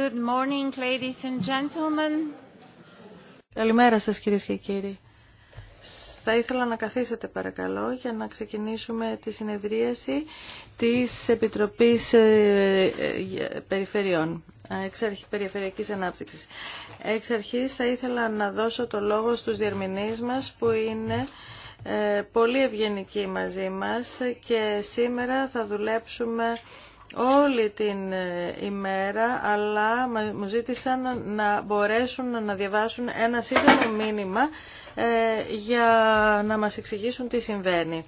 Good morning, ladies and gentlemen. Καλημέρα σας κυρίες και κύριοι. Θα ήθελα να καθίσετε παρακαλώ για να ξεκινήσουμε τη συνεδρίαση της Επιτροπής ε, ε, Περιφερειών, εξ Περιφερειακής Ανάπτυξης. Εξ αρχής θα ήθελα να δώσω το λόγο στους διερμηνείς μας που είναι ε, πολύ ευγενική μαζί μας και σήμερα θα δουλέψουμε όλη την ε, ημέρα, αλλά μου ζήτησαν να μπορέσουν να διαβάσουν ένα σύντομο μήνυμα ε, για να μας εξηγήσουν τι συμβαίνει.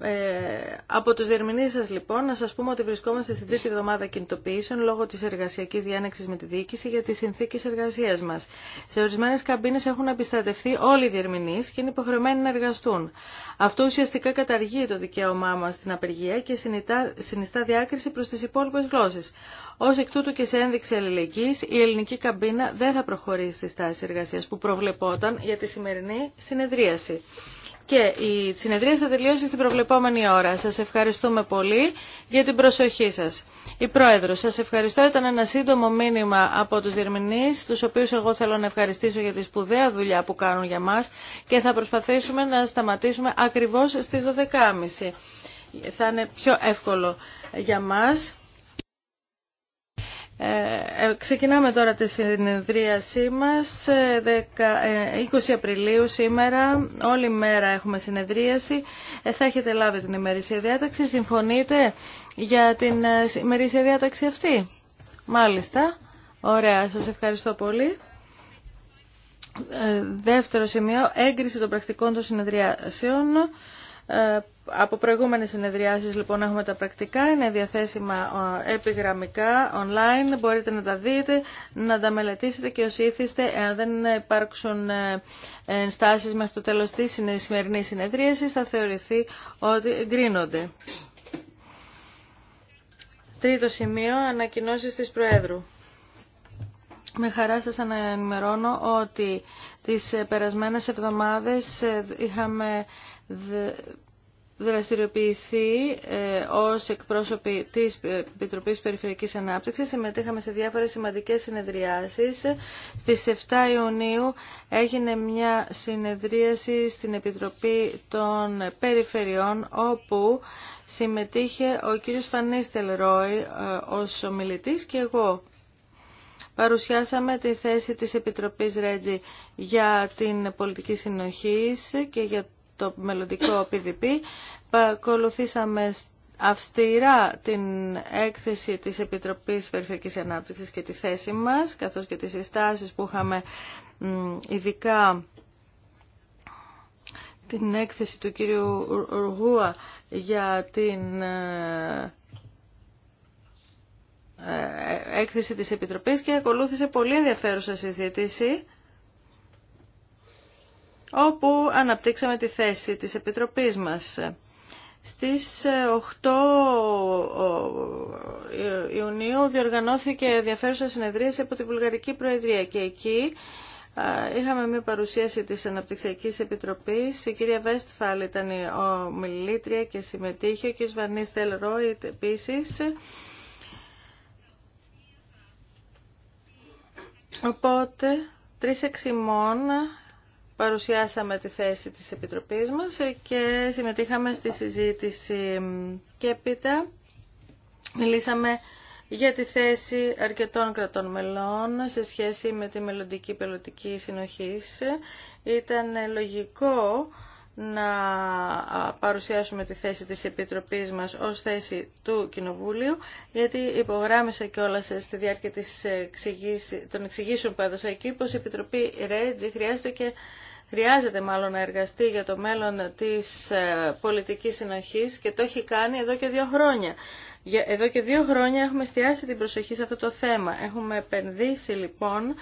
Ε, από τους διερμηνείς σας λοιπόν να σας πούμε ότι βρισκόμαστε στην τρίτη εβδομάδα κινητοποιήσεων λόγω της εργασιακής διάνεξης με τη διοίκηση για τις συνθήκες εργασίας μας. Σε ορισμένες καμπίνες έχουν επιστρατευτεί όλοι οι διερμηνείς και είναι υποχρεωμένοι να εργαστούν. Αυτό ουσιαστικά καταργεί το δικαίωμά μας στην απεργία και συνιστά διάκριση προς τις υπόλοιπες γλώσσες. Ω εκ τούτου και σε ένδειξη αλληλεγγύη, η ελληνική καμπίνα δεν θα προχωρήσει στη στάση εργασία που προβλεπόταν για τη σημερινή συνεδρίαση και η συνεδρία θα τελειώσει στην προβλεπόμενη ώρα. Σας ευχαριστούμε πολύ για την προσοχή σας. Η πρόεδρο, σας ευχαριστώ. Ήταν ένα σύντομο μήνυμα από τους διερμηνείς, τους οποίους εγώ θέλω να ευχαριστήσω για τη σπουδαία δουλειά που κάνουν για μας και θα προσπαθήσουμε να σταματήσουμε ακριβώς στις 12.30. Θα είναι πιο εύκολο για μας. Ε, ε, ξεκινάμε τώρα τη συνεδρίασή μας, 20 ε, ε, Απριλίου σήμερα, όλη μέρα έχουμε συνεδρίαση, θα έχετε λάβει την ημερήσια διάταξη, συμφωνείτε για την ημερήσια διάταξη αυτή. Μάλιστα, ωραία, σας ευχαριστώ πολύ. Ε, δεύτερο σημείο, έγκριση των πρακτικών των συνεδριάσεων. Ε, από προηγούμενες συνεδριάσεις λοιπόν έχουμε τα πρακτικά, είναι διαθέσιμα επιγραμμικά, online, μπορείτε να τα δείτε, να τα μελετήσετε και όσοι ήθιστε, εάν δεν υπάρξουν ε, ενστάσεις μέχρι το τέλος της σημερινή συνεδρίασης, θα θεωρηθεί ότι γκρίνονται. Τρίτο σημείο, ανακοινώσεις της Προέδρου. Με χαρά σας ανανημερώνω ότι τις ε, περασμένες εβδομάδες είχαμε δραστηριοποιηθεί ε, ως εκπρόσωποι της Επιτροπής Περιφερειακής Ανάπτυξης. Συμμετείχαμε σε διάφορες σημαντικές συνεδριάσεις. Στις 7 Ιουνίου έγινε μια συνεδρίαση στην Επιτροπή των Περιφερειών όπου συμμετείχε ο κύριος Φανίστελ Ρόι ε, ως ομιλητής και εγώ. Παρουσιάσαμε τη θέση της Επιτροπής Ρέτζη για την πολιτική συνοχή και για το μελλοντικό PDP. Παρακολουθήσαμε αυστηρά την έκθεση της Επιτροπής Περιφερικής Ανάπτυξης και τη θέση μας, καθώς και τις συστάσεις που είχαμε ειδικά την έκθεση του κύριου Ρουγούα για την ε, ε, έκθεση της Επιτροπής και ακολούθησε πολύ ενδιαφέρουσα συζήτηση όπου αναπτύξαμε τη θέση της Επιτροπής μας. Στις 8 ε, ε, Ιουνίου διοργανώθηκε ενδιαφέρουσα συνεδρίαση από τη Βουλγαρική Προεδρία και εκεί ε, Είχαμε μια παρουσίαση της Αναπτυξιακής Επιτροπής. Η κυρία Βέστφαλ ήταν η ομιλήτρια και συμμετείχε. Ο κ. Βανίς Ρόιτ επίσης. Οπότε, τρεις εξημών παρουσιάσαμε τη θέση της Επιτροπής μας και συμμετείχαμε στη συζήτηση και έπειτα μιλήσαμε για τη θέση αρκετών κρατών μελών σε σχέση με τη μελλοντική πελωτική συνοχή. Ήταν λογικό να παρουσιάσουμε τη θέση της Επιτροπής μας ως θέση του Κοινοβούλιου, γιατί υπογράμμισα κιόλα στη διάρκεια της των εξηγήσεων που έδωσα εκεί, πως η Επιτροπή Ρέτζη χρειάζεται και Χρειάζεται μάλλον να εργαστεί για το μέλλον της ε, πολιτικής συνοχής και το έχει κάνει εδώ και δύο χρόνια. Εδώ και δύο χρόνια έχουμε εστιάσει την προσοχή σε αυτό το θέμα. Έχουμε επενδύσει λοιπόν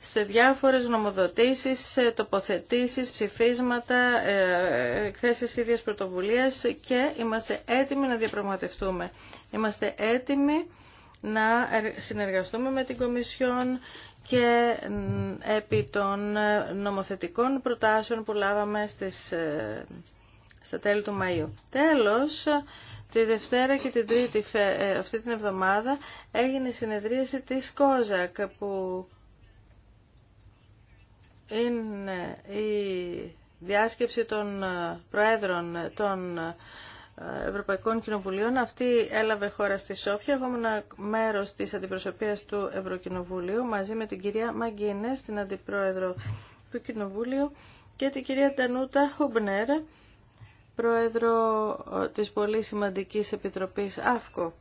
σε διάφορες νομοδοτήσεις, τοποθετήσεις, ψηφίσματα, ε, εκθέσεις ίδιας πρωτοβουλίας και είμαστε έτοιμοι να διαπραγματευτούμε. Είμαστε έτοιμοι να συνεργαστούμε με την Κομισιόν και επί των ε, νομοθετικών προτάσεων που λάβαμε στις, ε, στα τέλη του Μαΐου. Τέλος, Τη Δευτέρα και την Τρίτη ε, αυτή την εβδομάδα έγινε η συνεδρίαση της ΚΟΖΑΚ που είναι η διάσκεψη των ε, Προέδρων των ε, Ευρωπαϊκών Κοινοβουλίων. Αυτή έλαβε χώρα στη Σόφια. Εγώ ήμουν μέρο τη αντιπροσωπεία του Ευρωκοινοβουλίου μαζί με την κυρία Μαγκίνε, την αντιπρόεδρο του Κοινοβουλίου, και την κυρία Τανούτα Χουμπνέρ, πρόεδρο ε, της πολύ σημαντικής Επιτροπής ΑΦΚΟ.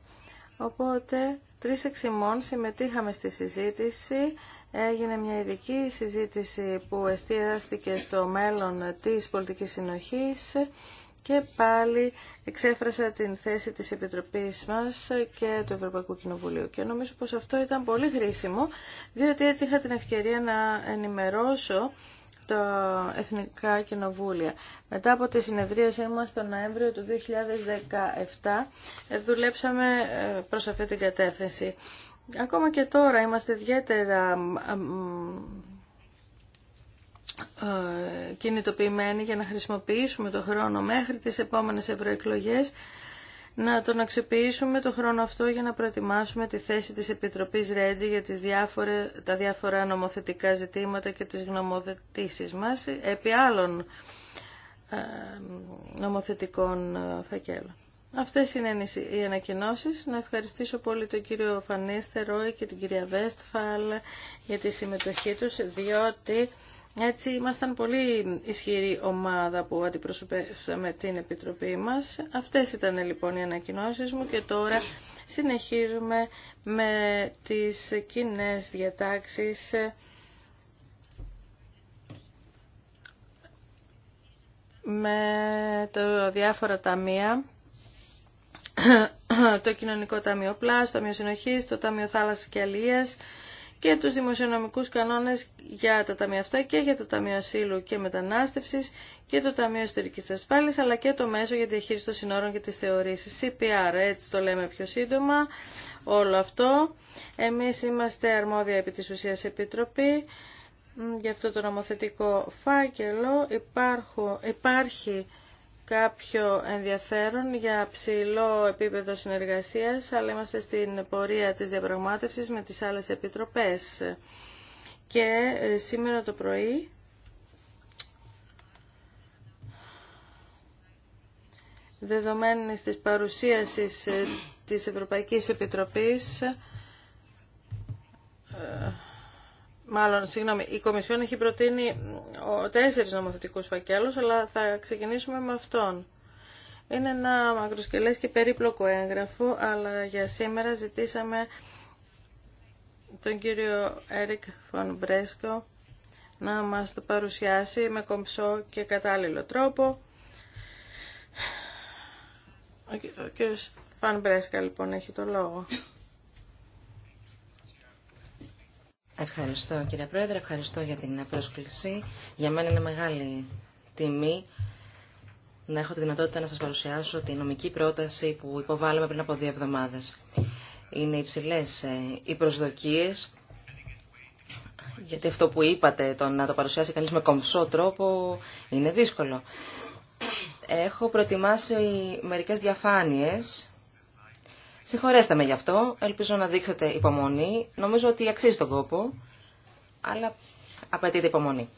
Οπότε, τρεις εξημών συμμετείχαμε στη συζήτηση. Έγινε μια ειδική συζήτηση που εστιάστηκε στο μέλλον της πολιτικής συνοχής και πάλι εξέφρασα την θέση της Επιτροπής μας και του Ευρωπαϊκού Κοινοβουλίου. Και νομίζω πως αυτό ήταν πολύ χρήσιμο, διότι έτσι είχα την ευκαιρία να ενημερώσω τα Εθνικά Κοινοβούλια. Μετά από τη συνεδρίασή μας τον Νοέμβριο του 2017 ε, δουλέψαμε ε, προς αυτή την κατεύθυνση. Ακόμα και τώρα είμαστε ιδιαίτερα ε, κινητοποιημένοι για να χρησιμοποιήσουμε το χρόνο μέχρι τις επόμενες ευρωεκλογές να τον αξιοποιήσουμε το χρόνο αυτό για να προετοιμάσουμε τη θέση της Επιτροπής Ρέτζη για τις τα διάφορα νομοθετικά ζητήματα και τις γνωμοθετήσεις μας επί άλλων ε, νομοθετικών ε, φακέλων. Αυτές είναι οι ανακοινώσει. Να ευχαριστήσω πολύ τον κύριο Φανίστερο και την κυρία Βέστφαλ για τη συμμετοχή τους, διότι έτσι ήμασταν πολύ ισχυρή ομάδα που αντιπροσωπεύσαμε την Επιτροπή μας. Αυτές ήταν λοιπόν οι ανακοινώσεις μου και τώρα συνεχίζουμε με τις κοινέ διατάξεις με τα διάφορα ταμεία το Κοινωνικό Ταμείο Πλάς, το Ταμείο Συνοχής, το Ταμείο Θάλασσας και Αλίας, και τους δημοσιονομικούς κανόνες για τα ταμεία αυτά και για το Ταμείο Ασύλου και Μετανάστευσης και το Ταμείο Ιστορικής Ασφάλειας αλλά και το Μέσο για τη Διαχείριση των Συνόρων και τις Θεωρήσεις CPR, έτσι το λέμε πιο σύντομα όλο αυτό. Εμείς είμαστε αρμόδια επί της ουσίας επιτροπή για αυτό το νομοθετικό φάκελο. υπάρχει κάποιο ενδιαφέρον για ψηλό επίπεδο συνεργασίας, αλλά είμαστε στην πορεία της διαπραγμάτευσης με τις άλλες επιτροπές. Και ε, σήμερα το πρωί δεδομένης της παρουσίασης ε, της Ευρωπαϊκής Επιτροπής ε, Μάλλον, συγγνώμη, η Κομισιόν έχει προτείνει τέσσερις νομοθετικούς φακέλους, αλλά θα ξεκινήσουμε με αυτόν. Είναι ένα μακροσκελές και περίπλοκο έγγραφο, αλλά για σήμερα ζητήσαμε τον κύριο Έρικ Φον Μπρέσκο να μας το παρουσιάσει με κομψό και κατάλληλο τρόπο. Ο κύριος Φαν λοιπόν έχει το λόγο. Ευχαριστώ κύριε Πρόεδρε, ευχαριστώ για την πρόσκληση. Για μένα είναι μεγάλη τιμή να έχω τη δυνατότητα να σας παρουσιάσω τη νομική πρόταση που υποβάλαμε πριν από δύο εβδομάδες. Είναι υψηλέ ε, οι προσδοκίες, γιατί αυτό που είπατε, το να το παρουσιάσει κανείς με κομψό τρόπο, είναι δύσκολο. Έχω προετοιμάσει μερικές διαφάνειες Συγχωρέστε με γι' αυτό. Ελπίζω να δείξετε υπομονή. Νομίζω ότι αξίζει τον κόπο, αλλά απαιτείται υπομονή.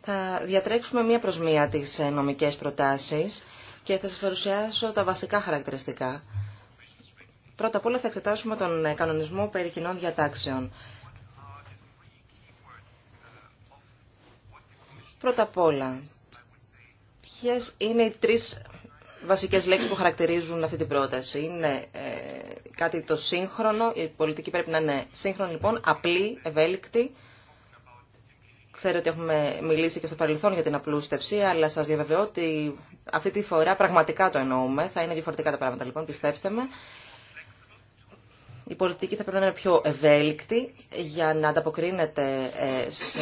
Θα διατρέξουμε μία προς μία τις ε, νομικές προτάσεις και θα σας παρουσιάσω τα βασικά χαρακτηριστικά. Πρώτα απ' όλα θα εξετάσουμε τον ε, κανονισμό περί κοινών διατάξεων. Πρώτα απ' όλα, ποιε είναι οι τρεις βασικές λέξεις που χαρακτηρίζουν αυτή την πρόταση. Είναι ε, κάτι το σύγχρονο, η πολιτική πρέπει να είναι σύγχρονη λοιπόν, απλή, ευέλικτη. Ξέρω ότι έχουμε μιλήσει και στο παρελθόν για την απλούστευση, αλλά σας διαβεβαιώ ότι αυτή τη φορά πραγματικά το εννοούμε. Θα είναι διαφορετικά τα πράγματα λοιπόν, πιστέψτε με η πολιτική θα πρέπει να είναι πιο ευέλικτη για να ανταποκρίνεται ε, σε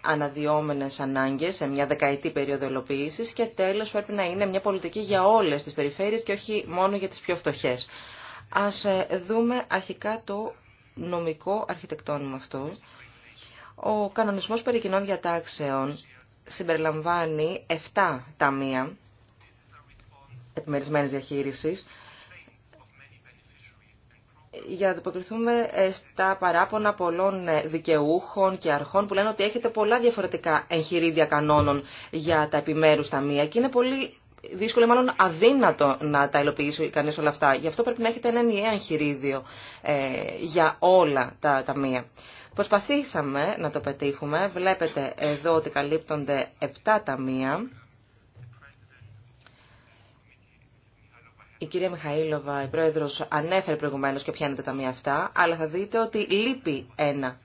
αναδυόμενες ανάγκες σε μια δεκαετή περίοδο ελοποίηση και τέλος πρέπει να είναι μια πολιτική για όλες τις περιφέρειες και όχι μόνο για τις πιο φτωχές. Ας ε, δούμε αρχικά το νομικό αρχιτεκτόνιμο αυτό. Ο κανονισμός περί κοινών διατάξεων συμπεριλαμβάνει 7 ταμεία επιμερισμένης διαχείρισης για να αντιποκριθούμε ε, στα παράπονα πολλών ε, δικαιούχων και αρχών που λένε ότι έχετε πολλά διαφορετικά εγχειρίδια κανόνων για τα επιμέρους ταμεία και είναι πολύ δύσκολο, μάλλον αδύνατο να τα υλοποιήσει κανείς όλα αυτά. Γι' αυτό πρέπει να έχετε ένα ενιαίο εγχειρίδιο ε, για όλα τα ταμεία. Προσπαθήσαμε να το πετύχουμε. Βλέπετε εδώ ότι καλύπτονται 7 ταμεία Η κυρία Μιχαήλοβα, η πρόεδρος, ανέφερε προηγουμένω και ποια είναι τα ταμεία αυτά, αλλά θα δείτε ότι λείπει ένα.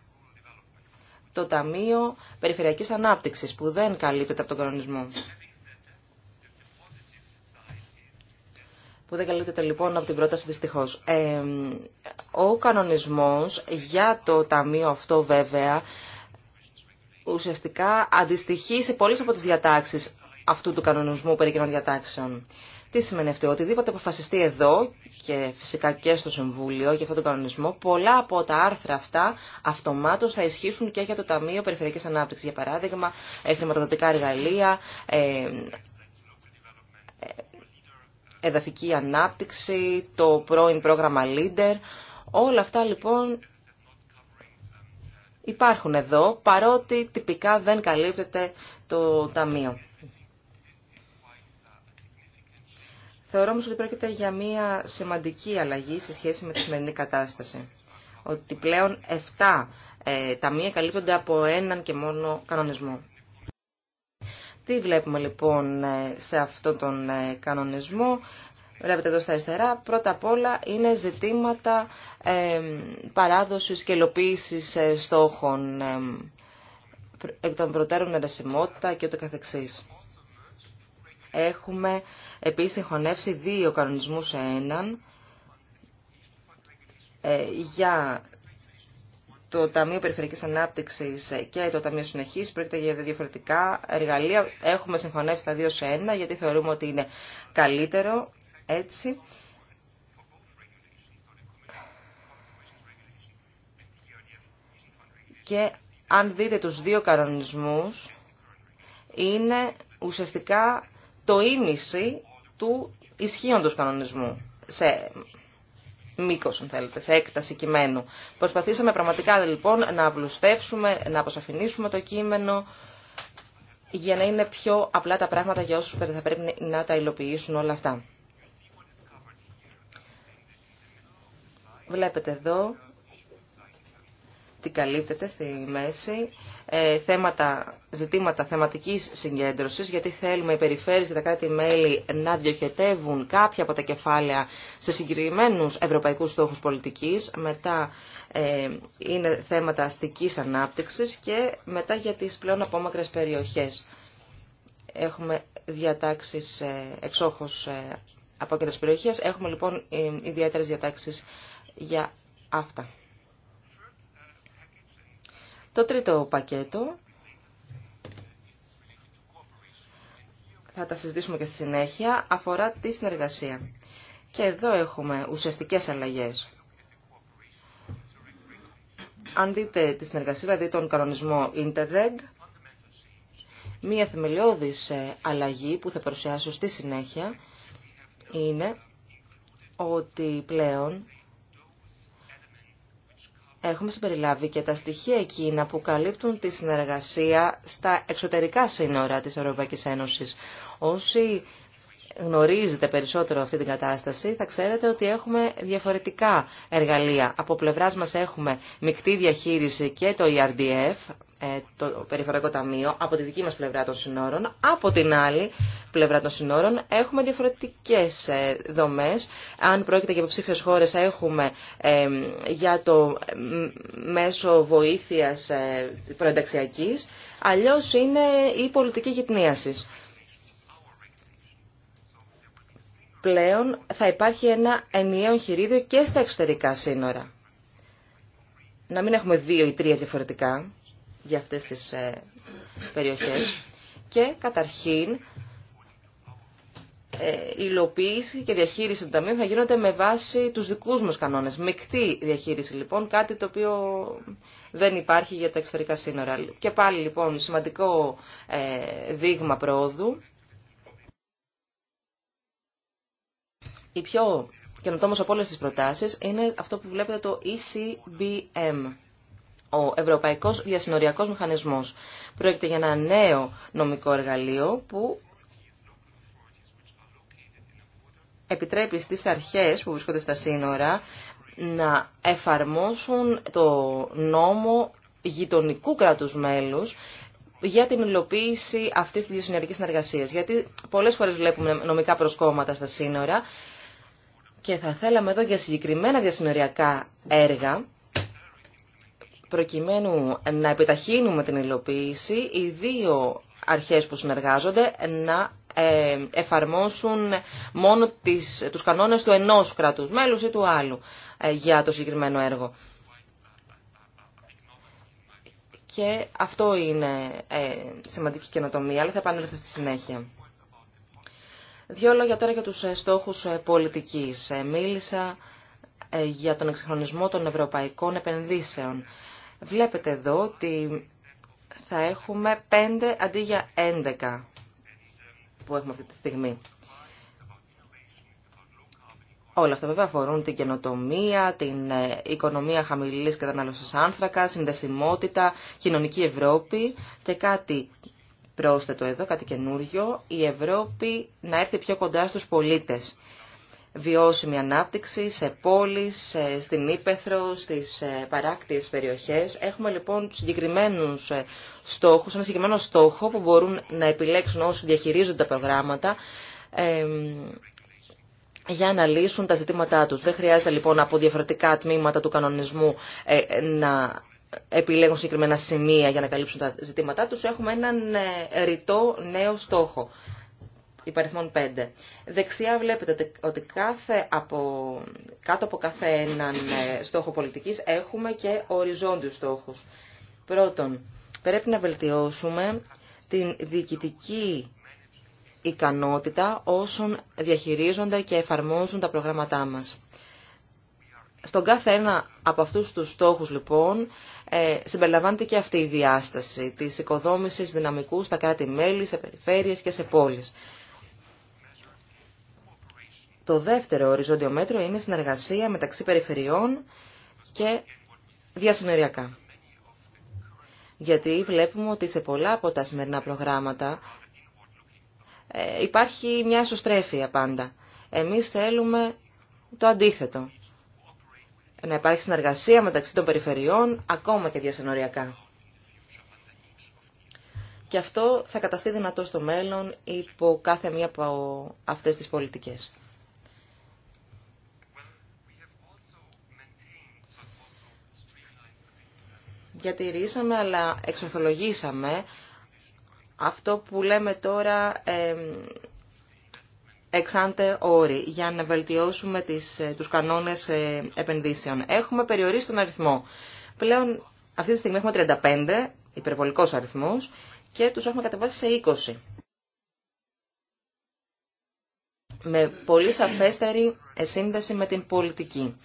Το Ταμείο περιφερειακή ανάπτυξη που δεν καλύπτεται από τον κανονισμό. που δεν καλύπτεται λοιπόν από την πρόταση δυστυχώ. Ε, ο κανονισμός για το ταμείο αυτό βέβαια ουσιαστικά αντιστοιχεί σε πολλές από τις διατάξεις αυτού του κανονισμού περί κοινών διατάξεων. Τι σημαίνει αυτό, οτιδήποτε αποφασιστεί εδώ και φυσικά και στο Συμβούλιο για αυτόν τον κανονισμό, πολλά από τα άρθρα αυτά αυτομάτως θα ισχύσουν και για το Ταμείο Περιφερειακής Ανάπτυξης, για παράδειγμα, ε, χρηματοδοτικά εργαλεία, ε, ε, εδαφική ανάπτυξη, το πρώην πρόγραμμα Leader. Όλα αυτά λοιπόν υπάρχουν εδώ, παρότι τυπικά δεν καλύπτεται το Ταμείο. Θεωρώ όμως ότι πρόκειται για μια σημαντική αλλαγή σε σχέση με τη σημερινή κατάσταση. Ότι πλέον 7 ε, ταμεία καλύπτονται από έναν και μόνο κανονισμό. Τι βλέπουμε λοιπόν ε, σε αυτόν τον ε, κανονισμό. Βλέπετε εδώ στα αριστερά, πρώτα απ' όλα είναι ζητήματα ε, παράδοσης και ε, στόχων ε, εκ των προτέρων ερεσιμότητα και ούτω καθεξής. Έχουμε επίσης συγχωνεύσει δύο κανονισμούς σε έναν ε, για το Ταμείο Περιφερειακής Ανάπτυξης και το Ταμείο Συνεχής. Πρόκειται για διαφορετικά εργαλεία. Έχουμε συγχωνεύσει τα δύο σε ένα γιατί θεωρούμε ότι είναι καλύτερο έτσι. Και αν δείτε τους δύο κανονισμούς, είναι ουσιαστικά το ίμιση του ισχύοντος κανονισμού σε μήκο, αν θέλετε, σε έκταση κειμένου. Προσπαθήσαμε πραγματικά λοιπόν να απλουστεύσουμε, να αποσαφηνίσουμε το κείμενο για να είναι πιο απλά τα πράγματα για όσους θα πρέπει να τα υλοποιήσουν όλα αυτά. Βλέπετε εδώ τι καλύπτεται στη μέση. Ε, θέματα, ζητήματα θεματικής συγκέντρωσης, γιατί θέλουμε οι περιφέρειες και τα κράτη-μέλη να διοχετεύουν κάποια από τα κεφάλαια σε συγκεκριμένους ευρωπαϊκούς στόχους πολιτικής, μετά ε, είναι θέματα αστικής ανάπτυξης και μετά για τις πλέον απόμακρες περιοχές. Έχουμε διατάξεις ε, εξόχως ε, από περιοχές, έχουμε λοιπόν ε, ιδιαίτερες διατάξεις για αυτά. Το τρίτο πακέτο θα τα συζητήσουμε και στη συνέχεια, αφορά τη συνεργασία. Και εδώ έχουμε ουσιαστικές αλλαγές. Αν δείτε τη συνεργασία, δηλαδή τον κανονισμό Interreg, μία θεμελιώδης ε, αλλαγή που θα παρουσιάσω στη συνέχεια είναι ότι πλέον έχουμε συμπεριλάβει και τα στοιχεία εκείνα που καλύπτουν τη συνεργασία στα εξωτερικά σύνορα της Ευρωπαϊκής Ένωσης. Όσοι γνωρίζετε περισσότερο αυτή την κατάσταση, θα ξέρετε ότι έχουμε διαφορετικά εργαλεία. Από πλευράς μας έχουμε μεικτή διαχείριση και το ERDF ε, το Περιφερειακό Ταμείο από τη δική μας πλευρά των συνόρων. Από την άλλη πλευρά των συνόρων έχουμε διαφορετικές ε, δομές. Αν πρόκειται για υποψήφιες χώρες έχουμε ε, για το μέσο βοήθειας προενταξιακής, αλλιώς είναι η πολιτική γυτνίασης. Πλέον θα υπάρχει ένα ενιαίο εγχειρίδιο και στα εξωτερικά σύνορα. Να μην έχουμε δύο ή τρία διαφορετικά για αυτές τις ε, περιοχές και καταρχήν ε, η υλοποίηση και διαχείριση των Ταμείου θα γίνονται με βάση τους δικούς μας κανόνες. Μεκτή διαχείριση λοιπόν, κάτι το οποίο δεν υπάρχει για τα εξωτερικά σύνορα. Και πάλι λοιπόν σημαντικό ε, δείγμα προόδου. Η πιο καινοτόμως από όλες τις προτάσεις είναι αυτό που βλέπετε το ECBM ο Ευρωπαϊκό Διασυνοριακό Μηχανισμό Πρόκειται για ένα νέο νομικό εργαλείο που επιτρέπει στις αρχές που βρίσκονται στα σύνορα να εφαρμόσουν το νόμο γειτονικού κράτους μέλους για την υλοποίηση αυτής της διασυνοριακής συνεργασίας. Γιατί πολλές φορές βλέπουμε νομικά προσκόμματα στα σύνορα και θα θέλαμε εδώ για συγκεκριμένα διασυνοριακά έργα προκειμένου να επιταχύνουμε την υλοποίηση, οι δύο αρχές που συνεργάζονται να ε, εφαρμόσουν μόνο τις, τους κανόνες του ενός κρατούς μέλους ή του άλλου ε, για το συγκεκριμένο έργο. Και αυτό είναι ε, σημαντική καινοτομία, αλλά θα επανέλθω στη συνέχεια. Δύο λόγια τώρα για τους στόχους πολιτικής. Μίλησα για τον εξυγχρονισμό των ευρωπαϊκών επενδύσεων. Βλέπετε εδώ ότι θα έχουμε 5 αντί για 11 που έχουμε αυτή τη στιγμή. Όλα αυτά βέβαια αφορούν την καινοτομία, την ε, οικονομία χαμηλής κατανάλωσης άνθρακα, συνδεσιμότητα, κοινωνική Ευρώπη και κάτι πρόσθετο εδώ, κάτι καινούριο, η Ευρώπη να έρθει πιο κοντά στους πολίτες βιώσιμη ανάπτυξη σε πόλεις, στην Ήπεθρο, στις ε, παράκτιες περιοχές. Έχουμε λοιπόν συγκεκριμένους ε, στόχους, ένα συγκεκριμένο στόχο που μπορούν να επιλέξουν όσοι διαχειρίζονται τα προγράμματα για να λύσουν τα ζητήματά τους. Δεν χρειάζεται λοιπόν από διαφορετικά τμήματα του κανονισμού ε, να επιλέγουν συγκεκριμένα σημεία για να καλύψουν τα ζητήματά τους. Έχουμε έναν ρητό νέο στόχο υπαριθμών 5. Δεξιά βλέπετε ότι κάθε από, κάτω από κάθε έναν ε, στόχο πολιτικής έχουμε και οριζόντιους στόχους. Πρώτον, πρέπει να βελτιώσουμε την διοικητική ικανότητα όσων διαχειρίζονται και εφαρμόζουν τα προγράμματά μας. Στον κάθε ένα από αυτούς τους στόχους, λοιπόν, ε, συμπεριλαμβάνεται και αυτή η διάσταση της οικοδόμησης δυναμικού στα κράτη-μέλη, σε περιφέρειες και σε πόλεις. Το δεύτερο οριζόντιο μέτρο είναι συνεργασία μεταξύ περιφερειών και διασυνοριακά. Γιατί βλέπουμε ότι σε πολλά από τα σημερινά προγράμματα ε, υπάρχει μια σωστρέφεια πάντα. Εμείς θέλουμε το αντίθετο. Να υπάρχει συνεργασία μεταξύ των περιφερειών, ακόμα και διασυνοριακά. Και αυτό θα καταστεί δυνατό στο μέλλον υπό κάθε μία από αυτές τις πολιτικές. διατηρήσαμε αλλά εξορθολογήσαμε αυτό που λέμε τώρα εξάντε όροι για να βελτιώσουμε τις, ε, τους κανόνες ε, επενδύσεων. Έχουμε περιορίσει τον αριθμό. Πλέον αυτή τη στιγμή έχουμε 35, υπερβολικός αριθμός, και τους έχουμε κατεβάσει σε 20. Με πολύ σαφέστερη ε, σύνδεση με την πολιτική.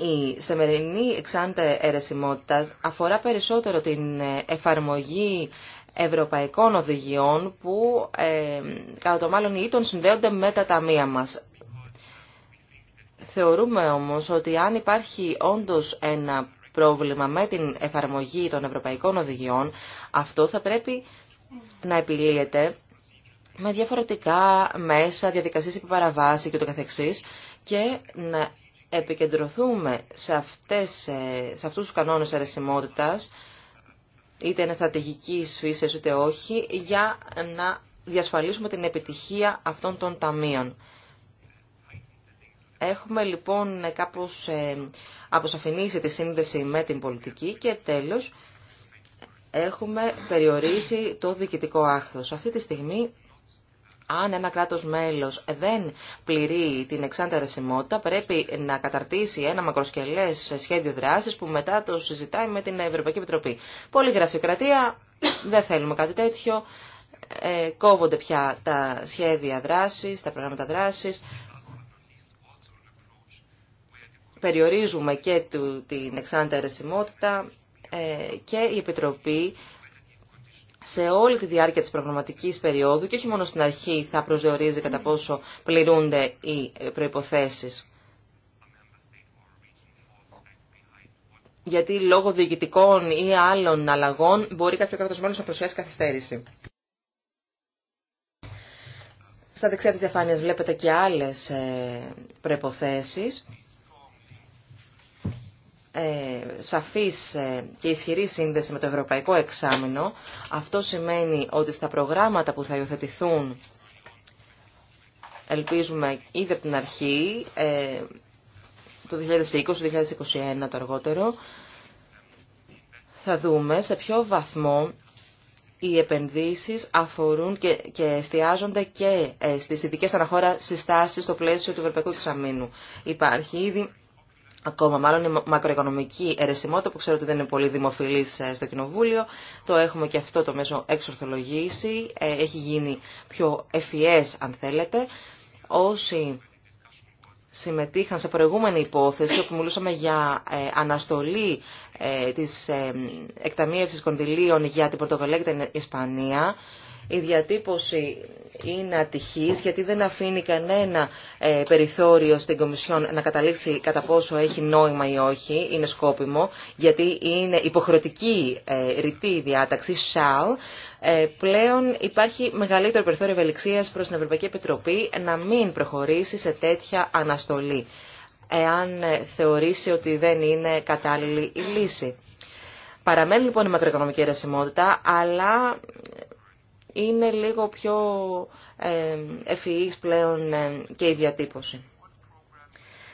Η σημερινή εξάντε αιρεσιμότητα αφορά περισσότερο την ε, εφαρμογή ευρωπαϊκών οδηγιών που ε, κατά το μάλλον ή τον συνδέονται με τα ταμεία μας. Θεωρούμε όμως ότι αν υπάρχει όντως ένα πρόβλημα με την εφαρμογή των ευρωπαϊκών οδηγιών, αυτό θα πρέπει να επιλύεται με διαφορετικά μέσα, διαδικασίες υποπαραβάση και το καθεξής και να επικεντρωθούμε σε, αυτές, ε, σε αυτούς τους κανόνες αρεσιμότητας, είτε είναι στρατηγική φύση, είτε όχι, για να διασφαλίσουμε την επιτυχία αυτών των ταμείων. Έχουμε λοιπόν κάπως ε, αποσαφηνίσει τη σύνδεση με την πολιτική και τέλος έχουμε περιορίσει το διοικητικό άχθος. Αυτή τη στιγμή αν ένα κράτος μέλος δεν πληρεί την εξάντα ρεσιμότητα, πρέπει να καταρτήσει ένα μακροσκελές σχέδιο δράσης που μετά το συζητάει με την Ευρωπαϊκή Επιτροπή. Πολύ γραφειοκρατία, δεν θέλουμε κάτι τέτοιο. Ε, κόβονται πια τα σχέδια δράσης, τα προγράμματα δράσης. Περιορίζουμε και του την εξάντα ρεσιμότητα ε, και η Επιτροπή σε όλη τη διάρκεια της προγραμματικής περίοδου και όχι μόνο στην αρχή θα προσδιορίζει κατά πόσο πληρούνται οι προϋποθέσεις. Γιατί λόγω διοικητικών ή άλλων αλλαγών μπορεί κάποιο κράτος να προσφέρει καθυστέρηση. Στα δεξιά της διαφάνειας βλέπετε και άλλες ε, προϋποθέσεις ε, σαφής ε, και ισχυρή σύνδεση με το Ευρωπαϊκό Εξάμεινο. Αυτό σημαίνει ότι στα προγράμματα που θα υιοθετηθούν, ελπίζουμε ήδη από την αρχή, ε, το 2020, 2021 το αργότερο, θα δούμε σε ποιο βαθμό οι επενδύσεις αφορούν και, και εστιάζονται και στις ειδικές αναχώρα συστάσεις στο πλαίσιο του Ευρωπαϊκού Εξαμήνου. Υπάρχει ήδη ακόμα μάλλον η μακροοικονομική αιρεσιμότητα που ξέρω ότι δεν είναι πολύ δημοφιλής ε, στο Κοινοβούλιο. Το έχουμε και αυτό το μέσο εξορθολογήσει, έχει γίνει πιο ευφυές αν θέλετε. Όσοι συμμετείχαν σε προηγούμενη υπόθεση όπου μιλούσαμε για ε, αναστολή ε, της εκταμείευσης κονδυλίων για την Πορτογαλία και την Ισπανία, η διατύπωση είναι ατυχής γιατί δεν αφήνει κανένα ε, περιθώριο στην Κομισιόν να καταλήξει κατά πόσο έχει νόημα ή όχι, είναι σκόπιμο, γιατί είναι υποχρεωτική ε, ρητή η οχι ειναι σκοπιμο γιατι ειναι υποχρεωτικη ρητη διαταξη shall. Ε, πλέον υπάρχει μεγαλύτερο περιθώριο ευελιξίας προς την Ευρωπαϊκή Επιτροπή να μην προχωρήσει σε τέτοια αναστολή, εάν θεωρήσει ότι δεν είναι κατάλληλη η λύση. Παραμένει λοιπόν η μακροοικονομική αιρεσιμότητα, αλλά είναι λίγο πιο ε, ευφυής πλέον ε, και η διατύπωση.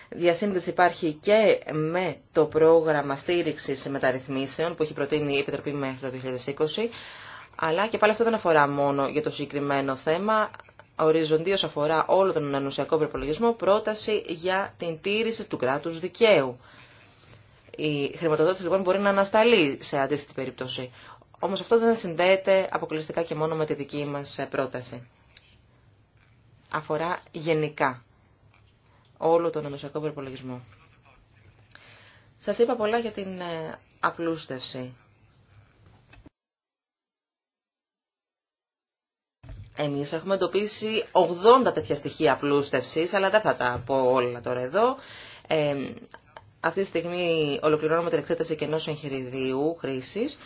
Διασύνδεση υπάρχει και με το πρόγραμμα στήριξης μεταρρυθμίσεων που έχει προτείνει η Επιτροπή μέχρι το 2020, αλλά και πάλι αυτό δεν αφορά μόνο για το συγκεκριμένο θέμα, οριζοντίως αφορά όλο τον ενωσιακό προπολογισμό πρόταση για την τήρηση του κράτους δικαίου. Η χρηματοδότηση λοιπόν μπορεί να ανασταλεί σε αντίθετη περίπτωση. Όμως αυτό δεν συνδέεται αποκλειστικά και μόνο με τη δική μας ε, πρόταση. Αφορά γενικά όλο τον ενωσιακό προπολογισμό. Σας είπα πολλά για την ε, απλούστευση. Εμείς έχουμε εντοπίσει 80 τέτοια στοιχεία απλούστευσης, αλλά δεν θα τα πω όλα τώρα εδώ. Ε, αυτή τη στιγμή ολοκληρώνουμε την εξέταση και εγχειριδίου χρήσης.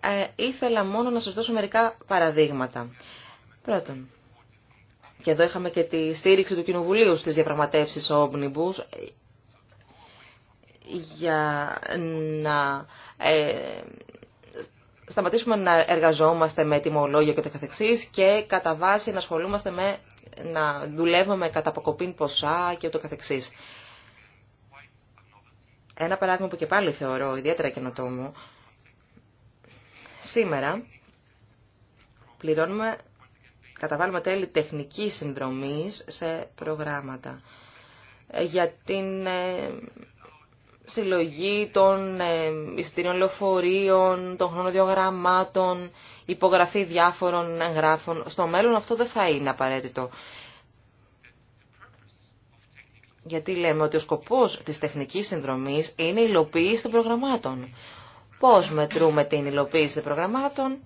Ε, ήθελα μόνο να σας δώσω μερικά παραδείγματα. Πρώτον, και εδώ είχαμε και τη στήριξη του Κοινοβουλίου στις διαπραγματεύσεις Omnibus ε, για να ε, σταματήσουμε να εργαζόμαστε με τιμολόγια και το καθεξής και κατά βάση να ασχολούμαστε με να δουλεύουμε με καταποκοπήν ποσά και το καθεξής. Ένα παράδειγμα που και πάλι θεωρώ ιδιαίτερα καινοτόμο Σήμερα πληρώνουμε, καταβάλουμε τέλη τεχνική συνδρομής σε προγράμματα ε, για την ε, συλλογή των ε, εισιτήριων λεωφορείων, των χρονοδιογραμμάτων, υπογραφή διάφορων εγγράφων. Στο μέλλον αυτό δεν θα είναι απαραίτητο. Γιατί λέμε ότι ο σκοπός της τεχνικής συνδρομής είναι η υλοποίηση των προγραμμάτων. Πώς μετρούμε την υλοποίηση των προγραμμάτων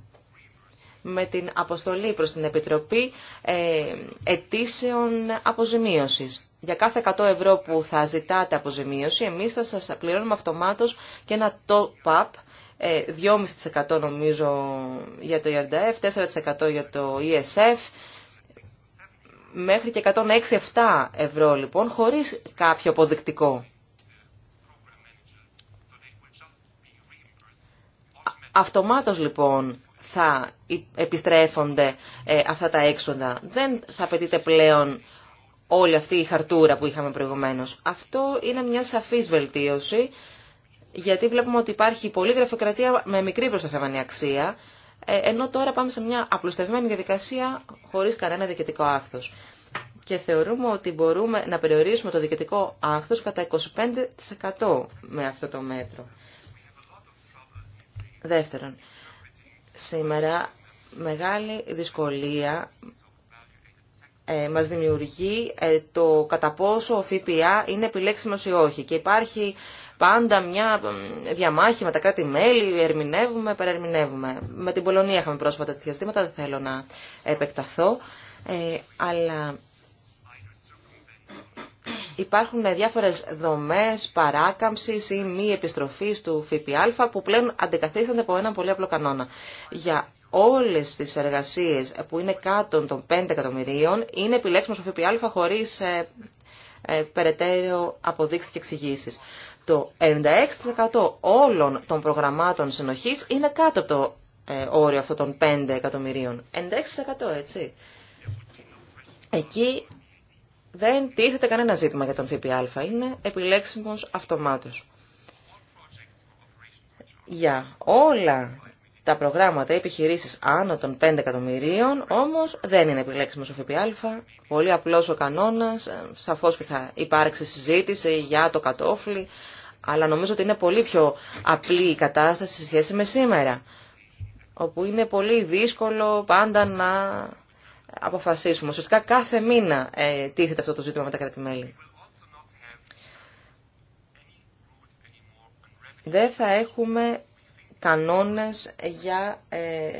με την αποστολή προς την Επιτροπή ε, ετήσεων αποζημίωσης. Για κάθε 100 ευρώ που θα ζητάτε αποζημίωση, εμείς θα σας πληρώνουμε αυτομάτως και ένα top-up, 2,5% ε, νομίζω για το ERDF, 4% για το ESF, μέχρι και 106-7 ευρώ λοιπόν, χωρίς κάποιο αποδεικτικό. Αυτομάτως λοιπόν θα επιστρέφονται ε, αυτά τα έξοδα. Δεν θα απαιτείται πλέον όλη αυτή η χαρτούρα που είχαμε προηγουμένως. Αυτό είναι μια σαφής βελτίωση, γιατί βλέπουμε ότι υπάρχει πολλή γραφειοκρατία με μικρή προσταθεμανιαξία, αξία, ε, ενώ τώρα πάμε σε μια απλουστευμένη διαδικασία χωρίς κανένα διοικητικό άκθος. Και θεωρούμε ότι μπορούμε να περιορίσουμε το διοικητικό άκθος κατά 25% με αυτό το μέτρο. Δεύτερον, σήμερα μεγάλη δυσκολία ε, μας δημιουργεί ε, το κατά πόσο ο ΦΠΑ είναι επιλέξιμος ή όχι. Και υπάρχει πάντα μια διαμάχη με τα κράτη-μέλη, ερμηνεύουμε, περαιρμηνεύουμε. Με την Πολωνία είχαμε πρόσφατα τέτοια ζητήματα, δεν θέλω να επεκταθώ, ε, αλλά υπάρχουν διάφορες δομές παράκαμψης ή μη επιστροφής του ΦΠΑ που πλέον αντικαθίστανται από έναν πολύ απλό κανόνα. Για όλες τις εργασίες που είναι κάτω των 5 εκατομμυρίων είναι επιλέξιμος ο ΦΠΑ χωρίς ε, ε, περαιτέρω αποδείξεις και εξηγήσει. Το 96% όλων των προγραμμάτων συνοχής είναι κάτω από το ε, όριο αυτών των 5 εκατομμυρίων. 96% έτσι. Εκεί δεν τίθεται κανένα ζήτημα για τον ΦΠΑ. Είναι επιλέξιμος αυτομάτως. Για όλα τα προγράμματα επιχειρήσεις άνω των 5 εκατομμυρίων, όμως δεν είναι επιλέξιμος ο ΦΠΑ. Πολύ απλός ο κανόνας, ε, σαφώς και θα υπάρξει συζήτηση για το κατόφλι, αλλά νομίζω ότι είναι πολύ πιο απλή η κατάσταση σε σχέση με σήμερα, όπου είναι πολύ δύσκολο πάντα να αποφασίσουμε. Ουσιαστικά κάθε μήνα ε, τίθεται αυτό το ζήτημα με τα κράτη-μέλη. Δεν θα έχουμε κανόνες για ε,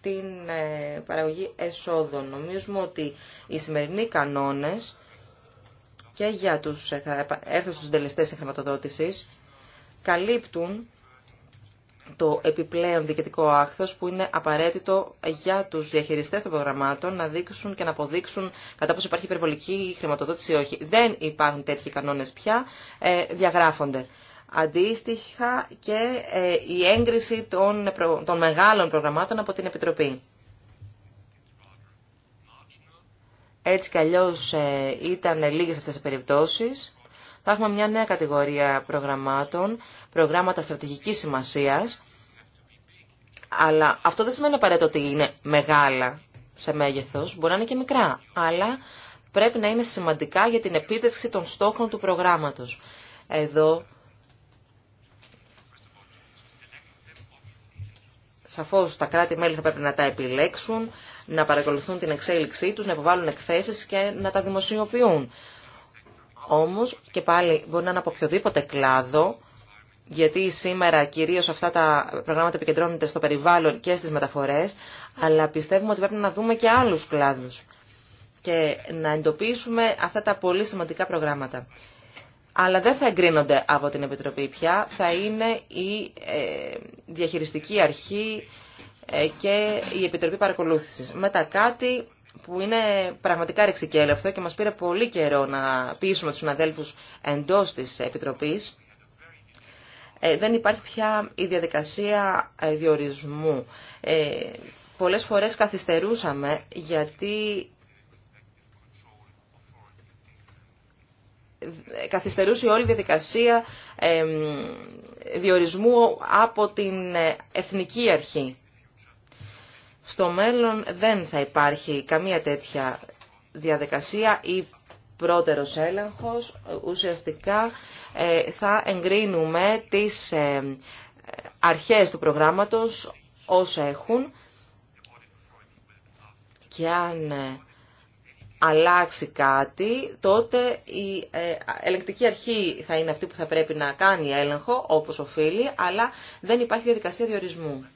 την ε, παραγωγή εσόδων. Νομίζουμε ότι οι σημερινοί κανόνες και για τους, ε, θα έρθουν στους συντελεστές χρηματοδότησης καλύπτουν το επιπλέον διοικητικό άχθος που είναι απαραίτητο για τους διαχειριστές των προγραμμάτων να δείξουν και να αποδείξουν κατά πόσο υπάρχει υπερβολική χρηματοδότηση ή όχι. Δεν υπάρχουν τέτοιοι κανόνες πια, ε, διαγράφονται. Αντίστοιχα και ε, η έγκριση των, μεγάλων προγραμμάτων από την Επιτροπή. Έτσι κι αλλιώς ε, ήταν λίγες αυτές οι περιπτώσεις. Θα έχουμε μια νέα κατηγορία προγραμμάτων, προγράμματα στρατηγικής σημασίας, αλλά αυτό δεν σημαίνει απαραίτητο ότι είναι μεγάλα σε μέγεθος, μπορεί να είναι και μικρά, αλλά πρέπει να είναι σημαντικά για την επίτευξη των στόχων του προγράμματος. Εδώ, σαφώς τα κράτη-μέλη θα πρέπει να τα επιλέξουν, να παρακολουθούν την εξέλιξή τους, να υποβάλουν εκθέσεις και να τα δημοσιοποιούν. Όμως, και πάλι μπορεί να είναι από οποιοδήποτε κλάδο, γιατί σήμερα κυρίως αυτά τα προγράμματα επικεντρώνονται στο περιβάλλον και στις μεταφορές, αλλά πιστεύουμε ότι πρέπει να δούμε και άλλους κλάδους και να εντοπίσουμε αυτά τα πολύ σημαντικά προγράμματα. Αλλά δεν θα εγκρίνονται από την Επιτροπή πια, θα είναι η ε, διαχειριστική αρχή ε, και η Επιτροπή Παρακολούθησης. Μετά κάτι που είναι πραγματικά ρεξικέλευθο και μας πήρε πολύ καιρό να πείσουμε τους συναδέλφους εντός της Επιτροπής, ε, δεν υπάρχει πια η διαδικασία ε, διορισμού. Ε, πολλές φορές καθυστερούσαμε γιατί καθυστερούσε όλη η διαδικασία διορισμού από την εθνική αρχή. Στο μέλλον δεν θα υπάρχει καμία τέτοια διαδικασία ή πρώτερος έλεγχος. Ουσιαστικά ε, θα εγκρίνουμε τις ε, αρχές του προγράμματος όσα έχουν και αν ε, αλλάξει κάτι, τότε η ελεγκτική αρχή θα είναι αυτή που θα πρέπει να κάνει έλεγχο, όπως οφείλει, αλλά δεν υπάρχει διαδικασία διορισμού.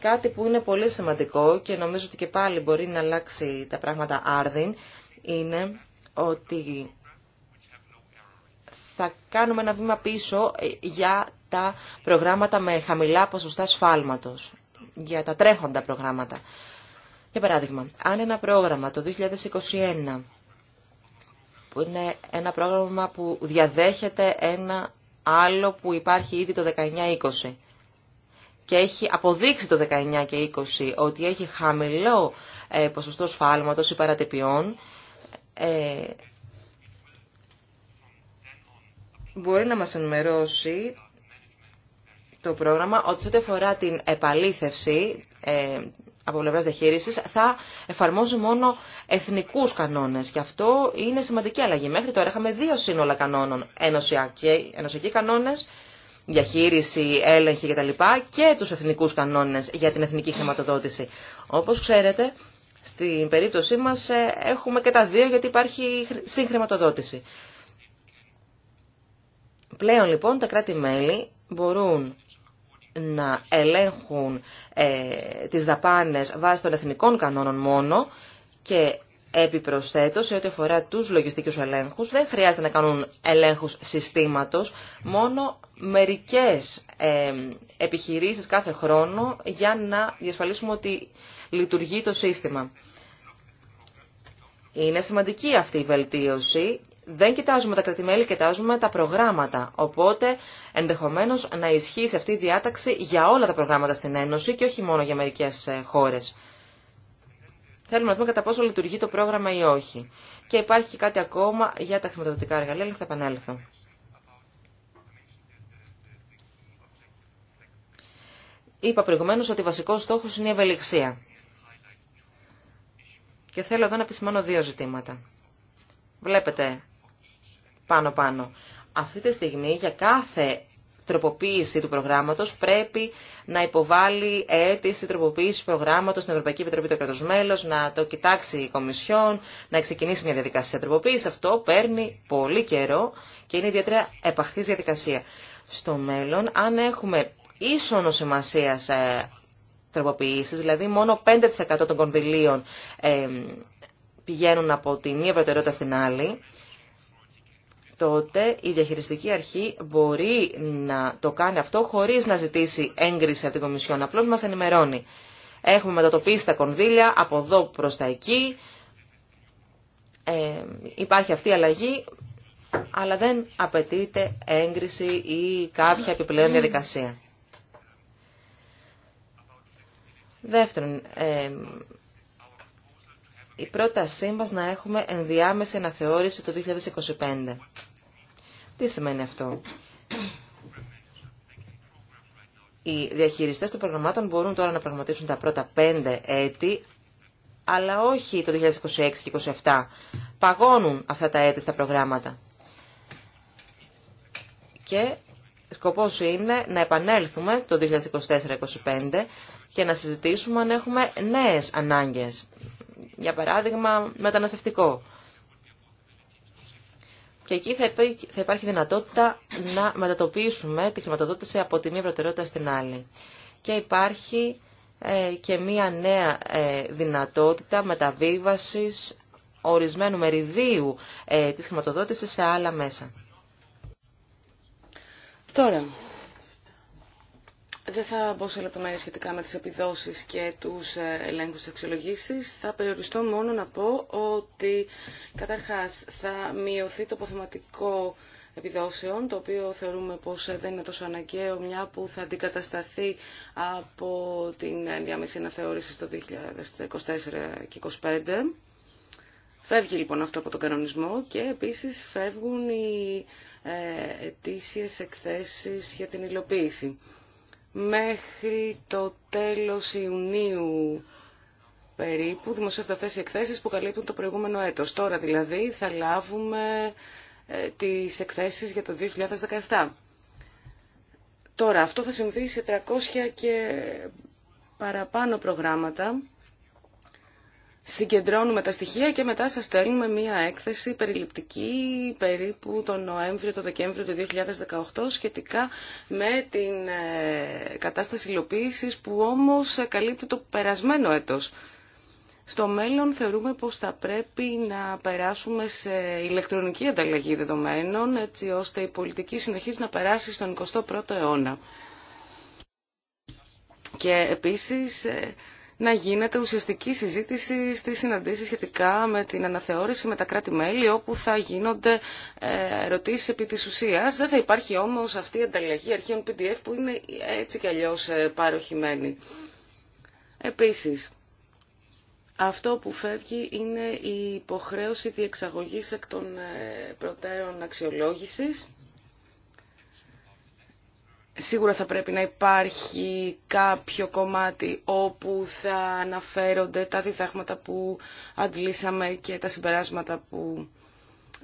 Κάτι που είναι πολύ σημαντικό και νομίζω ότι και πάλι μπορεί να αλλάξει τα πράγματα άρδιν είναι ότι θα κάνουμε ένα βήμα πίσω ε, για τα προγράμματα με χαμηλά ποσοστά σφάλματος, για τα τρέχοντα προγράμματα. Για παράδειγμα, αν ένα πρόγραμμα το 2021, που είναι ένα πρόγραμμα που διαδέχεται ένα άλλο που υπάρχει ήδη το 19-20, και έχει αποδείξει το 19 και 20 ότι έχει χαμηλό ε, ποσοστό σφάλματος ή παρατυπιών, ε, μπορεί να μας ενημερώσει το πρόγραμμα ότι σε ό,τι αφορά την επαλήθευση ε, από πλευρά διαχείριση θα εφαρμόζει μόνο εθνικού κανόνε. Και αυτό είναι σημαντική αλλαγή. Μέχρι τώρα είχαμε δύο σύνολα κανόνων. Ενωσιακοί, ενωσιακοί κανόνε διαχείριση, έλεγχη κτλ. και τους εθνικούς κανόνες για την εθνική χρηματοδότηση. Όπως ξέρετε, στην περίπτωσή μας ε, έχουμε και τα δύο γιατί υπάρχει συγχρηματοδότηση. Πλέον λοιπόν τα κράτη-μέλη μπορούν να ελέγχουν ε, τις δαπάνες βάσει των εθνικών κανόνων μόνο και Επιπροσθέτω σε ό,τι αφορά τους λογιστικούς ελέγχου, δεν χρειάζεται να κάνουν ελέγχου συστήματος, μόνο μερικές ε, επιχειρήσεις κάθε χρόνο για να διασφαλίσουμε ότι λειτουργεί το σύστημα. Είναι σημαντική αυτή η βελτίωση. Δεν κοιτάζουμε τα κρατημέλη, κοιτάζουμε τα προγράμματα. Οπότε, ενδεχομένως, να ισχύσει αυτή η διάταξη για όλα τα προγράμματα στην Ένωση και όχι μόνο για μερικέ ε, χώρε. Θέλουμε να δούμε κατά πόσο λειτουργεί το πρόγραμμα ή όχι. Και υπάρχει κάτι ακόμα για τα χρηματοδοτικά εργαλεία, αλλά θα επανέλθω. Είπα προηγουμένως ότι βασικός στόχος είναι η ευελιξία. Και θέλω εδώ να επισημάνω δύο ζητήματα. Βλέπετε πάνω-πάνω. Αυτή τη στιγμή για κάθε τροποποίηση του προγράμματο πρέπει να υποβάλει αίτηση τροποποίηση προγράμματο στην Ευρωπαϊκή Επιτροπή του Κράτου να το κοιτάξει η Κομισιόν, να ξεκινήσει μια διαδικασία τροποποίηση. Αυτό παίρνει πολύ καιρό και είναι ιδιαίτερα επαχθή διαδικασία. Στο μέλλον, αν έχουμε ίσονο σημασία τροποποιήσεις, δηλαδή μόνο 5% των κονδυλίων ε, πηγαίνουν από τη μία προτεραιότητα στην άλλη, τότε η διαχειριστική αρχή μπορεί να το κάνει αυτό χωρίς να ζητήσει έγκριση από την Κομισιόν. Απλώς μας ενημερώνει. Έχουμε μετατοπίσει τα κονδύλια από εδώ προς τα εκεί. Ε, υπάρχει αυτή η αλλαγή, αλλά δεν απαιτείται έγκριση ή κάποια επιπλέον διαδικασία. Δεύτερον, ε, η πρότασή μας να έχουμε ενδιάμεση αναθεώρηση το 2025. Τι σημαίνει αυτό. Οι διαχειριστές των προγραμμάτων μπορούν τώρα να πραγματίσουν τα πρώτα πέντε έτη, αλλά όχι το 2026 και 2027. Παγώνουν αυτά τα έτη στα προγράμματα. Και σκοπός είναι να επανέλθουμε το 2024-2025 και να συζητήσουμε αν έχουμε νέες ανάγκες. Για παράδειγμα, μεταναστευτικό και εκεί θα υπάρχει, δυνατότητα να μετατοπίσουμε τη χρηματοδότηση από τη μία προτεραιότητα στην άλλη. Και υπάρχει ε, και μία νέα ε, δυνατότητα μεταβίβασης ορισμένου μεριδίου ε, της χρηματοδότησης σε άλλα μέσα. Τώρα, δεν θα μπω σε λεπτομέρειες σχετικά με τις επιδόσεις και τους ε, ελέγχους αξιολογήσης. Θα περιοριστώ μόνο να πω ότι καταρχάς θα μειωθεί το αποθεματικό επιδόσεων, το οποίο θεωρούμε πως ε, δεν είναι τόσο αναγκαίο, μια που θα αντικατασταθεί από την διάμεση αναθεώρηση το 2024 και 2025. Φεύγει λοιπόν αυτό από τον κανονισμό και επίσης φεύγουν οι ε, ετήσιες εκθέσεις για την υλοποίηση μέχρι το τέλος Ιουνίου περίπου δημοσιεύονται αυτές οι εκθέσεις που καλύπτουν το προηγούμενο έτος. Τώρα δηλαδή θα λάβουμε ε, τις εκθέσεις για το 2017. Τώρα αυτό θα συμβεί σε 300 και παραπάνω προγράμματα συγκεντρώνουμε τα στοιχεία και μετά σας στέλνουμε μία έκθεση περιληπτική περίπου τον Νοέμβριο, το Δεκέμβριο του 2018 σχετικά με την ε, κατάσταση υλοποίησης που όμως καλύπτει το περασμένο έτος. Στο μέλλον θεωρούμε πως θα πρέπει να περάσουμε σε ηλεκτρονική ανταλλαγή δεδομένων έτσι ώστε η πολιτική συνεχίζει να περάσει στον 21ο αιώνα. Και επίσης ε, να γίνεται ουσιαστική συζήτηση στις συναντήσεις σχετικά με την αναθεώρηση με τα κράτη-μέλη, όπου θα γίνονται ε, ερωτήσεις επί της ουσίας. Δεν θα υπάρχει όμως αυτή η ανταλλαγή αρχείων PDF που είναι έτσι κι αλλιώς ε, παροχημένη. Επίσης, αυτό που φεύγει είναι η υποχρέωση διεξαγωγής εκ των ε, προτέρων αξιολόγησης Σίγουρα θα πρέπει να υπάρχει κάποιο κομμάτι όπου θα αναφέρονται τα διδάγματα που αντλήσαμε και τα συμπεράσματα που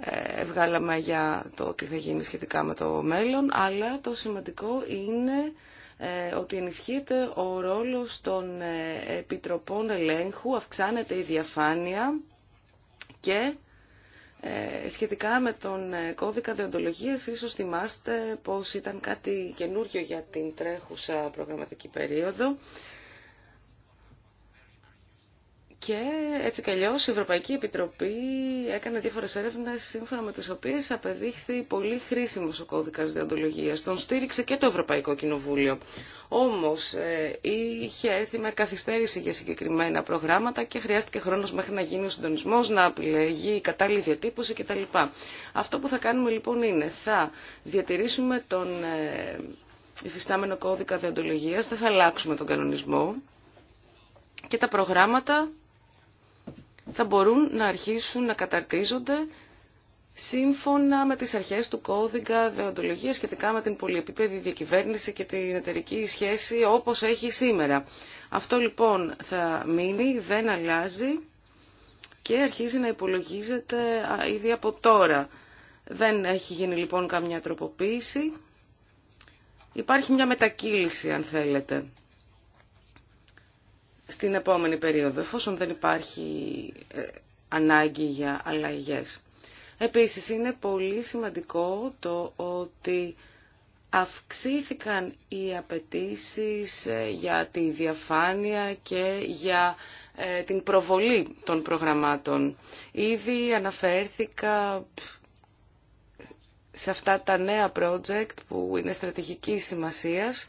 ε, βγάλαμε για το τι θα γίνει σχετικά με το μέλλον, αλλά το σημαντικό είναι ε, ότι ενισχύεται ο ρόλος των ε, επιτροπών ελέγχου, αυξάνεται η διαφάνεια και ε, σχετικά με τον ε, κώδικα διοντολογίας, ίσως θυμάστε πως ήταν κάτι καινούργιο για την τρέχουσα προγραμματική περίοδο και έτσι κι αλλιώς η Ευρωπαϊκή Επιτροπή έκανε διάφορες έρευνες σύμφωνα με τις οποίες απεδείχθη πολύ χρήσιμος ο κώδικας διοντολογίας. Τον στήριξε και το Ευρωπαϊκό Κοινοβούλιο. Όμως ε, είχε έρθει με καθυστέρηση για συγκεκριμένα προγράμματα και χρειάστηκε χρόνος μέχρι να γίνει ο συντονισμός, να επιλεγεί η κατάλληλη διατύπωση κτλ. Αυτό που θα κάνουμε λοιπόν είναι θα διατηρήσουμε τον ε, υφιστάμενο κώδικα διοντολογίας, δεν θα αλλάξουμε τον κανονισμό και τα προγράμματα θα μπορούν να αρχίσουν να καταρτίζονται σύμφωνα με τις αρχές του κώδικα δεοντολογίας σχετικά με την πολυεπίπεδη διακυβέρνηση και την εταιρική σχέση όπως έχει σήμερα. Αυτό λοιπόν θα μείνει, δεν αλλάζει και αρχίζει να υπολογίζεται ήδη από τώρα. Δεν έχει γίνει λοιπόν καμιά τροποποίηση. Υπάρχει μια μετακύληση αν θέλετε στην επόμενη περίοδο, εφόσον δεν υπάρχει ε, ανάγκη για αλλαγές. Επίσης, είναι πολύ σημαντικό το ότι αυξήθηκαν οι απαιτήσει ε, για τη διαφάνεια και για ε, την προβολή των προγραμμάτων. Ήδη αναφέρθηκα σε αυτά τα νέα project που είναι στρατηγικής σημασίας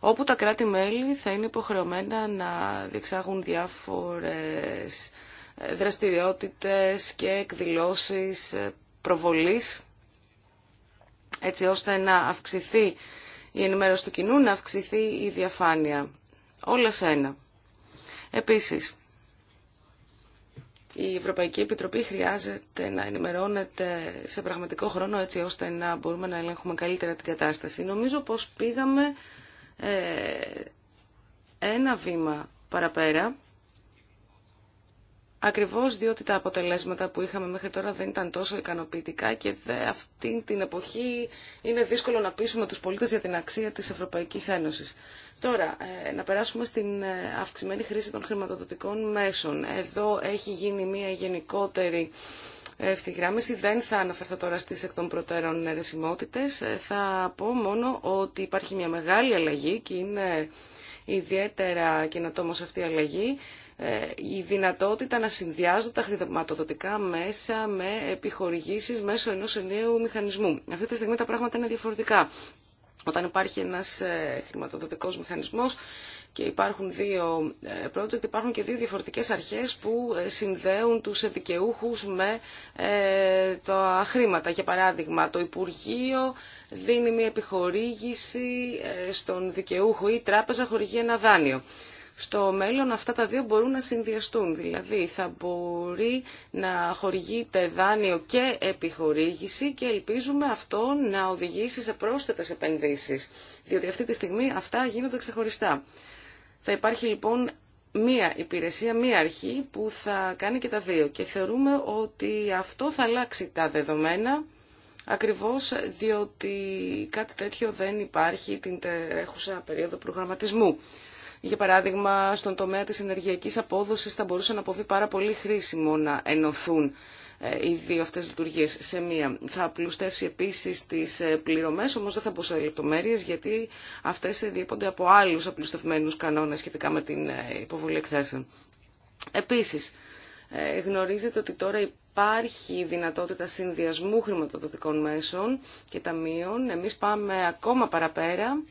όπου τα κράτη-μέλη θα είναι υποχρεωμένα να διεξάγουν διάφορες ε, δραστηριότητες και εκδηλώσεις ε, προβολής, έτσι ώστε να αυξηθεί η ενημέρωση του κοινού, να αυξηθεί η διαφάνεια. Όλα σε ένα. Επίσης, η Ευρωπαϊκή Επιτροπή χρειάζεται να ενημερώνεται σε πραγματικό χρόνο έτσι ώστε να μπορούμε να ελέγχουμε καλύτερα την κατάσταση. Νομίζω πως πήγαμε ε, ένα βήμα παραπέρα, ακριβώς διότι τα αποτελέσματα που είχαμε μέχρι τώρα δεν ήταν τόσο ικανοποιητικά και δε αυτή την εποχή είναι δύσκολο να πείσουμε τους πολίτες για την αξία της Ευρωπαϊκής Ένωσης. Τώρα, ε, να περάσουμε στην ε, αυξημένη χρήση των χρηματοδοτικών μέσων. Εδώ έχει γίνει μια γενικότερη ευθυγράμμιση. Δεν θα αναφερθώ τώρα στι εκ των προτέρων αιρεσιμότητε. Ε, θα πω μόνο ότι υπάρχει μια μεγάλη αλλαγή και είναι ιδιαίτερα καινοτόμο αυτή η αλλαγή ε, η δυνατότητα να συνδυάζουν τα χρηματοδοτικά μέσα με επιχορηγήσει μέσω ενό νέου μηχανισμού. Αυτή τη στιγμή τα πράγματα είναι διαφορετικά. Όταν υπάρχει ένας ε, χρηματοδοτικός μηχανισμός, και υπάρχουν δύο ε, project, υπάρχουν και δύο διαφορετικές αρχές που ε, συνδέουν τους δικαιούχους με ε, τα χρήματα. Για παράδειγμα, το Υπουργείο δίνει μια επιχορήγηση στον δικαιούχο ή η τράπεζα χορηγεί ένα δάνειο. Στο μέλλον αυτά τα δύο μπορούν να συνδυαστούν, δηλαδή θα μπορεί να χορηγείται δάνειο και επιχορήγηση και ελπίζουμε αυτό να οδηγήσει σε πρόσθετες επενδύσεις, διότι αυτή τη στιγμή αυτά γίνονται ξεχωριστά. Θα υπάρχει λοιπόν μία υπηρεσία, μία αρχή που θα κάνει και τα δύο και θεωρούμε ότι αυτό θα αλλάξει τα δεδομένα ακριβώς διότι κάτι τέτοιο δεν υπάρχει την τρέχουσα περίοδο προγραμματισμού. Για παράδειγμα, στον τομέα της ενεργειακής απόδοσης θα μπορούσε να αποβεί πάρα πολύ χρήσιμο να ενωθούν ε, οι δύο αυτές λειτουργίες σε μία. Θα απλουστεύσει επίσης τις ε, πληρωμές, όμως δεν θα πω σε λεπτομέρειες, γιατί αυτές ε, διέπονται από άλλους απλουστευμένους κανόνες σχετικά με την υποβολή εκθέσεων. Επίσης, γνωρίζετε ότι τώρα υπάρχει δυνατότητα συνδυασμού χρηματοδοτικών μέσων και ταμείων. Εμείς πάμε ακόμα παραπέρα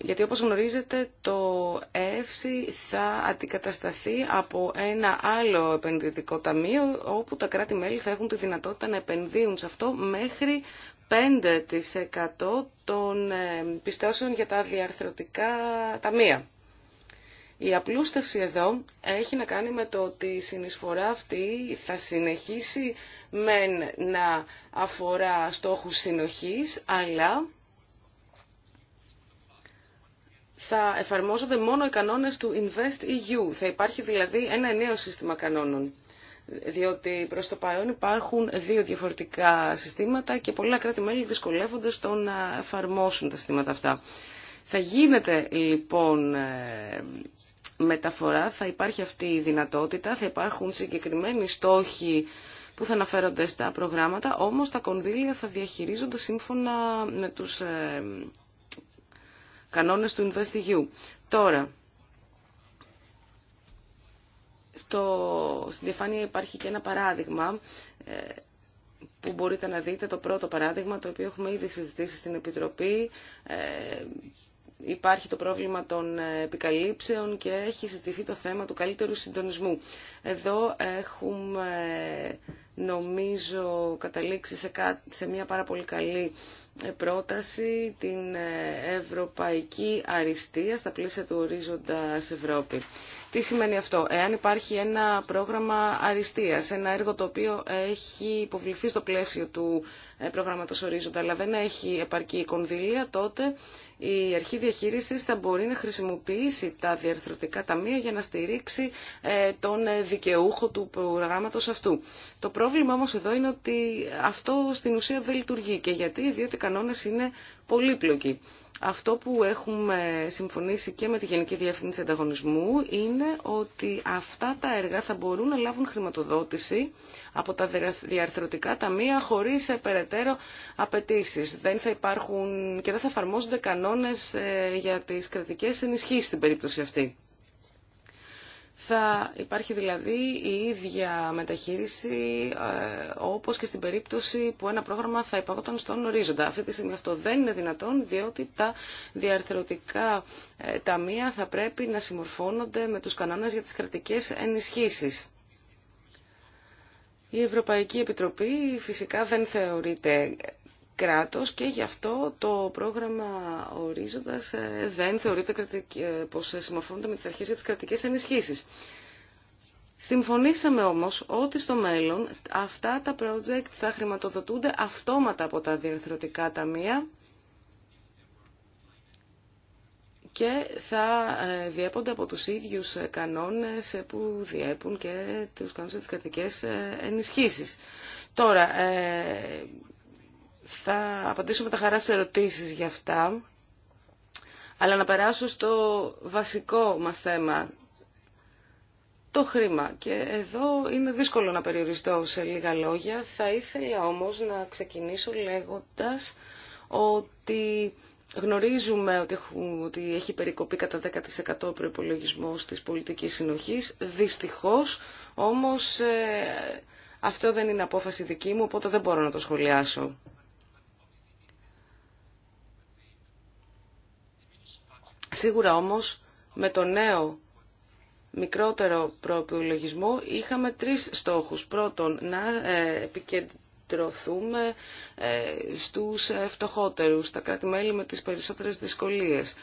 γιατί όπως γνωρίζετε το ΕΕΦΣΙ θα αντικατασταθεί από ένα άλλο επενδυτικό ταμείο όπου τα κράτη-μέλη θα έχουν τη δυνατότητα να επενδύουν σε αυτό μέχρι 5% των ε, πιστώσεων για τα διαρθρωτικά ταμεία. Η απλούστευση εδώ έχει να κάνει με το ότι η συνεισφορά αυτή θα συνεχίσει μεν να αφορά στόχους συνοχής, αλλά θα εφαρμόζονται μόνο οι κανόνες του Invest EU. Θα υπάρχει δηλαδή ένα νέο σύστημα κανόνων. Διότι προς το παρόν υπάρχουν δύο διαφορετικά συστήματα και πολλά κράτη-μέλη δυσκολεύονται στο να εφαρμόσουν τα συστήματα αυτά. Θα γίνεται λοιπόν ε, μεταφορά, θα υπάρχει αυτή η δυνατότητα, θα υπάρχουν συγκεκριμένοι στόχοι που θα αναφέρονται στα προγράμματα, όμως τα κονδύλια θα διαχειρίζονται σύμφωνα με τους ε, κανόνες του InvestEU. Τώρα, στο, στη διαφάνεια υπάρχει και ένα παράδειγμα ε, που μπορείτε να δείτε. Το πρώτο παράδειγμα, το οποίο έχουμε ήδη συζητήσει στην Επιτροπή, ε, υπάρχει το πρόβλημα των ε, επικαλύψεων και έχει συζητηθεί το θέμα του καλύτερου συντονισμού. Εδώ έχουμε νομίζω καταλήξει σε, σε μια πάρα πολύ καλή πρόταση την ε, ευρωπαϊκή αριστεία στα πλαίσια του ορίζοντα Ευρώπη. Τι σημαίνει αυτό. Εάν υπάρχει ένα πρόγραμμα αριστείας, ένα έργο το οποίο έχει υποβληθεί στο πλαίσιο του ε, προγράμματος ορίζοντα, αλλά δεν έχει επαρκή κονδύλια, τότε η αρχή διαχείρισης θα μπορεί να χρησιμοποιήσει τα διαρθρωτικά ταμεία για να στηρίξει ε, τον ε, δικαιούχο του προγράμματος αυτού. Το πρόβλημα όμως εδώ είναι ότι αυτό στην ουσία δεν λειτουργεί και γιατί, διότι οι κανόνες είναι πολύπλοκοι. Αυτό που έχουμε συμφωνήσει και με τη Γενική Διεύθυνση Ανταγωνισμού είναι ότι αυτά τα έργα θα μπορούν να λάβουν χρηματοδότηση από τα διαρθρωτικά ταμεία χωρίς ε, περαιτέρω απαιτήσει. Δεν θα υπάρχουν και δεν θα εφαρμόζονται κανόνες ε, για τις κρατικές ενισχύσεις στην περίπτωση αυτή. Θα υπάρχει δηλαδή η ίδια μεταχείριση ε, όπως και στην περίπτωση που ένα πρόγραμμα θα υπάγονταν στον ορίζοντα. Αυτή τη στιγμή αυτό δεν είναι δυνατόν διότι τα διαρθρωτικά ε, ταμεία θα πρέπει να συμμορφώνονται με τους κανόνες για τις κρατικές ενισχύσεις. Η Ευρωπαϊκή Επιτροπή φυσικά δεν θεωρείται κράτος και γι' αυτό το πρόγραμμα ορίζοντας ε, δεν θεωρείται ε, πως συμμορφώνεται με τις αρχές για τις κρατικές ενισχύσεις. Συμφωνήσαμε όμως ότι στο μέλλον αυτά τα project θα χρηματοδοτούνται αυτόματα από τα διευθυντικά ταμεία και θα ε, διέπονται από τους ίδιους κανόνες που διέπουν και τους κανόνες της κρατικές ενισχύσεις. Τώρα, θα απαντήσουμε τα χαρά σε ερωτήσεις για αυτά. Αλλά να περάσω στο βασικό μας θέμα, το χρήμα. Και εδώ είναι δύσκολο να περιοριστώ σε λίγα λόγια. Θα ήθελα όμως να ξεκινήσω λέγοντας ότι γνωρίζουμε ότι έχει περικοπεί κατά 10% ο προπολογισμό της πολιτικής συνοχής. Δυστυχώς, όμως ε, αυτό δεν είναι απόφαση δική μου, οπότε δεν μπορώ να το σχολιάσω. Σίγουρα όμως με το νέο μικρότερο προπολογισμό είχαμε τρεις στόχους. Πρώτον, να ε, επικεντρωθούμε ε, στους ε, φτωχότερους, τα κράτη-μέλη με τις περισσότερες δυσκολίες.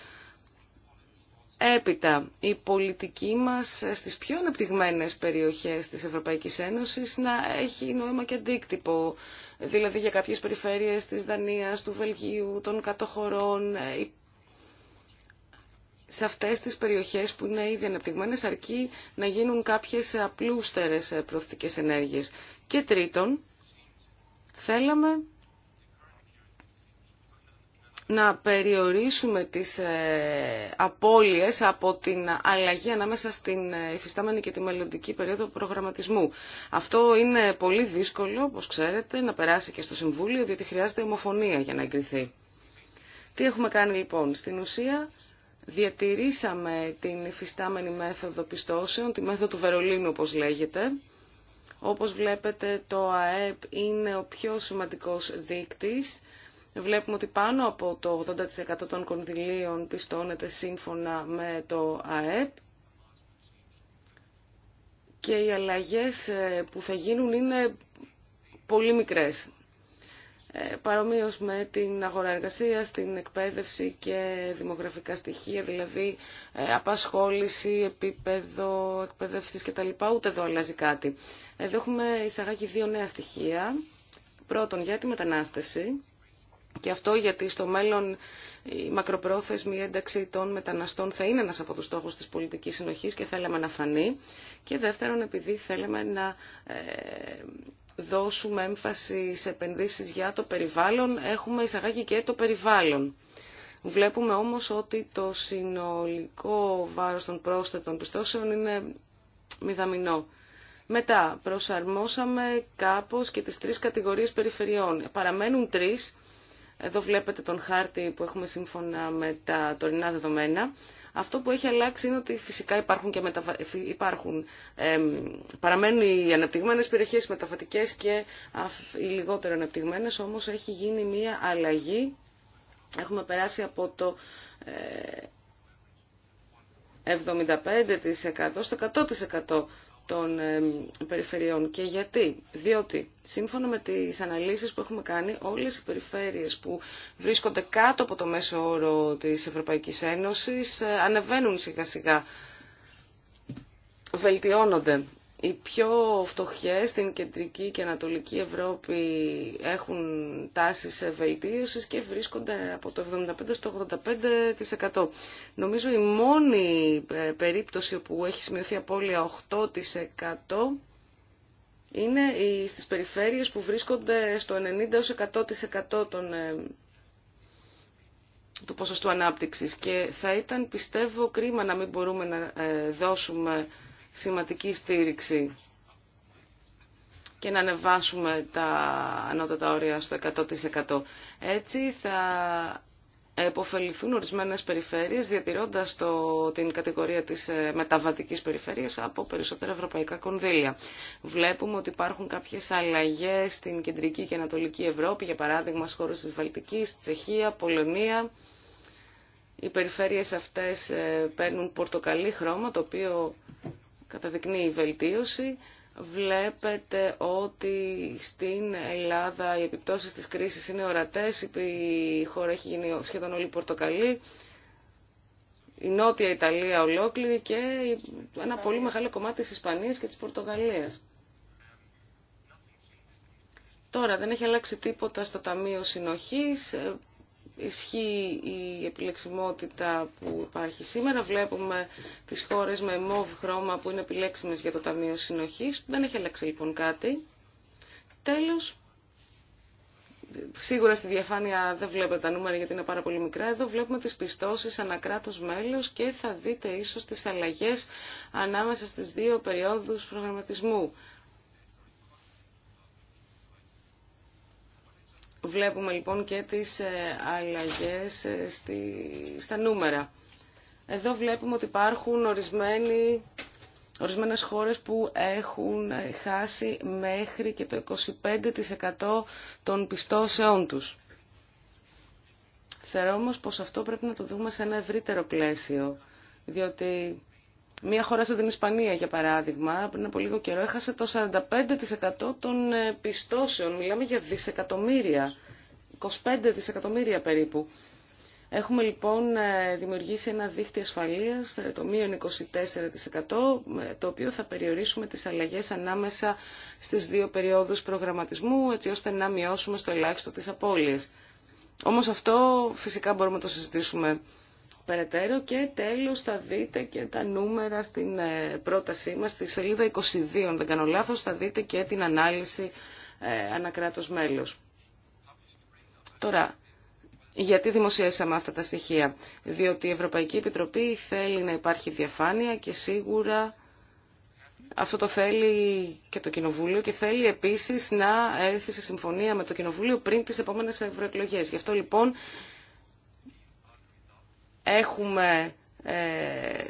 Έπειτα, η πολιτική μας στις πιο αναπτυγμένες περιοχές της Ευρωπαϊκής Ένωσης να έχει νόημα και αντίκτυπο. Δηλαδή για κάποιες περιφέρειες της Δανίας, του Βελγίου, των κατοχωρών, σε αυτές τις περιοχές που είναι ήδη αναπτυγμένες αρκεί να γίνουν κάποιες απλούστερες προωθητικές ενέργειες. Και τρίτον, θέλαμε να περιορίσουμε τις ε, απώλειες από την αλλαγή ανάμεσα στην ε, υφιστάμενη και τη μελλοντική περίοδο προγραμματισμού. Αυτό είναι πολύ δύσκολο, όπως ξέρετε, να περάσει και στο Συμβούλιο, διότι χρειάζεται ομοφωνία για να εγκριθεί. Τι έχουμε κάνει λοιπόν. Στην ουσία διατηρήσαμε την υφιστάμενη μέθοδο πιστώσεων, τη μέθοδο του Βερολίνου όπως λέγεται. Όπως βλέπετε το ΑΕΠ είναι ο πιο σημαντικός δείκτης. Βλέπουμε ότι πάνω από το 80% των κονδυλίων πιστώνεται σύμφωνα με το ΑΕΠ και οι αλλαγές ε, που θα γίνουν είναι πολύ μικρές. Ε, παρομοίως με την αγορά εργασίας, την εκπαίδευση και δημογραφικά στοιχεία, δηλαδή ε, απασχόληση, επίπεδο εκπαίδευσης κτλ. Ούτε εδώ αλλάζει κάτι. Εδώ έχουμε εισαγάγει δύο νέα στοιχεία. Πρώτον, για τη μετανάστευση. Και αυτό γιατί στο μέλλον η μακροπρόθεσμη ένταξη των μεταναστών θα είναι ένας από τους στόχους της πολιτικής συνοχής και θέλαμε να φανεί. Και δεύτερον, επειδή θέλαμε να ε, δώσουμε έμφαση σε επενδύσεις για το περιβάλλον, έχουμε εισαγάγει και το περιβάλλον. Βλέπουμε όμως ότι το συνολικό βάρος των πρόσθετων πιστώσεων είναι μηδαμινό. Μετά προσαρμόσαμε κάπως και τις τρεις κατηγορίες περιφερειών. Παραμένουν τρεις. Εδώ βλέπετε τον χάρτη που έχουμε σύμφωνα με τα τωρινά δεδομένα. Αυτό που έχει αλλάξει είναι ότι φυσικά υπάρχουν, και υπάρχουν παραμένουν οι αναπτυγμένες περιοχές, οι μεταβατικές και οι λιγότερο αναπτυγμένες, όμως έχει γίνει μία αλλαγή. Έχουμε περάσει από το... 75% ε, στο 100% των ε, περιφερειών. Και γιατί. Διότι, σύμφωνα με τις αναλύσεις που έχουμε κάνει, όλες οι περιφέρειες που βρίσκονται κάτω από το μέσο όρο της Ευρωπαϊκής Ένωσης ε, ανεβαίνουν σιγά-σιγά, βελτιώνονται. Οι πιο φτωχές στην κεντρική και ανατολική Ευρώπη έχουν τάσεις βελτίωσης και βρίσκονται από το 75% στο 85%. Νομίζω η μόνη ε, περίπτωση που έχει σημειωθεί απώλεια 8% είναι στις περιφέρειες που βρίσκονται στο 90% των ε, του ποσοστού ανάπτυξης και θα ήταν πιστεύω κρίμα να μην μπορούμε να ε, δώσουμε σημαντική στήριξη και να ανεβάσουμε τα ανώτατα όρια στο 100%. Έτσι θα εποφεληθούν ορισμένες περιφέρειες διατηρώντας το, την κατηγορία της ε, μεταβατικής περιφέρειας από περισσότερα ευρωπαϊκά κονδύλια. Βλέπουμε ότι υπάρχουν κάποιες αλλαγές στην κεντρική και ανατολική Ευρώπη, για παράδειγμα στις χώρες της Βαλτικής, Τσεχία, Πολωνία. Οι περιφέρειες αυτές ε, παίρνουν πορτοκαλί χρώμα, το οποίο καταδεικνύει η βελτίωση. Βλέπετε ότι στην Ελλάδα οι επιπτώσεις της κρίσης είναι ορατές, η χώρα έχει γίνει σχεδόν όλη πορτοκαλή, η Νότια Ιταλία ολόκληρη και ένα πολύ μεγάλο κομμάτι της Ισπανίας και της Πορτογαλίας. Τώρα δεν έχει αλλάξει τίποτα στο Ταμείο Συνοχής, ισχύει η επιλεξιμότητα που υπάρχει σήμερα. Βλέπουμε τις χώρες με μόβ χρώμα που είναι επιλέξιμες για το Ταμείο Συνοχής. Δεν έχει αλλάξει λοιπόν κάτι. Τέλος, σίγουρα στη διαφάνεια δεν βλέπετε τα νούμερα γιατί είναι πάρα πολύ μικρά. Εδώ βλέπουμε τις πιστώσεις ανακράτος μέλος και θα δείτε ίσως τις αλλαγές ανάμεσα στις δύο περιόδους προγραμματισμού. Βλέπουμε λοιπόν και τις ε, αλλαγές ε, στη, στα νούμερα. Εδώ βλέπουμε ότι υπάρχουν ορισμένοι, ορισμένες χώρες που έχουν ε, χάσει μέχρι και το 25% των πιστώσεών τους. Θεωρώ όμως πως αυτό πρέπει να το δούμε σε ένα ευρύτερο πλαίσιο, διότι Μία χώρα σαν την Ισπανία, για παράδειγμα, πριν από λίγο καιρό έχασε το 45% των ε, πιστώσεων. Μιλάμε για δισεκατομμύρια, 25 δισεκατομμύρια περίπου. Έχουμε λοιπόν ε, δημιουργήσει ένα δίχτυ ασφαλείας, ε, το μείον 24%, το οποίο θα περιορίσουμε τις αλλαγές ανάμεσα στις δύο περιόδους προγραμματισμού, έτσι ώστε να μειώσουμε στο ελάχιστο τις απώλειες. Όμως αυτό φυσικά μπορούμε να το συζητήσουμε περαιτέρω και τέλος θα δείτε και τα νούμερα στην ε, πρότασή μας στη σελίδα 22 αν δεν κάνω λάθος θα δείτε και την ανάλυση ε, ανακράτος Τώρα, γιατί δημοσιεύσαμε αυτά τα στοιχεία. Διότι η Ευρωπαϊκή Επιτροπή θέλει να υπάρχει διαφάνεια και σίγουρα αυτό το θέλει και το Κοινοβούλιο και θέλει επίσης να έρθει σε συμφωνία με το Κοινοβούλιο πριν τις επόμενες ευρωεκλογές. Γι' αυτό λοιπόν έχουμε ε,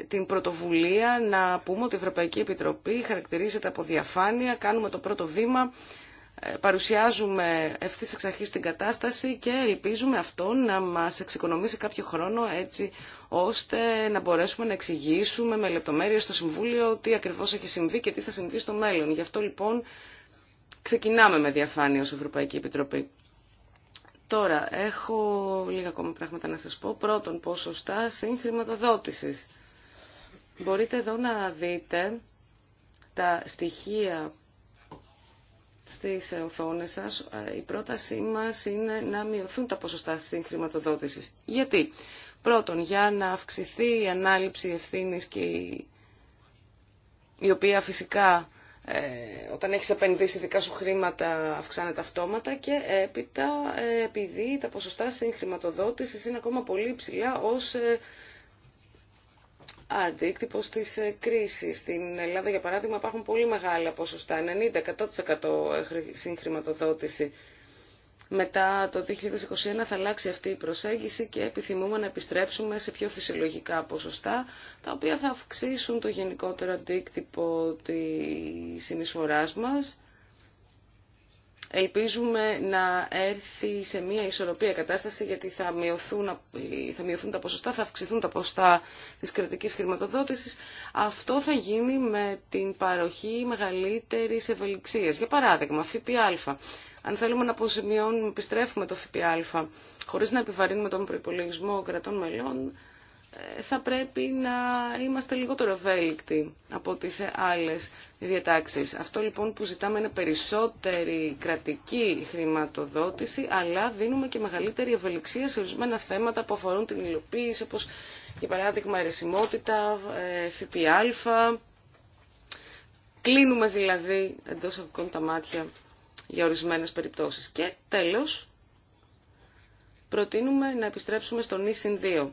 την πρωτοβουλία να πούμε ότι η Ευρωπαϊκή Επιτροπή χαρακτηρίζεται από διαφάνεια, κάνουμε το πρώτο βήμα, ε, παρουσιάζουμε ευθύ εξ αρχή την κατάσταση και ελπίζουμε αυτό να μας εξοικονομήσει κάποιο χρόνο έτσι ώστε να μπορέσουμε να εξηγήσουμε με λεπτομέρειες στο Συμβούλιο τι ακριβώς έχει συμβεί και τι θα συμβεί στο μέλλον. Γι' αυτό λοιπόν ξεκινάμε με διαφάνεια ως Ευρωπαϊκή Επιτροπή. Τώρα, έχω λίγα ακόμα πράγματα να σας πω. Πρώτον, ποσοστά συγχρηματοδότησης. Μπορείτε εδώ να δείτε τα στοιχεία στις οθόνες σας. Ε, η πρότασή μας είναι να μειωθούν τα ποσοστά συγχρηματοδότησης. Γιατί? Πρώτον, για να αυξηθεί η ανάληψη ευθύνης και η οποία φυσικά ε, όταν έχεις επενδύσει δικά σου χρήματα αυξάνεται αυτόματα και έπειτα ε, επειδή τα ποσοστά συγχρηματοδότησης είναι ακόμα πολύ ψηλά ως ε, αντίκτυπος της ε, κρίσης. Στην Ελλάδα για παράδειγμα υπάρχουν πολύ μεγάλα ποσοστά, 90-100% ε, συγχρηματοδότηση μετά το 2021 θα αλλάξει αυτή η προσέγγιση και επιθυμούμε να επιστρέψουμε σε πιο φυσιολογικά ποσοστά, τα οποία θα αυξήσουν το γενικότερο αντίκτυπο της συνεισφοράς μας. Ελπίζουμε να έρθει σε μια ισορροπία κατάσταση γιατί θα μειωθούν, θα μειωθούν τα ποσοστά, θα αυξηθούν τα ποσοστά της κρατικής χρηματοδότησης. Αυτό θα γίνει με την παροχή μεγαλύτερης ευελιξίας. Για παράδειγμα, ΦΠΑ αν θέλουμε να αποζημιώνουμε, επιστρέφουμε το ΦΠΑ χωρίς να επιβαρύνουμε τον προϋπολογισμό κρατών μελών, ε, θα πρέπει να είμαστε λιγότερο ευέλικτοι από τις άλλες διατάξεις. Αυτό λοιπόν που ζητάμε είναι περισσότερη κρατική χρηματοδότηση, αλλά δίνουμε και μεγαλύτερη ευελιξία σε ορισμένα θέματα που αφορούν την υλοποίηση, όπως για παράδειγμα αιρεσιμότητα, ε, ΦΠΑ. Κλείνουμε δηλαδή εντό αγωγικών τα μάτια για ορισμένες περιπτώσεις. Και τέλος, προτείνουμε να επιστρέψουμε στον ΙΣΙΝ 2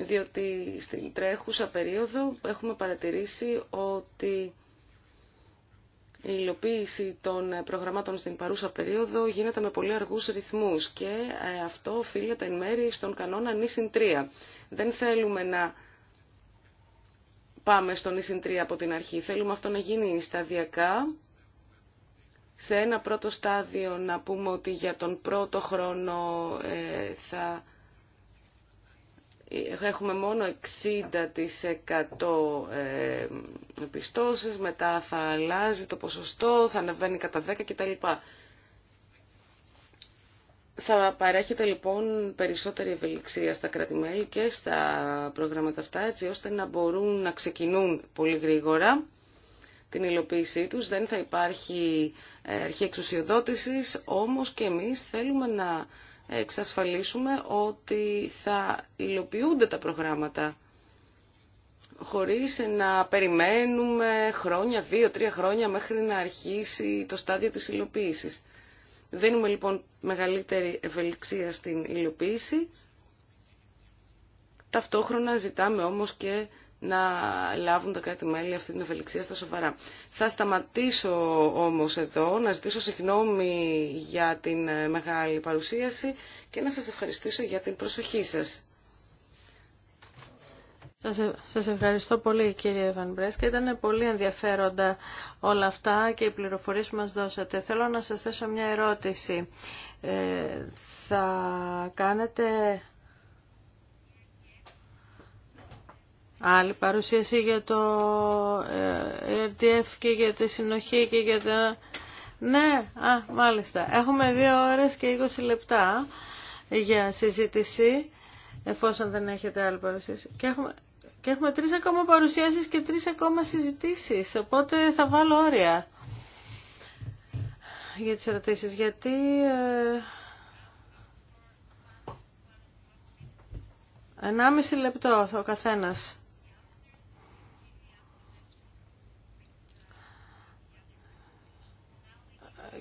διότι στην τρέχουσα περίοδο έχουμε παρατηρήσει ότι η υλοποίηση των προγραμμάτων στην παρούσα περίοδο γίνεται με πολύ αργούς ρυθμούς και ε, αυτό οφείλεται εν μέρη στον κανόνα νησιν 3. Δεν θέλουμε να πάμε στον νησιν 3 από την αρχή. Θέλουμε αυτό να γίνει σταδιακά σε ένα πρώτο στάδιο να πούμε ότι για τον πρώτο χρόνο ε, θα έχουμε μόνο 60% ε, πιστώσεις, μετά θα αλλάζει το ποσοστό, θα ανεβαίνει κατά 10 κτλ. Θα παρέχεται λοιπόν περισσότερη ευελιξία στα κρατημέλη και στα προγράμματα αυτά έτσι ώστε να μπορούν να ξεκινούν πολύ γρήγορα την υλοποίησή τους, δεν θα υπάρχει ε, αρχή εξουσιοδότησης, όμως και εμείς θέλουμε να εξασφαλίσουμε ότι θα υλοποιούνται τα προγράμματα χωρίς να περιμένουμε χρόνια, δύο-τρία χρόνια μέχρι να αρχίσει το στάδιο της υλοποίησης. Δίνουμε λοιπόν μεγαλύτερη ευελιξία στην υλοποίηση. Ταυτόχρονα ζητάμε όμως και να λάβουν τα κράτη-μέλη αυτή την ευελιξία στα σοβαρά. Θα σταματήσω όμως εδώ, να ζητήσω συγγνώμη για την ε, μεγάλη παρουσίαση και να σας ευχαριστήσω για την προσοχή σας. Σας ε, ευχαριστώ πολύ κύριε και Ήταν πολύ ενδιαφέροντα όλα αυτά και οι πληροφορίες που μας δώσατε. Θέλω να σας θέσω μια ερώτηση. Ε, θα κάνετε άλλη παρουσίαση για το RDF ε, ε και για τη συνοχή και για τα... Ναι, α, μάλιστα. Έχουμε δύο ώρες και 20 λεπτά για συζήτηση, εφόσον δεν έχετε άλλη παρουσίαση. Και έχουμε, και έχουμε τρεις ακόμα παρουσιάσεις και τρεις ακόμα συζητήσεις, οπότε θα βάλω όρια για τις ερωτήσεις. Γιατί... Ε... 1,5 λεπτό ο καθένας.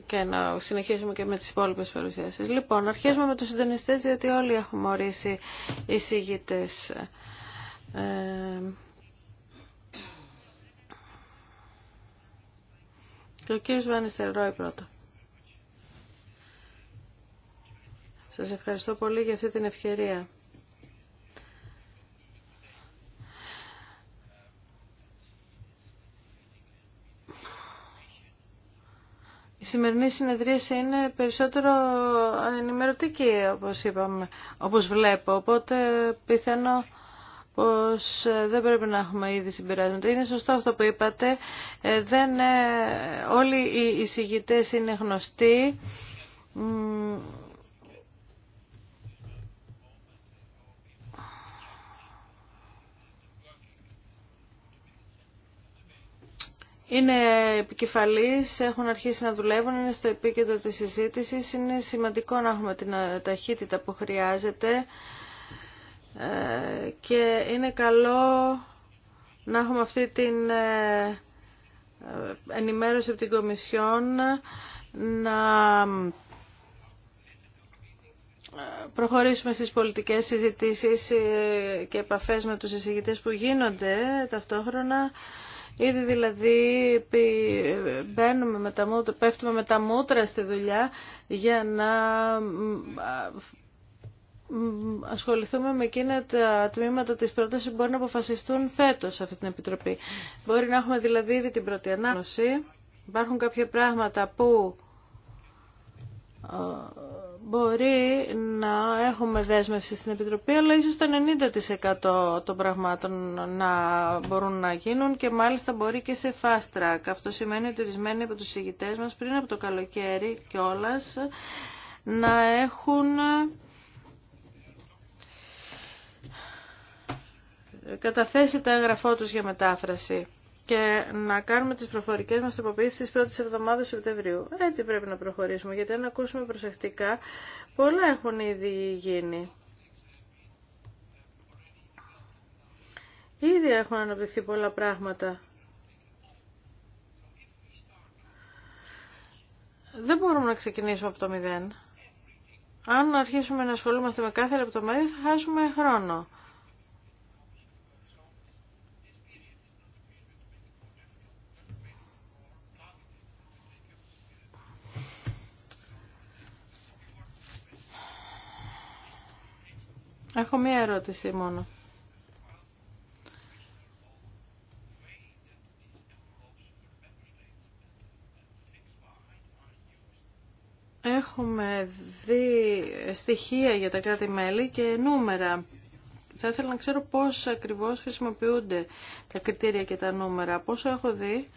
και να συνεχίσουμε και με τις υπόλοιπες παρουσιάσεις. Λοιπόν, αρχίζουμε με τους συντονιστές, διότι όλοι έχουμε ορίσει εισηγητές. Ε, και ο κύριος Βάνιστερ πρώτα. Σας ευχαριστώ πολύ για αυτή την ευκαιρία. σημερινή συνεδρίαση είναι περισσότερο ενημερωτική, όπως είπαμε, όπως βλέπω. Οπότε πιθανό πως ε, δεν πρέπει να έχουμε ήδη συμπεράσματα. Είναι σωστό αυτό που είπατε. Ε, δεν, ε, όλοι οι εισηγητές είναι γνωστοί. είναι επικεφαλής, έχουν αρχίσει να δουλεύουν, είναι στο επίκεντρο της συζήτησης. Είναι σημαντικό να έχουμε την ε, ταχύτητα που χρειάζεται ε, και είναι καλό να έχουμε αυτή την ε, ενημέρωση από την Κομισιόν να προχωρήσουμε στις πολιτικές συζητήσεις και επαφές με τους εισηγητές που γίνονται ταυτόχρονα Ήδη δηλαδή μπαίνουμε με πέφτουμε με τα μούτρα στη δουλειά για να ασχοληθούμε με εκείνα τα τμήματα της πρότασης που μπορεί να αποφασιστούν φέτος σε αυτή την Επιτροπή. Μπορεί να έχουμε δηλαδή ήδη την πρώτη ανάγνωση. Υπάρχουν κάποια πράγματα που μπορεί να έχουμε δέσμευση στην Επιτροπή, αλλά ίσως το 90% των πραγμάτων να μπορούν να γίνουν και μάλιστα μπορεί και σε fast track. Αυτό σημαίνει ότι ορισμένοι από τους ηγητές μας πριν από το καλοκαίρι κιόλα να έχουν ε, καταθέσει το έγγραφό τους για μετάφραση και να κάνουμε τις προφορικές μας τροποποίησεις στις πρώτες εβδομάδες Σεπτεμβρίου. Έτσι πρέπει να προχωρήσουμε, γιατί αν ακούσουμε προσεκτικά, πολλά έχουν ήδη γίνει. Ήδη έχουν αναπτυχθεί πολλά πράγματα. Δεν μπορούμε να ξεκινήσουμε από το μηδέν. Αν αρχίσουμε να ασχολούμαστε με κάθε λεπτομέρεια θα χάσουμε χρόνο. Έχω μία ερώτηση μόνο. Έχουμε δει στοιχεία για τα κράτη-μέλη και νούμερα. Θα ήθελα να ξέρω πώς ακριβώς χρησιμοποιούνται τα κριτήρια και τα νούμερα. Πόσο έχω δει,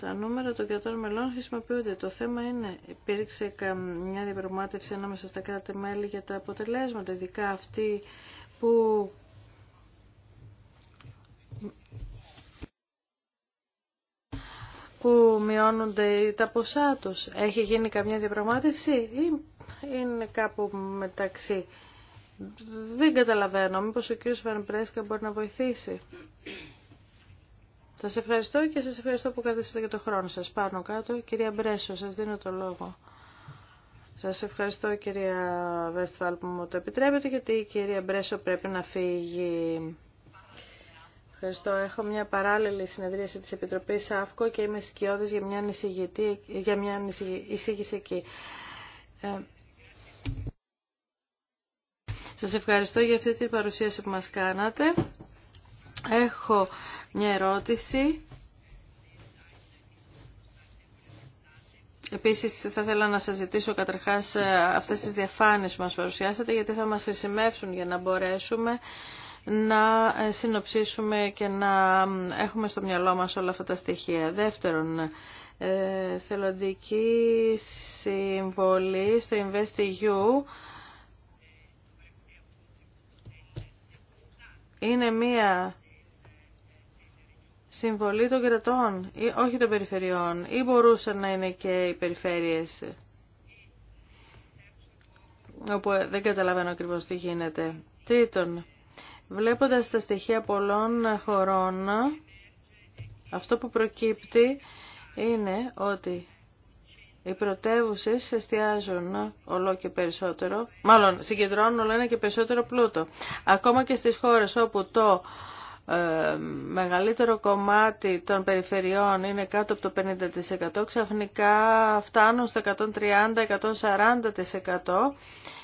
τα νούμερα των κρατών μελών χρησιμοποιούνται. Το θέμα είναι, υπήρξε μια διαπραγμάτευση ανάμεσα στα κράτη-μέλη για τα αποτελέσματα, ειδικά αυτοί που που μειώνονται τα ποσά τους. Έχει γίνει καμιά διαπραγμάτευση ή είναι κάπου μεταξύ. Δεν καταλαβαίνω. Μήπως ο κ. Βανπρέσκα μπορεί να βοηθήσει. Σας ευχαριστώ και σας ευχαριστώ που κρατήσατε και το χρόνο σας πάνω κάτω. Κυρία Μπρέσο, σας δίνω το λόγο. Σας ευχαριστώ κυρία Βέστφαλ που μου το επιτρέπετε γιατί η κυρία Μπρέσο πρέπει να φύγει. Ευχαριστώ. Έχω μια παράλληλη συνεδρίαση της Επιτροπής ΑΦΚΟ και είμαι σκιώδης για μια, για μια εισήγηση εκεί. Ε, σας ευχαριστώ για αυτή την παρουσίαση που μας κάνατε. Έχω μια ερώτηση. Επίσης θα ήθελα να σας ζητήσω καταρχάς ε, αυτές τις διαφάνειες που μας παρουσιάσατε γιατί θα μας χρησιμεύσουν για να μπορέσουμε να ε, συνοψίσουμε και να έχουμε στο μυαλό μας όλα αυτά τα στοιχεία. Δεύτερον, ε, θελοντική συμβολή στο InvestEU είναι μία συμβολή των κρατών, ή, όχι των περιφερειών, ή μπορούσαν να είναι και οι περιφέρειες, όπου δεν καταλαβαίνω ακριβώς τι γίνεται. Τρίτον, βλέποντας τα στοιχεία πολλών χωρών, αυτό που προκύπτει είναι ότι οι πρωτεύουσε εστιάζουν όλο και περισσότερο, μάλλον συγκεντρώνουν όλο ένα και περισσότερο πλούτο. Ακόμα και στις χώρες όπου το ε, μεγαλύτερο κομμάτι των περιφερειών είναι κάτω από το 50% ξαφνικά φτάνουν στο 130-140%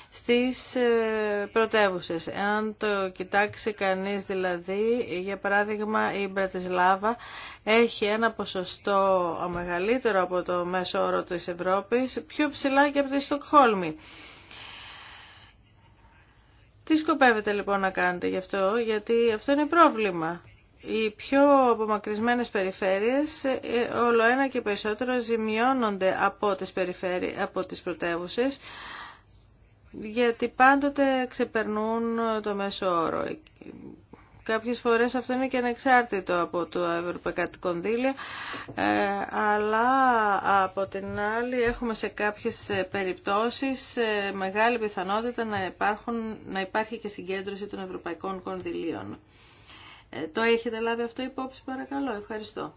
στις ε, πρωτεύουσες. Αν το κοιτάξει κανείς δηλαδή, για παράδειγμα η Μπρατισλάβα έχει ένα ποσοστό μεγαλύτερο από το μέσο όρο της Ευρώπης, πιο ψηλά και από τη Στοκχόλμη. Τι σκοπεύετε λοιπόν να κάνετε γι' αυτό, γιατί αυτό είναι πρόβλημα. Οι πιο απομακρυσμένες περιφέρειες ε, όλο ένα και περισσότερο ζημιώνονται από τις, περιφέρει... από τις πρωτεύουσες γιατί πάντοτε ξεπερνούν το μέσο όρο. Κάποιες φορές αυτό είναι και ανεξάρτητο από το ευρωπαϊκό κονδύλια, ε, αλλά από την άλλη έχουμε σε κάποιες ε, περιπτώσεις ε, μεγάλη πιθανότητα να, υπάρχουν, να υπάρχει και συγκέντρωση των ευρωπαϊκών κονδυλίων. το έχετε λάβει αυτό υπόψη παρακαλώ. Ευχαριστώ.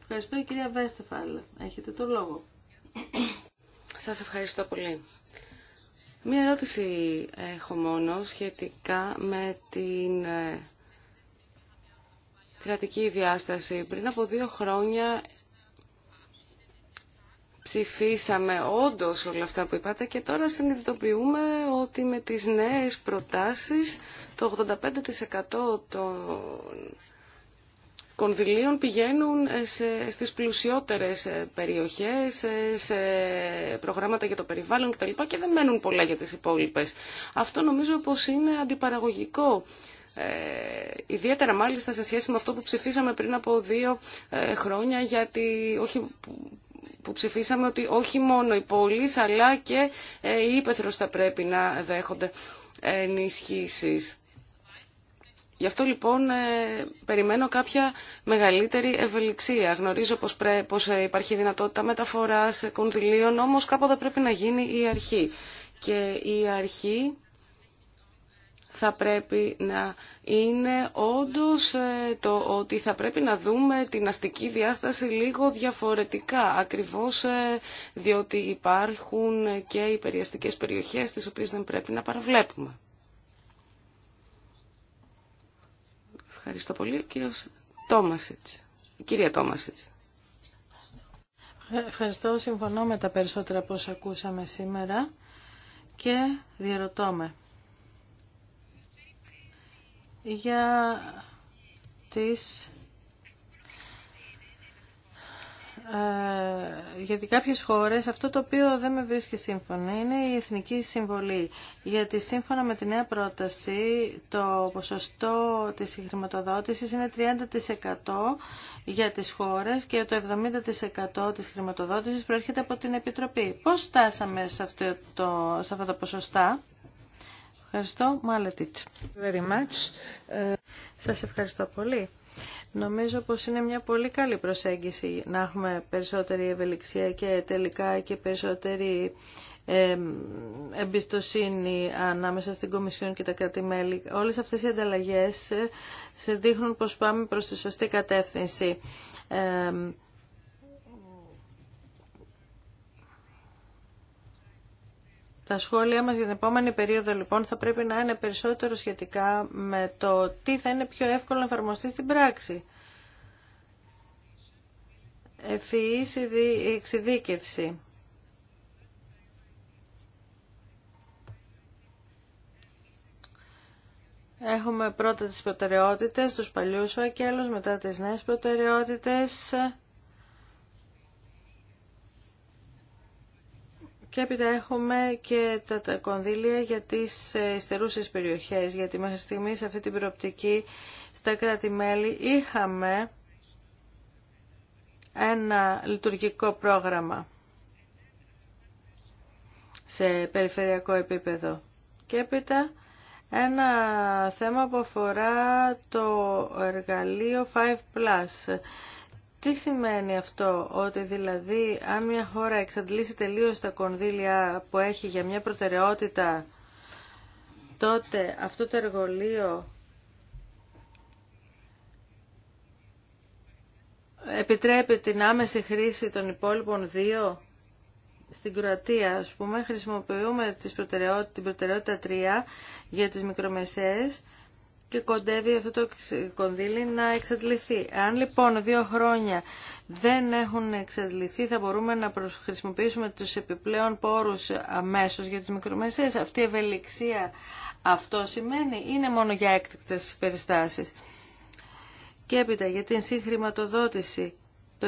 Ευχαριστώ η κυρία Βέστεφαλ. Έχετε το λόγο. Σας ευχαριστώ πολύ. Μία ερώτηση έχω μόνο σχετικά με την κρατική διάσταση. Πριν από δύο χρόνια ψηφίσαμε όντως όλα αυτά που είπατε και τώρα συνειδητοποιούμε ότι με τις νέες προτάσεις το 85% των κονδυλίων πηγαίνουν σε, στις πλουσιότερες περιοχές, σε προγράμματα για το περιβάλλον κτλ. και δεν μένουν πολλά για τις υπόλοιπες. Αυτό νομίζω πως είναι αντιπαραγωγικό ε, ιδιαίτερα μάλιστα σε σχέση με αυτό που ψηφίσαμε πριν από δύο ε, χρόνια, γιατί όχι, που ψηφίσαμε ότι όχι μόνο οι πόλει, αλλά και οι ε, ύπεθρος θα πρέπει να δέχονται ενισχύσει. Γι' αυτό λοιπόν περιμένω κάποια μεγαλύτερη ευελιξία. Γνωρίζω πως, πως υπάρχει δυνατότητα μεταφοράς κονδυλίων, όμως κάποτε πρέπει να γίνει η αρχή. Και η αρχή θα πρέπει να είναι όντως ε, το ότι θα πρέπει να δούμε την αστική διάσταση λίγο διαφορετικά, ακριβώς ε, διότι υπάρχουν και οι περιαστικές περιοχές τις οποίες δεν πρέπει να παραβλέπουμε. Ευχαριστώ πολύ. κύριος Τόμασιτς. κυρία Ευχαριστώ. Συμφωνώ με τα περισσότερα που ακούσαμε σήμερα και διαρωτώ με για τις ε, γιατί κάποιες χώρες αυτό το οποίο δεν με βρίσκει σύμφωνα είναι η εθνική συμβολή. Γιατί σύμφωνα με τη νέα πρόταση το ποσοστό της χρηματοδότησης είναι 30% για τις χώρες και το 70% της χρηματοδότησης προέρχεται από την Επιτροπή. Πώς στάσαμε σε αυτά τα ποσοστά. Ευχαριστώ, Very much. Ε, Σας ευχαριστώ πολύ. Νομίζω πως είναι μια πολύ καλή προσέγγιση να έχουμε περισσότερη ευελιξία και τελικά και περισσότερη εμπιστοσύνη ανάμεσα στην Κομισιόν και τα κράτη-μέλη. Όλες αυτές οι ανταλλαγές ε, δείχνουν πως πάμε προς τη σωστή κατεύθυνση. Τα σχόλια μας για την επόμενη περίοδο λοιπόν θα πρέπει να είναι περισσότερο σχετικά με το τι θα είναι πιο εύκολο να εφαρμοστεί στην πράξη. Ευφυής εξειδίκευση. Έχουμε πρώτα τις προτεραιότητες, τους παλιούς φακέλους, μετά τις νέες προτεραιότητες Και έπειτα έχουμε και τα, κονδύλια για τις ε, ειστερούσες περιοχές, γιατί μέχρι στιγμή σε αυτή την προοπτική στα κράτη-μέλη είχαμε ένα λειτουργικό πρόγραμμα σε περιφερειακό επίπεδο. Και έπειτα ένα θέμα που αφορά το εργαλείο 5+, τι σημαίνει αυτό, ότι δηλαδή αν μια χώρα εξαντλήσει τελείως τα κονδύλια που έχει για μια προτεραιότητα, τότε αυτό το εργολείο επιτρέπει την άμεση χρήση των υπόλοιπων δύο. Στην Κροατία, ας πούμε, χρησιμοποιούμε την προτεραιότητα 3 για τις μικρομεσαίες και κοντεύει αυτό το κονδύλι να εξαντληθεί. Αν λοιπόν δύο χρόνια δεν έχουν εξαντληθεί, θα μπορούμε να χρησιμοποιήσουμε τους επιπλέον πόρους αμέσως για τις μικρομεσαίες. Αυτή η ευελιξία αυτό σημαίνει είναι μόνο για έκτακτες περιστάσεις. Και έπειτα για την συγχρηματοδότηση το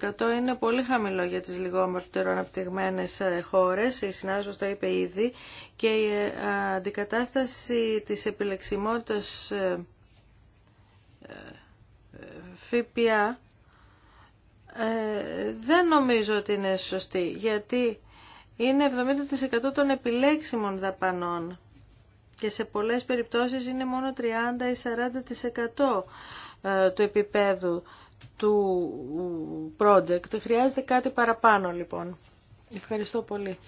70% είναι πολύ χαμηλό για τις λιγότερο αναπτυγμένε ε, χώρες, η συνάδελφος το είπε ήδη, και η ε, αντικατάσταση της επιλεξιμότητας ε, ΦΠΑ δεν νομίζω ότι είναι σωστή, γιατί είναι 70% των επιλέξιμων δαπανών και σε πολλές περιπτώσεις είναι μόνο 30 ή 40% του επίπεδου του project. Χρειάζεται κάτι παραπάνω λοιπόν. Ευχαριστώ πολύ.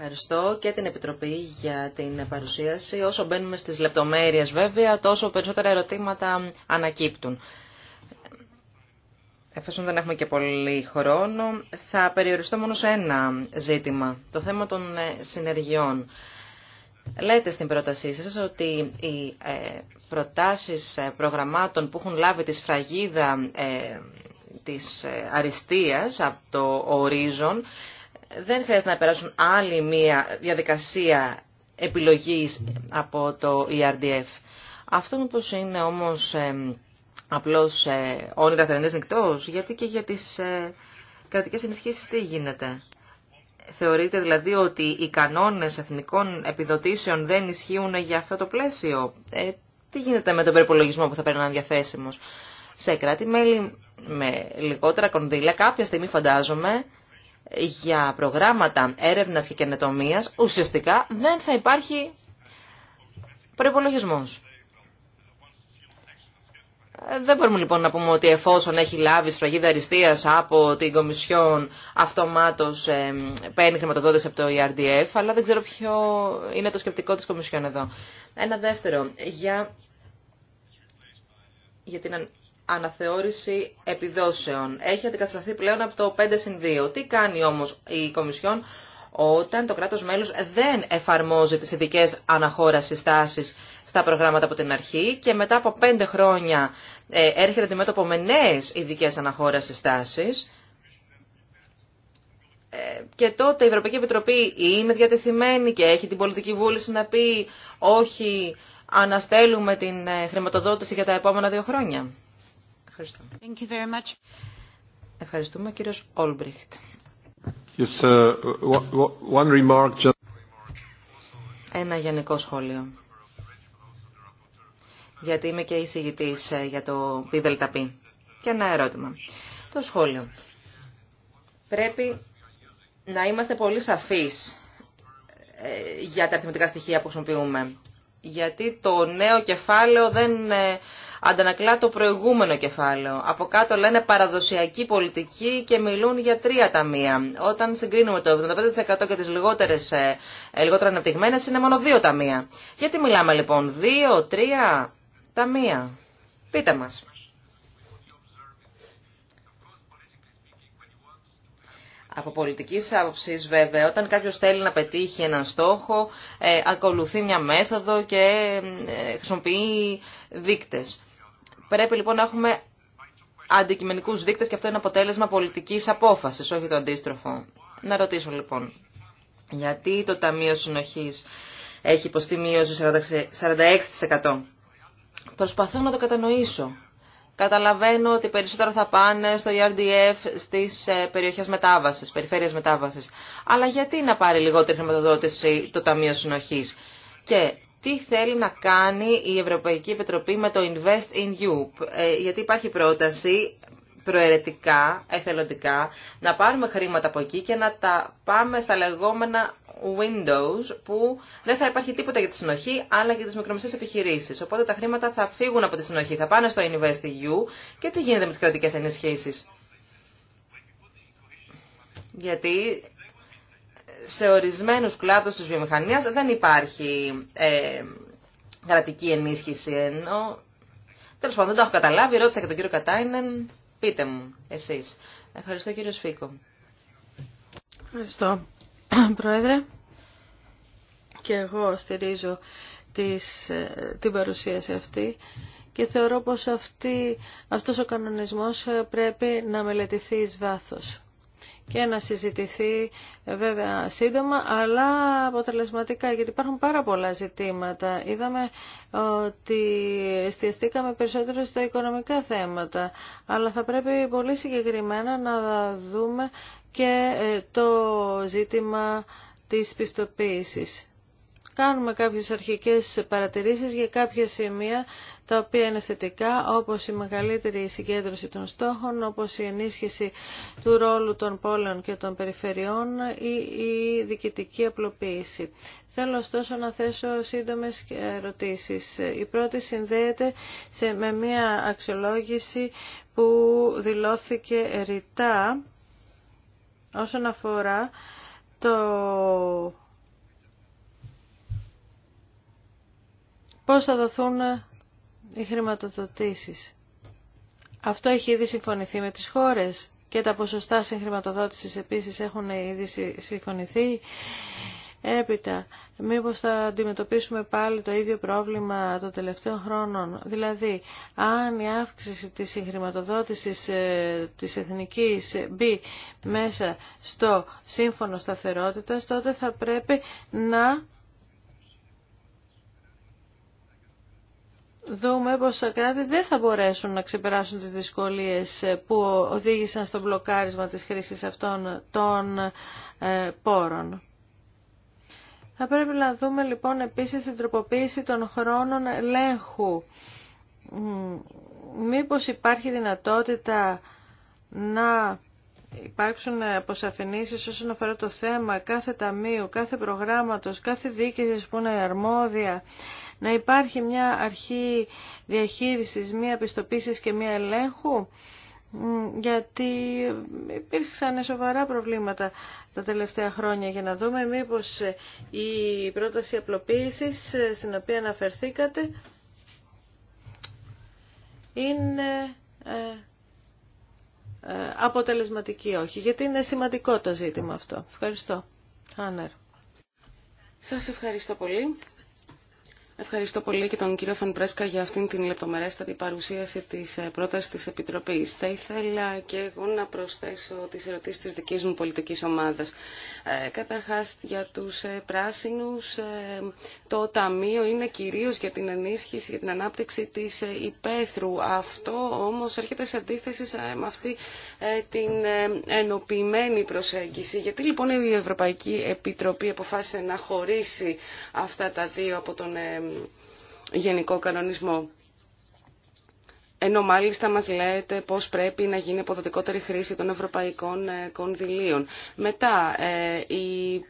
Ευχαριστώ και την Επιτροπή για την παρουσίαση. Όσο μπαίνουμε στις λεπτομέρειες βέβαια, τόσο περισσότερα ερωτήματα ανακύπτουν. Εφόσον δεν έχουμε και πολύ χρόνο, θα περιοριστώ μόνο σε ένα ζήτημα, το θέμα των ε, συνεργειών. Λέτε στην πρότασή σας ότι οι ε, προτάσεις ε, προγραμμάτων που έχουν λάβει τη σφραγίδα ε, της αριστείας από το ορίζον δεν χρειάζεται να περάσουν άλλη μία διαδικασία επιλογής από το ERDF. Αυτό μήπως είναι όμως απλώς όνειρα θερινές νυχτός, γιατί και για τις κρατικές ενισχύσεις τι γίνεται. Θεωρείτε δηλαδή ότι οι κανόνες εθνικών επιδοτήσεων δεν ισχύουν για αυτό το πλαίσιο. Ε, τι γίνεται με τον περιπολογισμό που θα παίρνει διαθέσιμος. Σε κράτη-μέλη με λιγότερα κονδύλια κάποια στιγμή φαντάζομαι για προγράμματα έρευνας και καινοτομίας ουσιαστικά δεν θα υπάρχει προϋπολογισμός. Δεν μπορούμε λοιπόν να πούμε ότι εφόσον έχει λάβει σφραγίδα αριστεία από την Κομισιόν, αυτομάτω παίρνει χρηματοδότηση από το ERDF, αλλά δεν ξέρω ποιο είναι το σκεπτικό τη Κομισιόν εδώ. Ένα δεύτερο, για, για την αναθεώρηση επιδόσεων. Έχει αντικατασταθεί πλέον από το 5 2. Τι κάνει όμω η Κομισιόν όταν το κράτος μέλος δεν εφαρμόζει τις ειδικέ αναχώρας συστάσεις στα προγράμματα από την αρχή και μετά από πέντε χρόνια ε, έρχεται αντιμέτωπο με νέες ειδικέ αναχώρας συστάσεις ε, και τότε η Ευρωπαϊκή Επιτροπή είναι διατεθειμένη και έχει την πολιτική βούληση να πει όχι αναστέλουμε την ε, χρηματοδότηση για τα επόμενα δύο χρόνια. Ευχαριστώ. Ευχαριστούμε κύριος Όλμπριχτ. Uh, ένα γενικό σχόλιο. Γιατί είμαι και εισηγητή ε, για το ΠΔΠ. Και ένα ερώτημα. Το σχόλιο. Πρέπει να είμαστε πολύ σαφείς ε, για τα αριθμητικά στοιχεία που χρησιμοποιούμε. Γιατί το νέο κεφάλαιο δεν ε, αντανακλά το προηγούμενο κεφάλαιο. Από κάτω λένε παραδοσιακή πολιτική και μιλούν για τρία ταμεία. Όταν συγκρίνουμε το 75% και τις λιγότερες, ε, ε, λιγότερα αναπτυγμένες είναι μόνο δύο ταμεία. Γιατί μιλάμε λοιπόν δύο, τρία ταμεία. Πείτε μας. Από πολιτική άποψη, βέβαια, όταν κάποιο θέλει να πετύχει έναν στόχο, ε, ακολουθεί μια μέθοδο και χρησιμοποιεί δείκτε. Πρέπει λοιπόν να έχουμε αντικειμενικούς δείκτες και αυτό είναι αποτέλεσμα πολιτικής απόφασης, όχι το αντίστροφο. Να ρωτήσω λοιπόν, γιατί το Ταμείο Συνοχής έχει υποστεί μείωση 46%. Προσπαθώ να το κατανοήσω. Καταλαβαίνω ότι περισσότερο θα πάνε στο ERDF στις ε, περιοχές μετάβασης, περιφέρειες μετάβασης. Αλλά γιατί να πάρει λιγότερη χρηματοδότηση το Ταμείο Συνοχής. Και τι θέλει να κάνει η Ευρωπαϊκή Επιτροπή με το Invest in You» ε, Γιατί υπάρχει πρόταση προαιρετικά, εθελοντικά, να πάρουμε χρήματα από εκεί και να τα πάμε στα λεγόμενα Windows που δεν θα υπάρχει τίποτα για τη συνοχή αλλά για τις μικρομεσαίες επιχειρήσεις. Οπότε τα χρήματα θα φύγουν από τη συνοχή, θα πάνε στο «Invest in You» και τι γίνεται με τις κρατικές ενισχύσεις. Γιατί σε ορισμένους κλάδους της βιομηχανίας δεν υπάρχει ε, κρατική ενίσχυση, ενώ... Τέλος πάντων, δεν το έχω καταλάβει, ρώτησα και τον κύριο Κατάινεν, πείτε μου εσείς. Ευχαριστώ κύριο Σφίκο. Ευχαριστώ, Πρόεδρε. Και εγώ στηρίζω την ε, την παρουσίαση αυτή και θεωρώ πως αυτή, αυτός ο κανονισμός ε, πρέπει να μελετηθεί εις βάθος και να συζητηθεί ε, βέβαια σύντομα αλλά αποτελεσματικά γιατί υπάρχουν πάρα πολλά ζητήματα. Είδαμε ότι εστιαστήκαμε περισσότερο στα οικονομικά θέματα αλλά θα πρέπει πολύ συγκεκριμένα να δούμε και ε, το ζήτημα της πιστοποίησης κάνουμε κάποιες αρχικές παρατηρήσεις για κάποια σημεία τα οποία είναι θετικά, όπως η μεγαλύτερη συγκέντρωση των στόχων, όπως η ενίσχυση του ρόλου των πόλεων και των περιφερειών ή η διοικητική απλοποίηση. Θέλω ωστόσο να θέσω σύντομες ερωτήσεις. Η πρώτη συνδέεται σε, με μια αξιολόγηση που δηλώθηκε ρητά όσον αφορά το πώς θα δοθούν ε, οι χρηματοδοτήσεις. Αυτό έχει ήδη συμφωνηθεί με τις χώρες και τα ποσοστά συγχρηματοδότησης επίσης έχουν ήδη συμφωνηθεί. Έπειτα, μήπως θα αντιμετωπίσουμε πάλι το ίδιο πρόβλημα των τελευταίων χρόνων. Δηλαδή, αν η αύξηση της συγχρηματοδότησης ε, της εθνικής ε, μπει μέσα στο σύμφωνο σταθερότητας, τότε θα πρέπει να δούμε πως τα κράτη δεν θα μπορέσουν να ξεπεράσουν τις δυσκολίες ε, που οδήγησαν στο μπλοκάρισμα της χρήσης αυτών των ε, πόρων. Θα πρέπει να δούμε λοιπόν επίσης την τροποποίηση των χρόνων ελέγχου. Μήπως υπάρχει δυνατότητα να υπάρξουν αποσαφηνήσεις όσον αφορά το θέμα κάθε ταμείου, κάθε προγράμματος, κάθε δίκαιση που είναι αρμόδια να υπάρχει μια αρχή διαχείρισης, μια πιστοποίηση και μια ελέγχου γιατί υπήρξαν σοβαρά προβλήματα τα τελευταία χρόνια για να δούμε μήπως η πρόταση απλοποίησης στην οποία αναφερθήκατε είναι ε, ε, αποτελεσματική όχι, γιατί είναι σημαντικό το ζήτημα αυτό. Ευχαριστώ. Άνερ. Σας ευχαριστώ πολύ. Ευχαριστώ πολύ και τον κύριο Φανπρέσκα για αυτήν την λεπτομερέστατη παρουσίαση της ε, πρότασης της Επιτροπής. Θα ήθελα και εγώ να προσθέσω τις ερωτήσεις της δικής μου πολιτικής ομάδας. Ε, καταρχάς, για τους ε, πράσινους, ε, το Ταμείο είναι κυρίως για την ενίσχυση, για την ανάπτυξη της υπαίθρου. Αυτό όμως έρχεται σε αντίθεση με αυτή την ενοποιημένη προσέγγιση. Γιατί λοιπόν η Ευρωπαϊκή Επιτροπή αποφάσισε να χωρίσει αυτά τα δύο από τον γενικό κανονισμό. Ενώ μάλιστα μας λέτε πώς πρέπει να γίνει αποδοτικότερη χρήση των ευρωπαϊκών ε, κονδυλίων. Μετά, ε, η...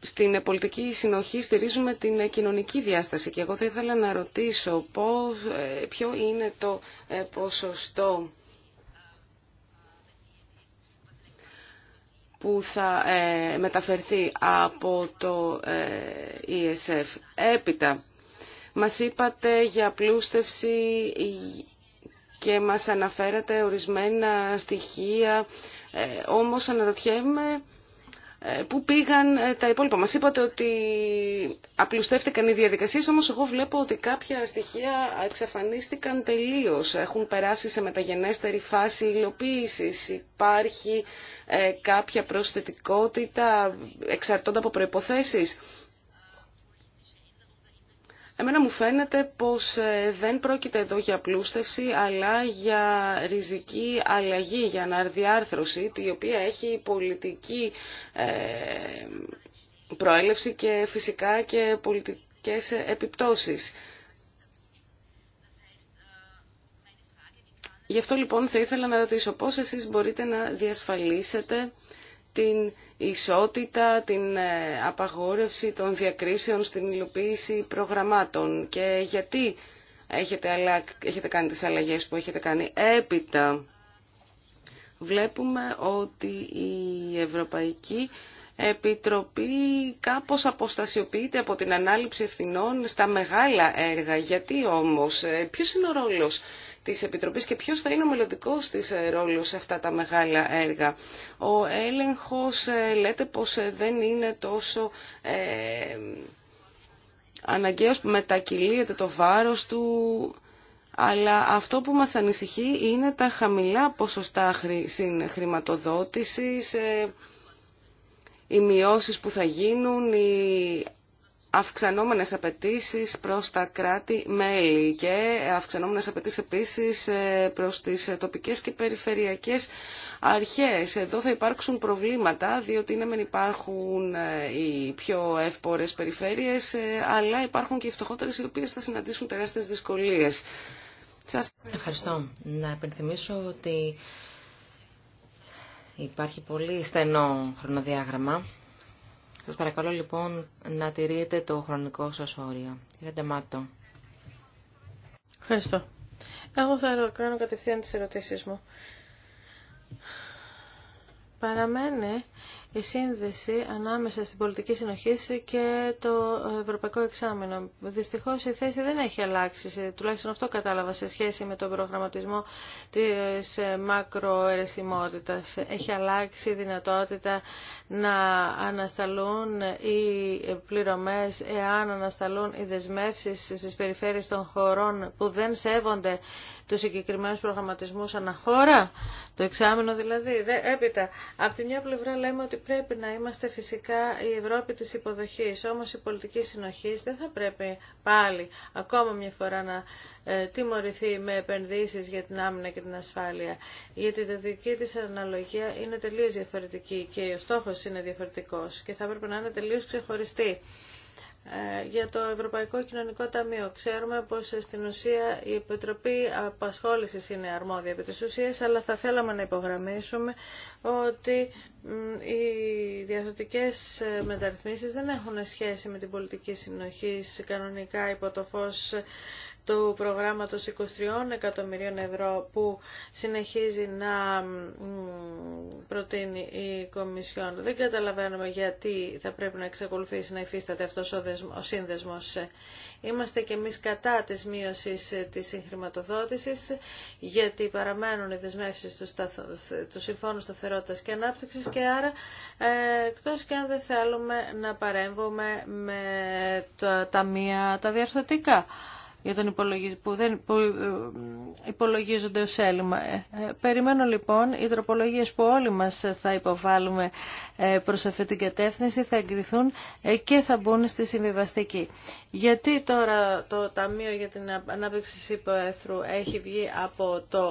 στην πολιτική συνοχή στηρίζουμε την ε, κοινωνική διάσταση και εγώ θα ήθελα να ρωτήσω ποιο είναι το ποσοστό που θα ε, μεταφερθεί από το ε, ESF. Έπειτα, μας είπατε για πλούστευση και μας αναφέρατε ορισμένα στοιχεία, ε, όμως αναρωτιέμαι Πού πήγαν ε, τα υπόλοιπα. Μας είπατε ότι απλουστεύτηκαν οι διαδικασίες, όμως εγώ βλέπω ότι κάποια στοιχεία εξαφανίστηκαν τελείως. Έχουν περάσει σε μεταγενέστερη φάση υλοποίηση. Υπάρχει ε, κάποια προσθετικότητα εξαρτώντα από προϋποθέσεις. Εμένα μου φαίνεται πως ε, δεν πρόκειται εδώ για πλούστευση, αλλά για ριζική αλλαγή, για αναρδιάρθρωση, η οποία έχει πολιτική ε, προέλευση και φυσικά και πολιτικές επιπτώσεις. Γι' αυτό λοιπόν θα ήθελα να ρωτήσω πώς εσείς μπορείτε να διασφαλίσετε την ισότητα, την ε, απαγόρευση των διακρίσεων στην υλοποίηση προγραμμάτων και γιατί έχετε, αλλά, έχετε κάνει τις αλλαγές που έχετε κάνει έπειτα. Βλέπουμε ότι η Ευρωπαϊκή Επιτροπή κάπως αποστασιοποιείται από την ανάληψη ευθυνών στα μεγάλα έργα. Γιατί όμως, ε, ποιος είναι ο ρόλος της Επιτροπής και ποιος θα είναι ο μελλοντικό της ε, ρόλος σε αυτά τα μεγάλα έργα. Ο έλεγχος ε, λέτε πως ε, δεν είναι τόσο ε, αναγκαίος που μετακυλίεται το βάρος του, αλλά αυτό που μας ανησυχεί είναι τα χαμηλά ποσοστά χρηματοδότησης, ε, οι μειώσεις που θα γίνουν, οι αυξανόμενες απαιτήσεις προς τα κράτη-μέλη και αυξανόμενες απαιτήσεις επίσης ε, προς τις ε, τοπικές και περιφερειακές αρχές. Εδώ θα υπάρξουν προβλήματα, διότι είναι μεν υπάρχουν ε, οι πιο εύπορες περιφέρειες, αλλά υπάρχουν και οι φτωχότερες οι οποίες θα συναντήσουν τεράστιες δυσκολίες. Ευχαριστώ. Να επενθυμίσω ότι υπάρχει πολύ στενό χρονοδιάγραμμα σας παρακαλώ λοιπόν να τηρείτε το χρονικό σας όριο. Κύριε Ντεμάτο. Ευχαριστώ. Εγώ θα κάνω κατευθείαν τις ερωτήσεις μου. Παραμένει η σύνδεση ανάμεσα στην πολιτική συνοχή και το ευρωπαϊκό εξάμεινο. Δυστυχώ η θέση δεν έχει αλλάξει, τουλάχιστον αυτό κατάλαβα σε σχέση με τον προγραμματισμό τη ε, μακροαιρεσιμότητα. Έχει αλλάξει η δυνατότητα να ανασταλούν οι πληρωμέ εάν ανασταλούν οι δεσμεύσει στι περιφέρειες των χωρών που δεν σέβονται του συγκεκριμένου προγραμματισμού αναχώρα, το εξάμεινο δηλαδή. Έπειτα, από τη μια πλευρά λέμε ότι πρέπει να είμαστε φυσικά η Ευρώπη της υποδοχής, όμως η πολιτική συνοχής δεν θα πρέπει πάλι ακόμα μια φορά να ε, τιμωρηθεί με επενδύσεις για την άμυνα και την ασφάλεια. Γιατί η δική της αναλογία είναι τελείως διαφορετική και ο στόχος είναι διαφορετικός και θα πρέπει να είναι τελείως ξεχωριστή. Ε, για το Ευρωπαϊκό Κοινωνικό Ταμείο. Ξέρουμε πως ε, στην ουσία η Επιτροπή Απασχόλησης είναι αρμόδια επί της ουσίας, αλλά θα θέλαμε να υπογραμμίσουμε ότι οι διαθετικές ε, μεταρρυθμίσεις δεν έχουν σχέση με την πολιτική συνοχή κανονικά υπό το φως του προγράμματος 23 εκατομμυρίων ευρώ που συνεχίζει να προτείνει η Κομισιόν. Δεν καταλαβαίνουμε γιατί θα πρέπει να εξακολουθήσει να υφίσταται αυτός ο σύνδεσμος. Είμαστε και εμείς κατά της μείωσης ε, της συγχρηματοδότησης γιατί παραμένουν οι δεσμεύσεις του, Συμφώνου Σταθερότητας και Ανάπτυξης και άρα ε, εκτός και αν δεν θέλουμε να παρέμβουμε με τα μία τα διαρθωτικά για τον που, δεν... Ε, ε, υπολογίζονται ως έλλειμμα. Ε, περιμένω λοιπόν οι τροπολογίες που όλοι μας θα υποβάλουμε προς αυτή την κατεύθυνση θα εγκριθούν και θα μπουν στη συμβιβαστική. Γιατί τώρα το Ταμείο για την Ανάπτυξη Υποέθρου έχει βγει από το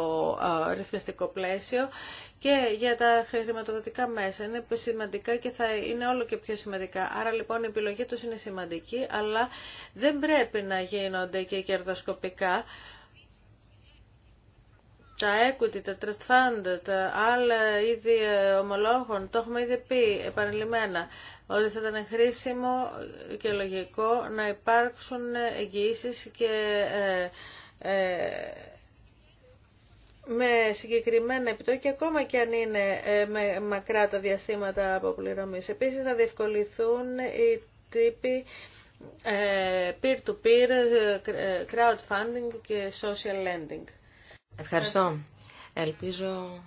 ρυθμιστικό πλαίσιο και για τα χρηματοδοτικά μέσα. Είναι σημαντικά και θα είναι όλο και πιο σημαντικά. Άρα λοιπόν η επιλογή τους είναι σημαντική, αλλά δεν πρέπει να γίνονται και κερδοσκοπικά. Τα equity, τα trust fund, τα άλλα είδη ομολόγων, το έχουμε ήδη πει επανειλημμένα, ότι θα ήταν χρήσιμο και λογικό να υπάρξουν εγγυήσεις και ε, ε με συγκεκριμένα επιτόκια, ακόμα και αν είναι ε, με μακρά τα διαστήματα αποπληρωμής. Επίσης, να διευκολυθούν οι τύποι ε, peer-to-peer, ε, crowdfunding και social lending. Ευχαριστώ. Ελπίζω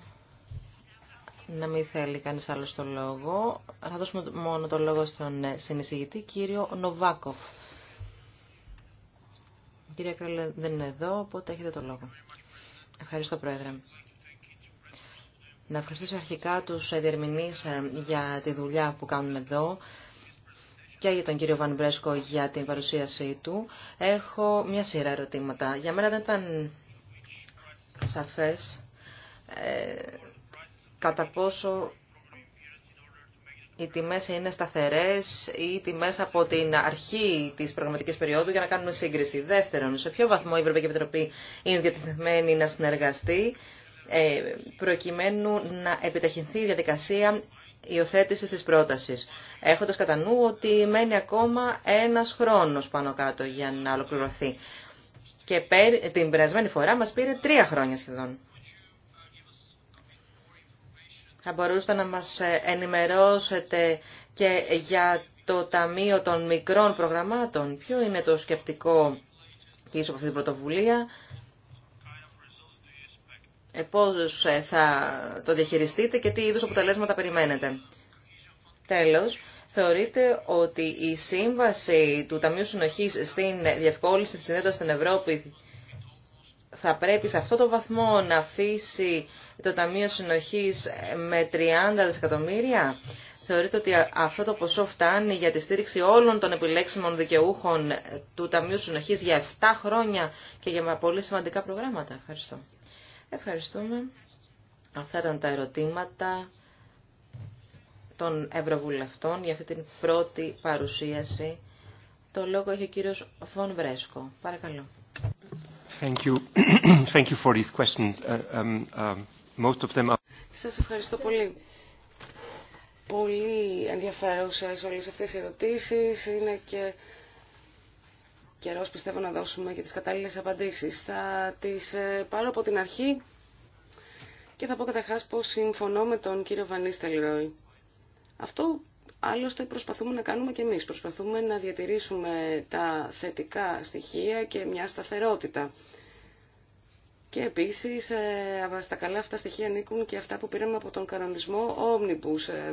να μην θέλει κανείς άλλο το λόγο. Θα δώσουμε μόνο το λόγο στον συνεισηγητή, κύριο Νοβάκοφ. Κύριε Κρέλε δεν είναι εδώ, οπότε έχετε το λόγο. Ευχαριστώ, Πρόεδρε. Να ευχαριστήσω αρχικά τους διερμηνείς ε, για τη δουλειά που κάνουν εδώ και για τον κύριο Βανμπρέσκο για την παρουσίασή του. Έχω μια σειρά ερωτήματα. Για μένα δεν ήταν σαφές ε, κατά πόσο οι τιμέ είναι σταθερές ή οι τιμές από την αρχή της προγραμματική περίοδου για να κάνουμε σύγκριση. Δεύτερον, σε ποιο βαθμό η Ευρωπαϊκή Επιτροπή είναι διατεθειμένη να συνεργαστεί ε, προκειμένου να επιταχυνθεί η διαδικασία υιοθέτηση της πρότασης, Έχοντα κατά νου ότι μένει ακόμα ένας χρόνος πάνω κάτω για να ολοκληρωθεί. Και την περασμένη φορά μα πήρε τρία χρόνια σχεδόν. Θα μπορούσατε να μας ε, ενημερώσετε και για το Ταμείο των Μικρών Προγραμμάτων. Ποιο είναι το σκεπτικό πίσω από αυτή την πρωτοβουλία. Ε, πώς ε, θα το διαχειριστείτε και τι είδους αποτελέσματα περιμένετε. Τέλος, θεωρείτε ότι η σύμβαση του Ταμείου Συνοχής στην διευκόλυνση της συνέντασης στην Ευρώπη θα πρέπει σε αυτό το βαθμό να αφήσει το Ταμείο Συνοχής με 30 δισεκατομμύρια. Θεωρείτε ότι αυτό το ποσό φτάνει για τη στήριξη όλων των επιλέξιμων δικαιούχων του Ταμείου Συνοχής για 7 χρόνια και για πολύ σημαντικά προγράμματα. Ευχαριστώ. Ευχαριστούμε. Αυτά ήταν τα ερωτήματα των Ευρωβουλευτών για αυτή την πρώτη παρουσίαση. Το λόγο έχει ο κύριος Φων Βρέσκο. Παρακαλώ. Thank Σας ευχαριστώ πολύ. Πολύ ενδιαφέρουσες όλες αυτές οι ερωτήσεις. Είναι και καιρός πιστεύω να δώσουμε και τις κατάλληλες απαντήσεις. Θα τις ε, πάρω από την αρχή και θα πω καταρχάς πως συμφωνώ με τον κύριο Βανίστελ Ρόι. Αυτό Άλλωστε προσπαθούμε να κάνουμε και εμείς. Προσπαθούμε να διατηρήσουμε τα θετικά στοιχεία και μια σταθερότητα. Και επίσης ε, στα καλά αυτά στοιχεία ανήκουν και αυτά που πήραμε από τον κανονισμό Omnibus. Ε,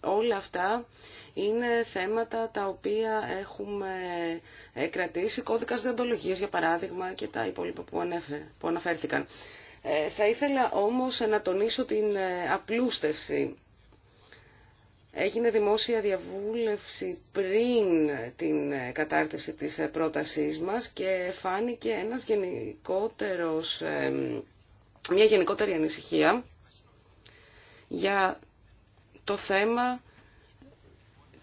όλα αυτά είναι θέματα τα οποία έχουμε ε, κρατήσει, κώδικας διοντολογίας για παράδειγμα και τα υπόλοιπα που, που αναφέρθηκαν. Θα ήθελα όμως να τονίσω την απλούστευση Έγινε δημόσια διαβούλευση πριν την κατάρτιση της πρότασής μας και φάνηκε ένας γενικότερος, μια γενικότερη ανησυχία για το θέμα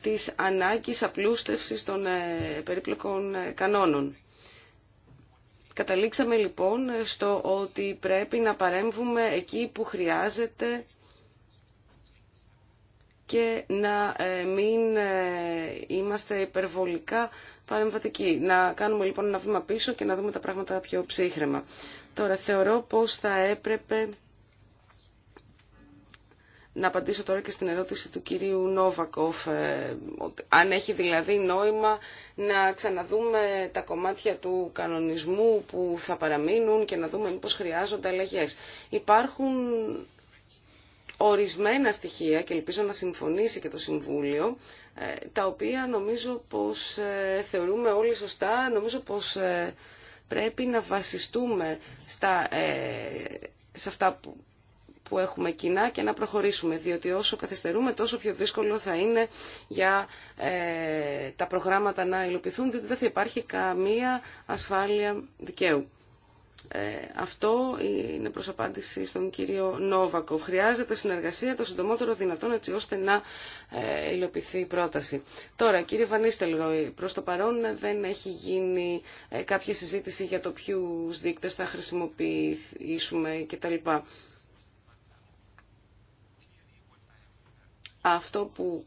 της ανάγκης απλούστευσης των ε, περίπλοκων ε, κανόνων. Καταλήξαμε λοιπόν στο ότι πρέπει να παρέμβουμε εκεί που χρειάζεται και να ε, μην ε, είμαστε υπερβολικά παρεμβατικοί. Να κάνουμε λοιπόν ένα βήμα πίσω και να δούμε τα πράγματα πιο ψύχρεμα. Τώρα θεωρώ πως θα έπρεπε να απαντήσω τώρα και στην ερώτηση του κυρίου Νόβακοφ, ε, αν έχει δηλαδή νόημα να ξαναδούμε τα κομμάτια του κανονισμού που θα παραμείνουν και να δούμε πώς χρειάζονται αλλαγές. Υπάρχουν ορισμένα στοιχεία, και ελπίζω να συμφωνήσει και το Συμβούλιο, ε, τα οποία νομίζω πως ε, θεωρούμε όλοι σωστά, νομίζω πως ε, πρέπει να βασιστούμε στα, σε αυτά που, που έχουμε κοινά και να προχωρήσουμε, διότι όσο καθυστερούμε τόσο πιο δύσκολο θα είναι για τα προγράμματα να υλοποιηθούν, διότι δεν θα υπάρχει καμία ασφάλεια δικαίου. Ε, αυτό είναι προς απάντηση στον κύριο Νόβακο. Χρειάζεται συνεργασία το συντομότερο δυνατόν έτσι ώστε να ε, υλοποιηθεί η πρόταση. Τώρα, κύριε Βανίστελ προς το παρόν δεν έχει γίνει ε, κάποια συζήτηση για το ποιου δείκτες θα χρησιμοποιήσουμε κτλ. Αυτό που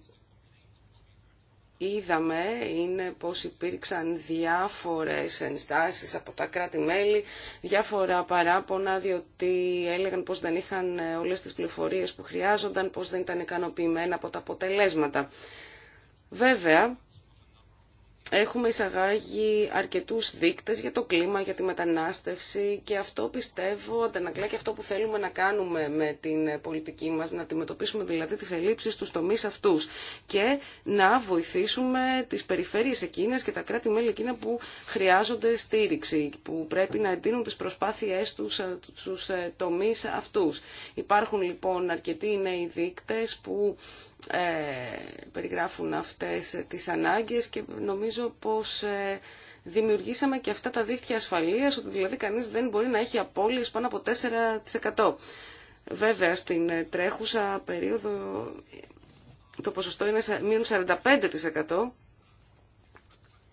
είδαμε είναι πως υπήρξαν διάφορες ενστάσεις από τα κράτη-μέλη, διάφορα παράπονα διότι έλεγαν πως δεν είχαν ε, όλες τις πληροφορίες που χρειάζονταν, πως δεν ήταν ικανοποιημένα από τα αποτελέσματα. Βέβαια, Έχουμε εισαγάγει αρκετούς δείκτες για το κλίμα, για τη μετανάστευση και αυτό πιστεύω αντανακλά και αυτό που θέλουμε να κάνουμε με την πολιτική μας, να αντιμετωπίσουμε δηλαδή τις ελλείψεις στους τομείς αυτούς και να βοηθήσουμε τις περιφέρειες εκείνες και τα κράτη-μέλη εκείνα που χρειάζονται στήριξη, που πρέπει να εντείνουν τις προσπάθειές τους στους ε, ε, τομείς αυτούς. Υπάρχουν λοιπόν αρκετοί νέοι δείκτες που ε, περιγράφουν αυτές τις ανάγκες και νομίζω πως ε, δημιουργήσαμε και αυτά τα δίχτυα ασφαλείας, ότι δηλαδή κανείς δεν μπορεί να έχει απώλειες πάνω από 4%. Βέβαια, στην ε, τρέχουσα περίοδο το ποσοστό είναι μείον 45%.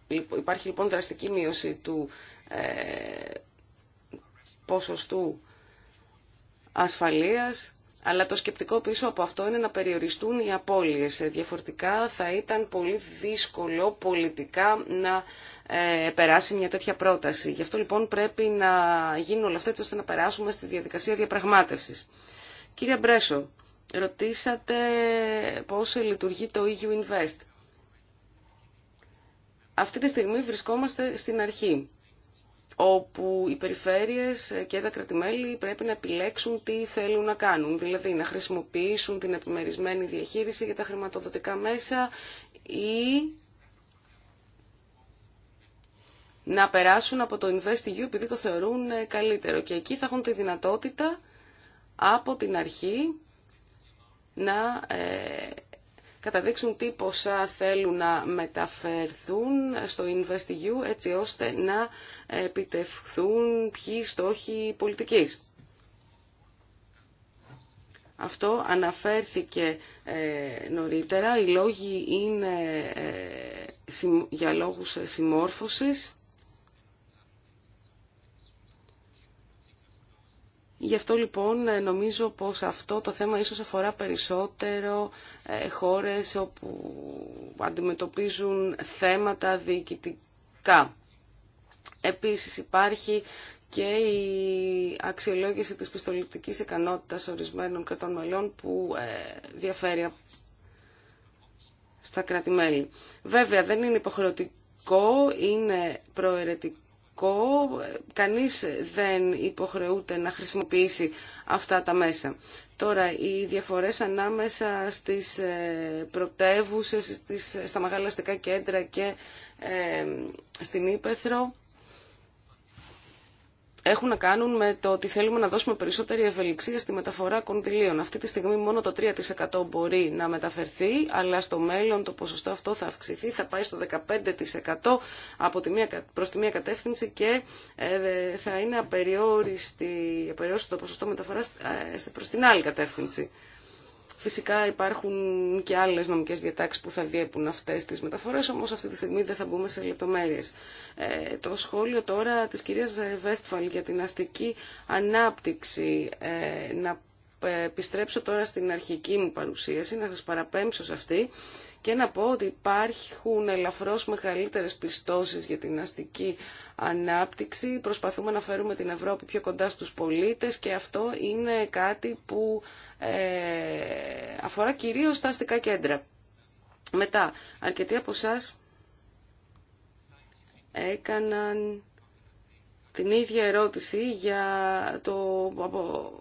Λοιπόν, υπάρχει λοιπόν δραστική μείωση του ε, ποσοστού ασφαλείας αλλά το σκεπτικό πίσω από αυτό είναι να περιοριστούν οι απώλειες. Ε, διαφορετικά θα ήταν πολύ δύσκολο πολιτικά να ε, περάσει μια τέτοια πρόταση. Γι' αυτό λοιπόν πρέπει να γίνουν όλα αυτά έτσι ώστε να περάσουμε στη διαδικασία διαπραγμάτευσης. Κύριε Μπρέσο, ρωτήσατε πώς λειτουργεί το EU Invest. Αυτή τη στιγμή βρισκόμαστε στην αρχή όπου οι περιφέρειες και τα κρατημέλη πρέπει να επιλέξουν τι θέλουν να κάνουν, δηλαδή να χρησιμοποιήσουν την επιμερισμένη διαχείριση για τα χρηματοδοτικά μέσα ή να περάσουν από το InvestEU επειδή το θεωρούν ε, καλύτερο. Και εκεί θα έχουν τη δυνατότητα από την αρχή να ε, καταδείξουν τι ποσά θέλουν να μεταφερθούν στο InvestEU έτσι ώστε να επιτευχθούν ποιοι στόχοι πολιτικής. Αυτό αναφέρθηκε ε, νωρίτερα. Οι λόγοι είναι ε, για λόγους ε, συμμόρφωσης Γι' αυτό λοιπόν ε, νομίζω πως αυτό το θέμα ίσως αφορά περισσότερο ε, χώρες όπου αντιμετωπίζουν θέματα διοικητικά. Επίσης υπάρχει και η αξιολόγηση της πιστοληπτικής ικανότητας ορισμένων κρατών μελών που ε, διαφέρει στα κράτη-μέλη. Βέβαια δεν είναι υποχρεωτικό, είναι προαιρετικό κακό, κανείς δεν υποχρεούται να χρησιμοποιήσει αυτά τα μέσα. Τώρα, οι διαφορές ανάμεσα στις ε, πρωτεύουσες, στα μεγάλα κέντρα και ε, στην Ήπεθρο έχουν να κάνουν με το ότι θέλουμε να δώσουμε περισσότερη ευελιξία στη μεταφορά κονδυλίων. Αυτή τη στιγμή μόνο το 3% μπορεί να μεταφερθεί, αλλά στο μέλλον το ποσοστό αυτό θα αυξηθεί, θα πάει στο 15% από τη μία, προς τη μία κατεύθυνση και ε, θα είναι απεριόριστη, απεριόριστο το ποσοστό μεταφοράς ε, προς την άλλη κατεύθυνση. Φυσικά υπάρχουν και άλλες νομικές διατάξεις που θα διέπουν αυτές τις μεταφορές, όμως αυτή τη στιγμή δεν θα μπούμε σε λεπτομέρειες. Ε, το σχόλιο τώρα της κυρίας Βέστφαλ για την αστική ανάπτυξη ε, να ε, επιστρέψω τώρα στην αρχική μου παρουσίαση, να σας παραπέμψω σε αυτή και να πω ότι υπάρχουν ελαφρώς μεγαλύτερες πιστώσεις για την αστική ανάπτυξη. Προσπαθούμε να φέρουμε την Ευρώπη πιο κοντά στους πολίτες και αυτό είναι κάτι που ε, αφορά κυρίως τα αστικά κέντρα. Μετά, αρκετοί από εσά έκαναν την ίδια ερώτηση για το από,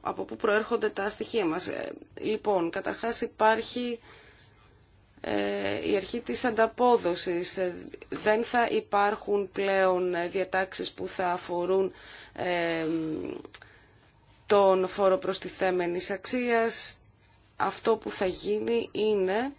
από πού προέρχονται τα στοιχεία μας. Ε, λοιπόν, καταρχάς υπάρχει ε, η αρχή της ανταπόδοσης. Ε, δεν θα υπάρχουν πλέον διατάξεις που θα αφορούν ε, τον φόρο προστιθέμενης αξίας. Αυτό που θα γίνει είναι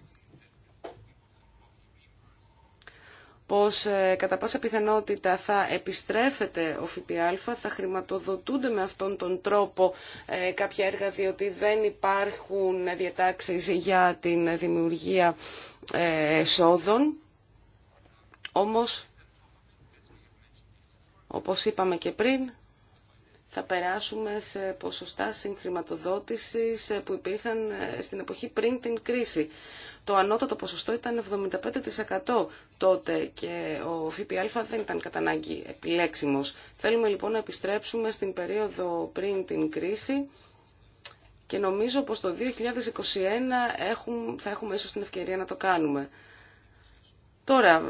πως ε, κατά πάσα πιθανότητα θα επιστρέφεται ο ΦΠΑ, θα χρηματοδοτούνται με αυτόν τον τρόπο ε, κάποια έργα διότι δεν υπάρχουν διατάξεις για την δημιουργία ε, εσόδων. Όμως, όπως είπαμε και πριν, θα περάσουμε σε ποσοστά συγχρηματοδότησης ε, που υπήρχαν ε, στην εποχή πριν την κρίση. Το ανώτατο ποσοστό ήταν 75% τότε και ο ΦΠΑ δεν ήταν κατά ανάγκη επιλέξιμος. Θέλουμε λοιπόν να επιστρέψουμε στην περίοδο πριν την κρίση και νομίζω πως το 2021 θα έχουμε ίσως την ευκαιρία να το κάνουμε. Τώρα,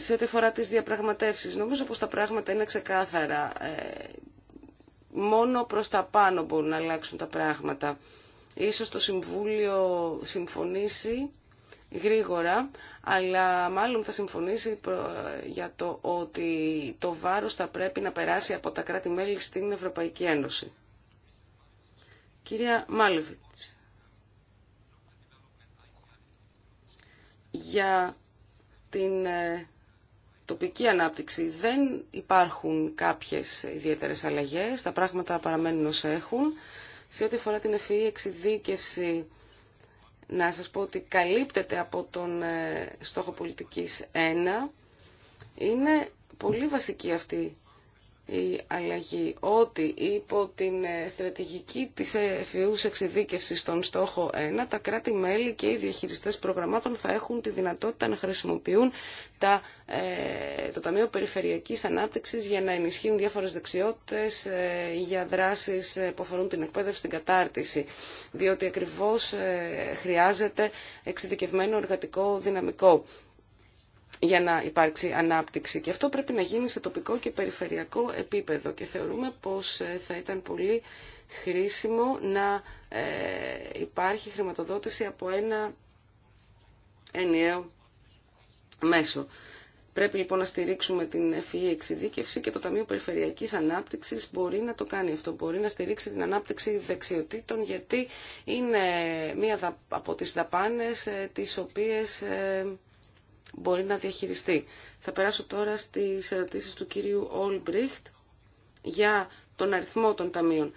σε ό,τι αφορά τις διαπραγματεύσεις, νομίζω πως τα πράγματα είναι ξεκάθαρα. Ε, μόνο προς τα πάνω μπορούν να αλλάξουν τα πράγματα. Ίσως το Συμβούλιο συμφωνήσει γρήγορα, αλλά μάλλον θα συμφωνήσει για το ότι το βάρος θα πρέπει να περάσει από τα κράτη-μέλη στην Ευρωπαϊκή Ένωση. Κυρία Μάλεβιτς, για την ε, τοπική ανάπτυξη δεν υπάρχουν κάποιες ιδιαίτερες αλλαγές, τα πράγματα παραμένουν όσα έχουν. Σε ό,τι αφορά την ευφυή e εξειδίκευση, να σας πω ότι καλύπτεται από τον ε, στόχο πολιτικής 1. Είναι πολύ βασική αυτή η αλλαγή. Ότι υπό την ε, στρατηγική της εφιούς εξειδίκευσης στον στόχο 1, τα κράτη-μέλη και οι διαχειριστές προγραμμάτων θα έχουν τη δυνατότητα να χρησιμοποιούν τα, ε, το Ταμείο Περιφερειακής Ανάπτυξης για να ενισχύουν διάφορες δεξιότητες ε, για δράσεις που αφορούν την εκπαίδευση, την κατάρτιση. Διότι ακριβώς χρειάζεται εξειδικευμένο εργατικό δυναμικό για να υπάρξει ανάπτυξη. Και αυτό πρέπει να γίνει σε τοπικό και περιφερειακό επίπεδο και θεωρούμε πως ε, θα ήταν πολύ χρήσιμο να ε, υπάρχει χρηματοδότηση από ένα ενιαίο μέσο. Πρέπει λοιπόν να στηρίξουμε την FEE εξειδίκευση και το Ταμείο Περιφερειακής Ανάπτυξης μπορεί να το κάνει αυτό. Μπορεί να στηρίξει την ανάπτυξη δεξιοτήτων γιατί είναι μία από τις δαπάνες ε, τις οποίες μπορεί να διαχειριστεί. Θα περάσω τώρα στις ερωτήσεις του κυρίου Όλμπριχτ για τον αριθμό των ταμείων.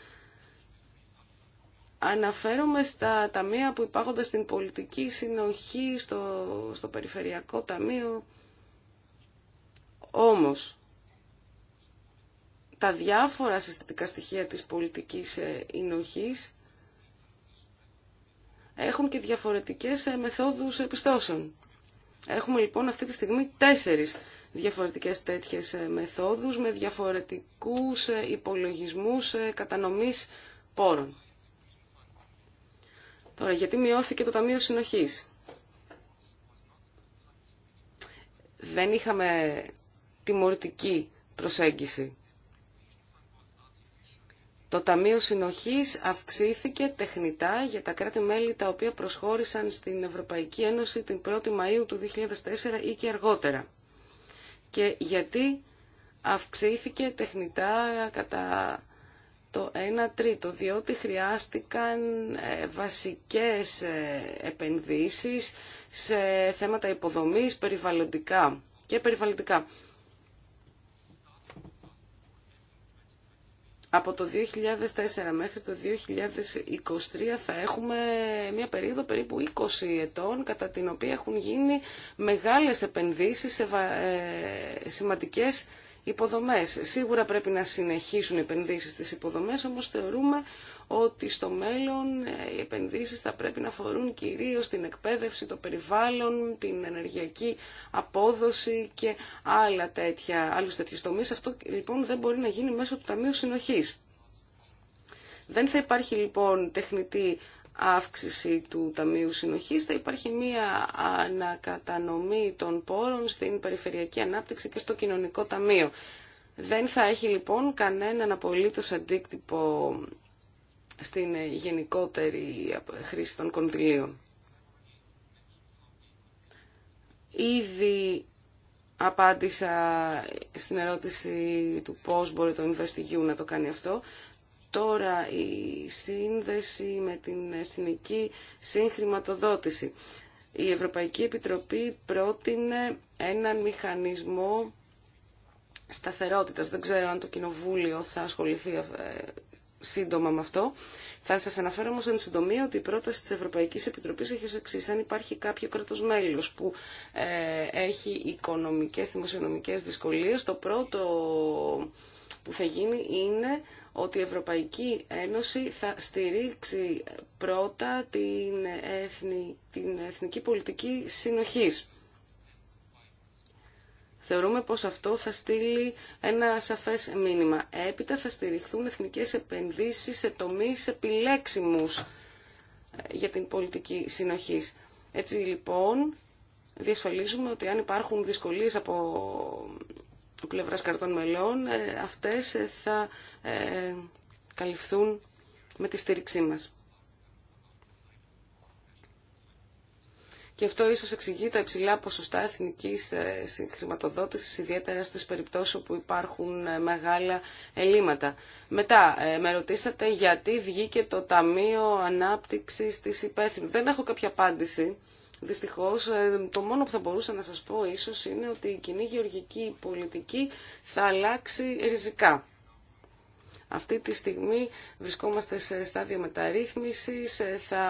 Αναφέρομαι στα ταμεία που υπάρχουν στην πολιτική συνοχή, στο, στο περιφερειακό ταμείο. Όμως, τα διάφορα συστατικά στοιχεία της πολιτικής ε, συνοχής έχουν και διαφορετικές ε, μεθόδους επιστώσεων. Έχουμε λοιπόν αυτή τη στιγμή τέσσερις διαφορετικές τέτοιες ε, μεθόδους με διαφορετικούς ε, υπολογισμούς ε, κατανομής πόρων. Τώρα, γιατί μειώθηκε το Ταμείο Συνοχής. Δεν είχαμε τιμωρητική προσέγγιση. Το Ταμείο Συνοχής αυξήθηκε τεχνητά για τα κράτη-μέλη τα οποία προσχώρησαν στην Ευρωπαϊκή Ένωση την 1η Μαΐου του 2004 ή και αργότερα. Και γιατί αυξήθηκε τεχνητά κατά το 1 τρίτο, διότι χρειάστηκαν ε, βασικές ε, επενδύσεις σε θέματα υποδομής περιβαλλοντικά και περιβαλλοντικά. από το 2004 μέχρι το 2023 θα έχουμε μια περίοδο περίπου 20 ετών κατά την οποία έχουν γίνει μεγάλες επενδύσεις σε ε, σημαντικές υποδομές. Σίγουρα πρέπει να συνεχίσουν οι επενδύσεις στις υποδομές, όμως θεωρούμε ότι στο μέλλον ε, οι επενδύσεις θα πρέπει να αφορούν κυρίως την εκπαίδευση, το περιβάλλον, την ενεργειακή απόδοση και άλλα τέτοια, άλλους τέτοιους τομείς. Αυτό λοιπόν δεν μπορεί να γίνει μέσω του Ταμείου Συνοχής. Δεν θα υπάρχει λοιπόν τεχνητή αύξηση του Ταμείου Συνοχής, θα υπάρχει μία ανακατανομή των πόρων στην περιφερειακή ανάπτυξη και στο κοινωνικό ταμείο. Δεν θα έχει λοιπόν κανέναν απολύτως αντίκτυπο στην γενικότερη χρήση των κονδυλίων. Ήδη απάντησα στην ερώτηση του πώς μπορεί το InvestEU να το κάνει αυτό. Τώρα η σύνδεση με την εθνική συγχρηματοδότηση. Η Ευρωπαϊκή Επιτροπή πρότεινε έναν μηχανισμό σταθερότητας. Δεν ξέρω αν το Κοινοβούλιο θα ασχοληθεί ε, σύντομα με αυτό. Θα σας αναφέρω όμως εν συντομία ότι η πρόταση τη Ευρωπαϊκή Επιτροπή έχει ω εξή. Αν υπάρχει κάποιο κράτος μέλος που ε, έχει οικονομικές, δημοσιονομικέ δυσκολίες, το πρώτο που θα γίνει είναι ότι η Ευρωπαϊκή Ένωση θα στηρίξει πρώτα την, εθνική πολιτική συνοχής. Θεωρούμε πως αυτό θα στείλει ένα σαφές μήνυμα. Έπειτα θα στηριχθούν εθνικές επενδύσεις σε τομείς επιλέξιμους ε, για την πολιτική συνοχής. Έτσι λοιπόν διασφαλίζουμε ότι αν υπάρχουν δυσκολίες από πλευράς καρτών μελών, ε, αυτές ε, θα καλυφθούν με τη στήριξή μας. και αυτό ίσως εξηγεί τα υψηλά ποσοστά εθνικής ε, χρηματοδότησης, ιδιαίτερα στις περιπτώσεις όπου υπάρχουν ε, μεγάλα ελλείμματα. Μετά, ε, με ρωτήσατε γιατί βγήκε το Ταμείο Ανάπτυξης της Υπέθυνου. Δεν έχω κάποια απάντηση. Δυστυχώς, το μόνο που θα μπορούσα να σας πω ίσως είναι ότι η κοινή γεωργική πολιτική θα αλλάξει ριζικά. Αυτή τη στιγμή βρισκόμαστε σε στάδιο μεταρρύθμισης, θα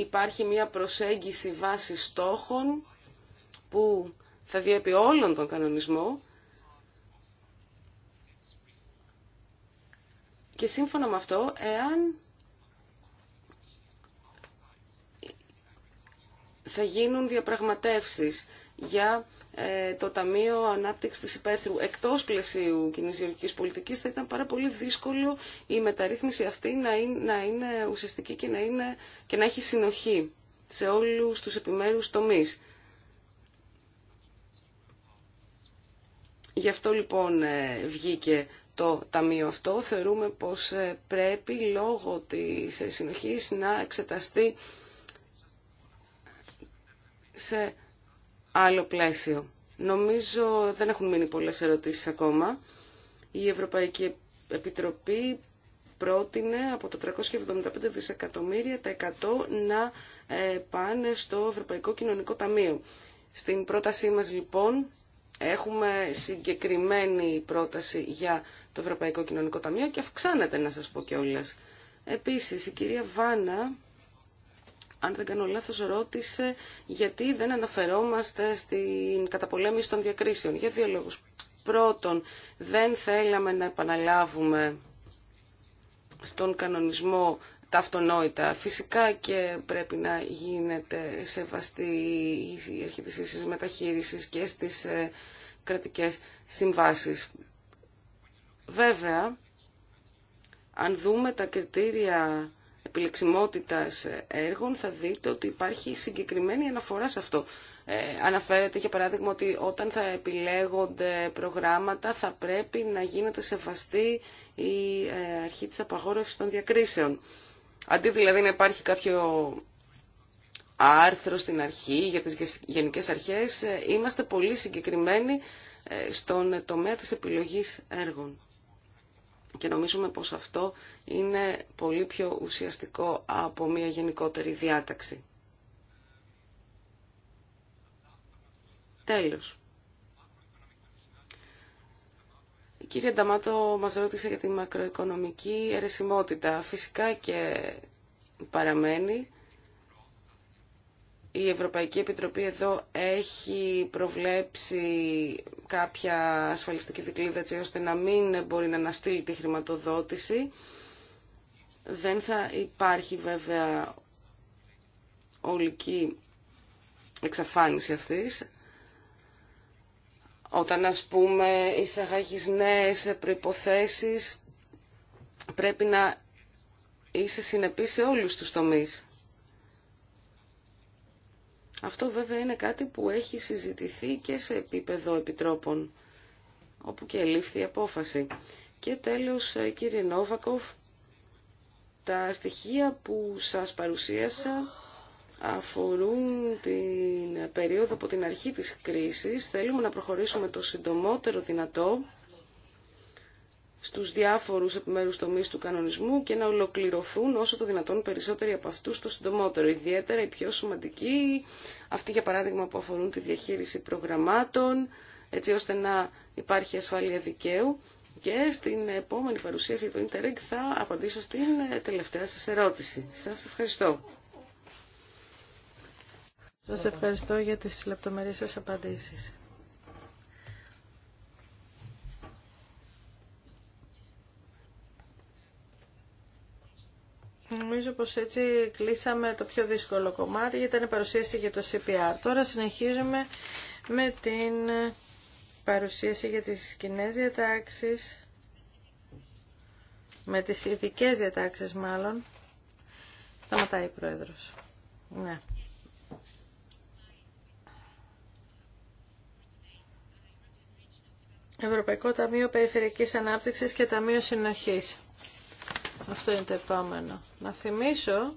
υπάρχει μια προσέγγιση βάση στόχων που θα διέπει όλον τον κανονισμό και σύμφωνα με αυτό, εάν θα γίνουν διαπραγματεύσεις για ε, το Ταμείο Ανάπτυξη τη Υπαίθρου εκτό πλαισίου κοινή γεωργική πολιτική, θα ήταν πάρα πολύ δύσκολο η μεταρρύθμιση αυτή να είναι, να είναι ουσιαστική και να, είναι, και να έχει συνοχή σε όλου του επιμέρου τομεί. Γι' αυτό λοιπόν ε, βγήκε το ταμείο αυτό. Θεωρούμε πως ε, πρέπει λόγω της συνοχής να εξεταστεί σε άλλο πλαίσιο. Νομίζω δεν έχουν μείνει πολλές ερωτήσεις ακόμα. Η Ευρωπαϊκή Επιτροπή πρότεινε από το 375 δισεκατομμύρια τα 100 να ε, πάνε στο Ευρωπαϊκό Κοινωνικό Ταμείο. Στην πρότασή μας λοιπόν έχουμε συγκεκριμένη πρόταση για το Ευρωπαϊκό Κοινωνικό Ταμείο και αυξάνεται να σας πω κιόλας. Επίσης η κυρία Βάνα αν δεν κάνω λάθος, ρώτησε γιατί δεν αναφερόμαστε στην καταπολέμηση των διακρίσεων. Για δύο λόγους. Πρώτον, δεν θέλαμε να επαναλάβουμε στον κανονισμό τα αυτονόητα. Φυσικά και πρέπει να γίνεται σεβαστή η αρχή της μεταχείρισης και στις ε, κρατικές συμβάσεις. Βέβαια, αν δούμε τα κριτήρια επιλεξιμότητας έργων θα δείτε ότι υπάρχει συγκεκριμένη αναφορά σε αυτό. Ε, αναφέρεται για παράδειγμα ότι όταν θα επιλέγονται προγράμματα θα πρέπει να γίνεται σεβαστή η ε, αρχή της απαγόρευσης των διακρίσεων. Αντί δηλαδή να υπάρχει κάποιο άρθρο στην αρχή για τις γενικές αρχές, ε, είμαστε πολύ συγκεκριμένοι στον τομέα της επιλογής έργων και νομίζουμε πως αυτό είναι πολύ πιο ουσιαστικό από μια γενικότερη διάταξη. Τέλος. Η κυρία Νταμάτο μας ρώτησε για τη μακροοικονομική αιρεσιμότητα. Φυσικά και παραμένει η Ευρωπαϊκή Επιτροπή εδώ έχει προβλέψει κάποια ασφαλιστική δικλίδα έτσι ώστε να μην μπορεί να αναστείλει τη χρηματοδότηση. Δεν θα υπάρχει βέβαια ολική εξαφάνιση αυτής. Όταν ας πούμε εισαγάγεις νέες προϋποθέσεις πρέπει να είσαι συνεπής σε όλους τους τομείς. Αυτό βέβαια είναι κάτι που έχει συζητηθεί και σε επίπεδο επιτρόπων, όπου και λήφθη η απόφαση. Και τέλος, ε, κύριε Νόβακοφ, τα στοιχεία που σας παρουσίασα αφορούν την περίοδο από την αρχή της κρίσης. Θέλουμε να προχωρήσουμε το συντομότερο δυνατό στους διάφορους επιμέρους τομείς του κανονισμού και να ολοκληρωθούν όσο το δυνατόν περισσότεροι από αυτούς το συντομότερο. Ιδιαίτερα οι πιο σημαντικοί, αυτοί για παράδειγμα που αφορούν τη διαχείριση προγραμμάτων, έτσι ώστε να υπάρχει ασφάλεια δικαίου. Και στην επόμενη παρουσίαση για το Interreg θα απαντήσω στην τελευταία σας ερώτηση. Σας ευχαριστώ. Σας ευχαριστώ για τις λεπτομερείς σας απαντήσεις. Νομίζω πως έτσι κλείσαμε το πιο δύσκολο κομμάτι, γιατί ήταν η παρουσίαση για το CPR. Τώρα συνεχίζουμε με την παρουσίαση για τις κοινέ διατάξεις, με τις ειδικέ διατάξεις μάλλον. Σταματάει η Πρόεδρος. Ναι. Ευρωπαϊκό Ταμείο Περιφερειακής Ανάπτυξης και Ταμείο Συνοχής. Αυτό είναι το επόμενο. Να θυμίσω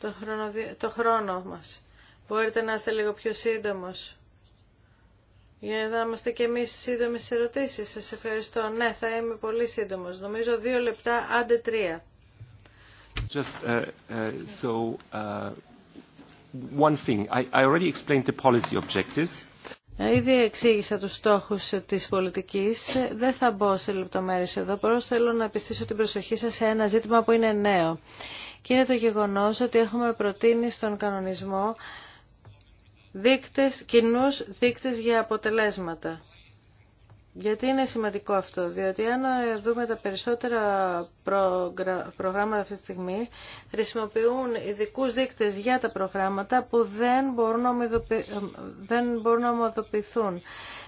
το χρόνο, το χρόνο μας. Μπορείτε να είστε λίγο πιο σύντομος. Για να είμαστε και εμείς σύντομες ερωτήσεις. Σας ευχαριστώ. Ναι, θα είμαι πολύ σύντομος. Νομίζω δύο λεπτά, άντε τρία. Just, uh, uh, so, uh, one thing. I already explained the policy objectives. Ε, ήδη εξήγησα τους στόχους ε, της πολιτικής. Ε, δεν θα μπω σε λεπτομέρειες εδώ, Πρώτα θέλω να πιστήσω την προσοχή σας σε ένα ζήτημα που είναι νέο. Και είναι το γεγονός ότι έχουμε προτείνει στον κανονισμό δείκτες, κοινούς δείκτες για αποτελέσματα. Γιατί είναι σημαντικό αυτό, διότι αν δούμε τα περισσότερα προγράμματα αυτή τη στιγμή, χρησιμοποιούν ειδικού δείκτες για τα προγράμματα που δεν μπορούν να, ομοδοποιηθούν. δεν μπορούν να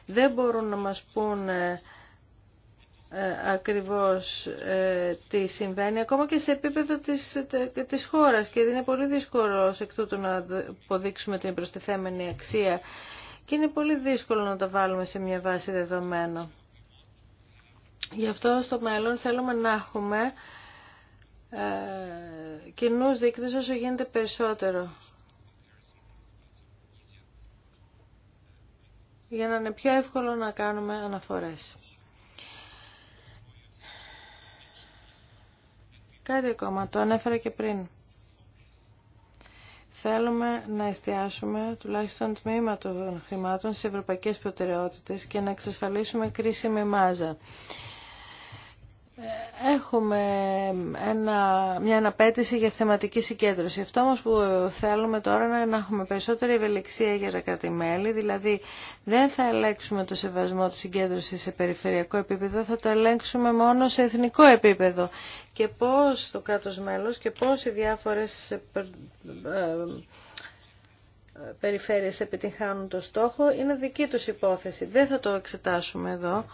Δεν μπορούν να μας πούν ε, ακριβώς ε, τι συμβαίνει, ακόμα και σε επίπεδο της, της χώρας και είναι πολύ δύσκολο εκ τούτου να αποδείξουμε την προστιθέμενη αξία και είναι πολύ δύσκολο να τα βάλουμε σε μια βάση δεδομένων. Γι' αυτό στο μέλλον θέλουμε να έχουμε ε, κοινούς δείκτες όσο γίνεται περισσότερο. για να είναι πιο εύκολο να κάνουμε αναφορές. Κάτι ακόμα, το ανέφερα και πριν. Θέλουμε να εστιάσουμε τουλάχιστον τμήμα των χρημάτων σε ευρωπαϊκές προτεραιότητες και να εξασφαλίσουμε κρίσιμη μάζα. Έχουμε ένα, μια αναπέτηση για θεματική συγκέντρωση. Αυτό όμως που θέλουμε τώρα είναι να έχουμε περισσότερη ευελιξία για τα κρατημέλη, δηλαδή δεν θα ελέγξουμε το σεβασμό της συγκέντρωσης σε περιφερειακό επίπεδο, θα το ελέγξουμε μόνο σε εθνικό επίπεδο. Και πώς το κράτος μέλος και πώς οι διάφορες ε, ε, περιφέρειες επιτυγχάνουν το στόχο είναι δική τους υπόθεση. Δεν θα το εξετάσουμε εδώ,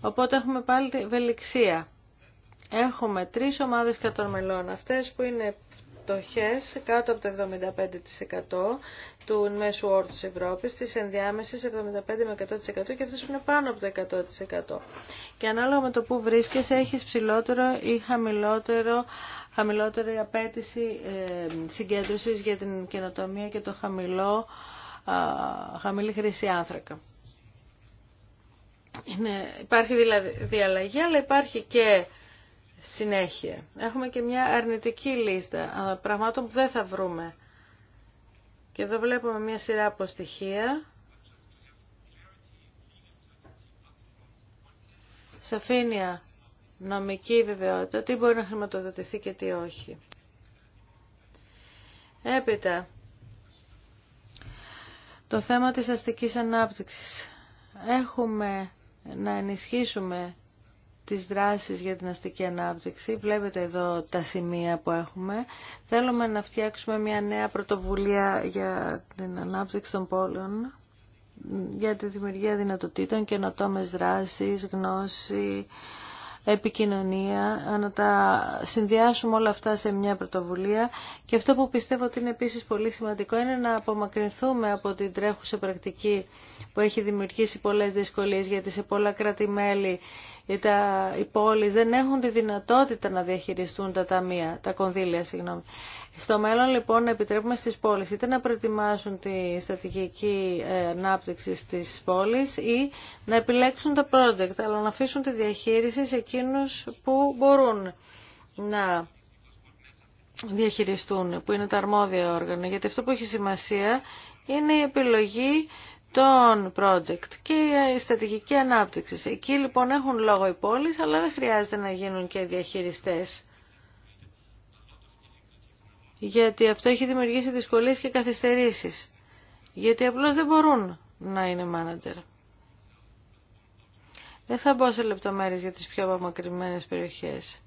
οπότε έχουμε πάλι ευελιξία έχουμε τρεις ομάδες κατορμελών. Αυτές που είναι φτωχές κάτω από το 75% του μέσου όρου της Ευρώπης, τις ενδιάμεσες 75 με 100% και αυτές που είναι πάνω από το 100%. Και ανάλογα με το που βρίσκεσαι έχεις ψηλότερο ή χαμηλότερο χαμηλότερη απέτηση ε, συγκέντρωσης για την καινοτομία και το χαμηλό, α, χαμηλή χρήση άνθρακα. υπάρχει δηλαδή διαλλαγή, αλλά υπάρχει και συνέχεια. Έχουμε και μια αρνητική λίστα πραγμάτων που δεν θα βρούμε. Και εδώ βλέπουμε μια σειρά από στοιχεία. Σαφήνεια, νομική βεβαιότητα, τι μπορεί να χρηματοδοτηθεί και τι όχι. Έπειτα, το θέμα της αστικής ανάπτυξης. Έχουμε να ενισχύσουμε τις δράσεις για την αστική ανάπτυξη. Βλέπετε εδώ τα σημεία που έχουμε. Θέλουμε να φτιάξουμε μια νέα πρωτοβουλία για την ανάπτυξη των πόλεων, για τη δημιουργία δυνατοτήτων, καινοτόμε δράσεις, γνώση, επικοινωνία, να τα συνδυάσουμε όλα αυτά σε μια πρωτοβουλία και αυτό που πιστεύω ότι είναι επίσης πολύ σημαντικό είναι να απομακρυνθούμε από την τρέχουσα πρακτική που έχει δημιουργήσει πολλές δυσκολίες γιατί σε πολλά κράτη-μέλη τα, οι πόλεις δεν έχουν τη δυνατότητα να διαχειριστούν τα ταμεία, τα κονδύλια, συγγνώμη. Στο μέλλον λοιπόν να επιτρέπουμε στις πόλεις είτε να προετοιμάσουν τη στρατηγική ε, ανάπτυξη στις πόλεις ή να επιλέξουν τα project, αλλά να αφήσουν τη διαχείριση σε εκείνους που μπορούν να διαχειριστούν, που είναι τα αρμόδια όργανα. Γιατί αυτό που έχει σημασία είναι η επιλογή των project και η στρατηγική ανάπτυξη. Εκεί λοιπόν έχουν λόγο οι πόλεις, αλλά δεν χρειάζεται να γίνουν και διαχειριστές. Γιατί αυτό έχει δημιουργήσει δυσκολίες και καθυστερήσεις. Γιατί απλώς δεν μπορούν να είναι manager. Δεν θα μπω σε λεπτομέρειες για τις πιο απομακρυνμένες περιοχές.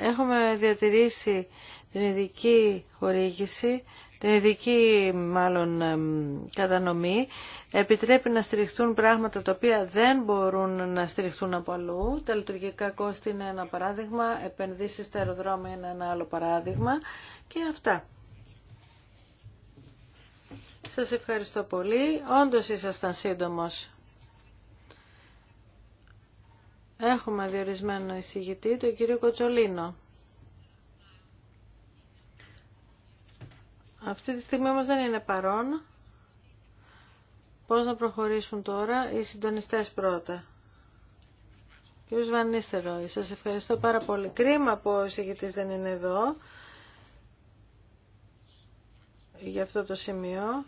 Έχουμε διατηρήσει την ειδική χορήγηση την ειδική μάλλον κατανομή επιτρέπει να στηριχτούν πράγματα τα οποία δεν μπορούν να στηριχτούν από αλλού. Τα λειτουργικά κόστη είναι ένα παράδειγμα, επενδύσεις στα αεροδρόμια είναι ένα άλλο παράδειγμα και αυτά. Σας ευχαριστώ πολύ. Όντως ήσασταν σύντομος. Έχουμε διορισμένο εισηγητή, τον κύριο Κοτσολίνο. Αυτή τη στιγμή όμως δεν είναι παρόν. Πώς να προχωρήσουν τώρα οι συντονιστές πρώτα. Κύριο Βανίστερο, σας ευχαριστώ πάρα πολύ. Κρίμα που ο εισηγητής δεν είναι εδώ για αυτό το σημείο.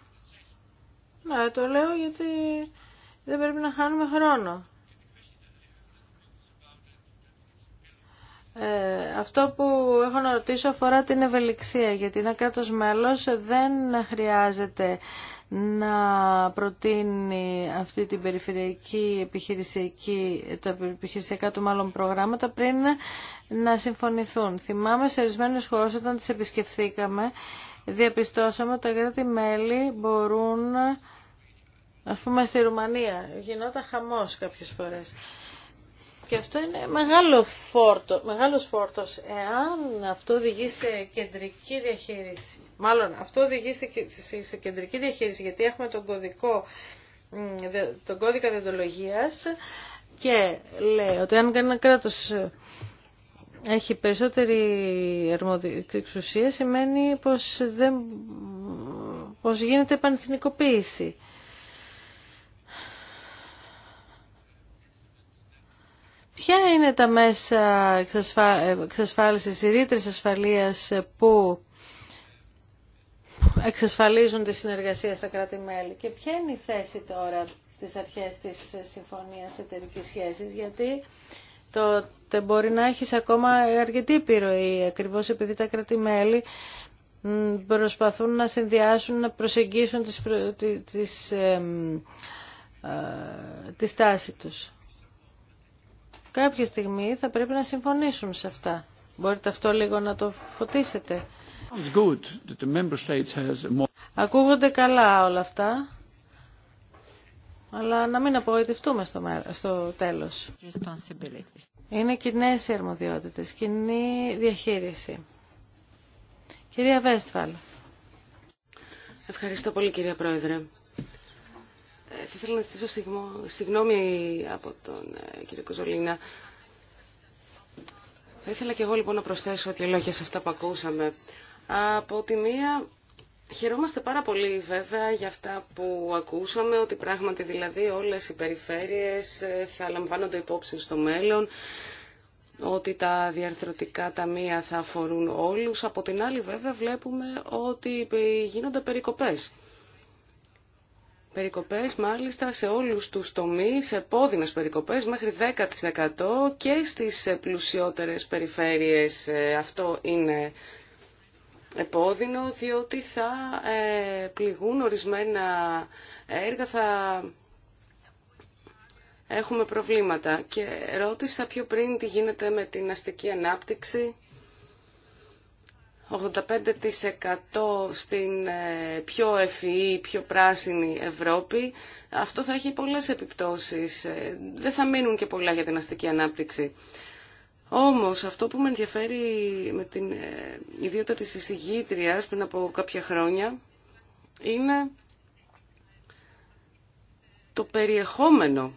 Να, το λέω γιατί δεν πρέπει να χάνουμε χρόνο. Ε, αυτό που έχω να ρωτήσω αφορά την ευελιξία, γιατί ένα κράτος μέλος δεν χρειάζεται να προτείνει αυτή την περιφερειακή επιχειρησιακή, τα επιχειρησιακά του μάλλον προγράμματα πριν να συμφωνηθούν. Θυμάμαι σε ορισμένε χώρε όταν τις επισκεφθήκαμε, διαπιστώσαμε ότι τα κράτη-μέλη μπορούν, ας πούμε στη Ρουμανία, γινόταν χαμός κάποιες φορές και αυτό είναι μεγάλο φόρτο, μεγάλος φόρτος εάν αυτό οδηγεί σε κεντρική διαχείριση. Μάλλον αυτό οδηγεί σε, σε, κεντρική διαχείριση γιατί έχουμε τον, κωδικό, τον κώδικα διοντολογίας και λέει ότι αν ένα έχει περισσότερη εξουσία σημαίνει πως, δεν, πως γίνεται επανεθνικοποίηση. Ποια είναι τα μέσα εξασφάλισης, οι ρήτρες ασφαλείας που εξασφαλίζουν τη συνεργασία στα κράτη-μέλη και ποια είναι η θέση τώρα στις αρχές της συμφωνίας εταιρικής σχέσης γιατί τότε μπορεί να έχεις ακόμα αρκετή επιρροή ακριβώς επειδή τα κράτη-μέλη προσπαθούν να συνδυάσουν, να προσεγγίσουν τις, τις, ε, τις, τη στάση τους κάποια στιγμή θα πρέπει να συμφωνήσουν σε αυτά. Μπορείτε αυτό λίγο να το φωτίσετε. Ακούγονται καλά όλα αυτά, αλλά να μην απογοητευτούμε στο, στο τέλος. Είναι κοινέ οι αρμοδιότητες, κοινή διαχείριση. Κυρία Βέστφαλ. Ευχαριστώ πολύ κυρία Πρόεδρε θα ήθελα να στήσω συγγνώμη από τον ε, κύριο Κοζολίνα. Θα ήθελα και εγώ λοιπόν να προσθέσω δύο λόγια σε αυτά που ακούσαμε. Από τη μία, χαιρόμαστε πάρα πολύ βέβαια για αυτά που ακούσαμε, ότι πράγματι δηλαδή όλες οι περιφέρειες ε, θα λαμβάνονται υπόψη στο μέλλον, ότι τα διαρθρωτικά ταμεία θα αφορούν όλους. Από την άλλη βέβαια βλέπουμε ότι ε, γίνονται περικοπές Περικοπές μάλιστα σε όλους τους τομείς, επώδυνες περικοπές μέχρι 10% και στις πλουσιότερες περιφέρειες ε, αυτό είναι επώδυνο διότι θα ε, πληγούν ορισμένα έργα, θα έχουμε προβλήματα. Και ρώτησα πιο πριν τι γίνεται με την αστική ανάπτυξη 85% στην ε, πιο ευφυή, πιο πράσινη Ευρώπη, αυτό θα έχει πολλές επιπτώσεις. Ε, δεν θα μείνουν και πολλά για την αστική ανάπτυξη. Όμως αυτό που με ενδιαφέρει με την ε, ιδιότητα της εισηγήτριας πριν από κάποια χρόνια είναι το περιεχόμενο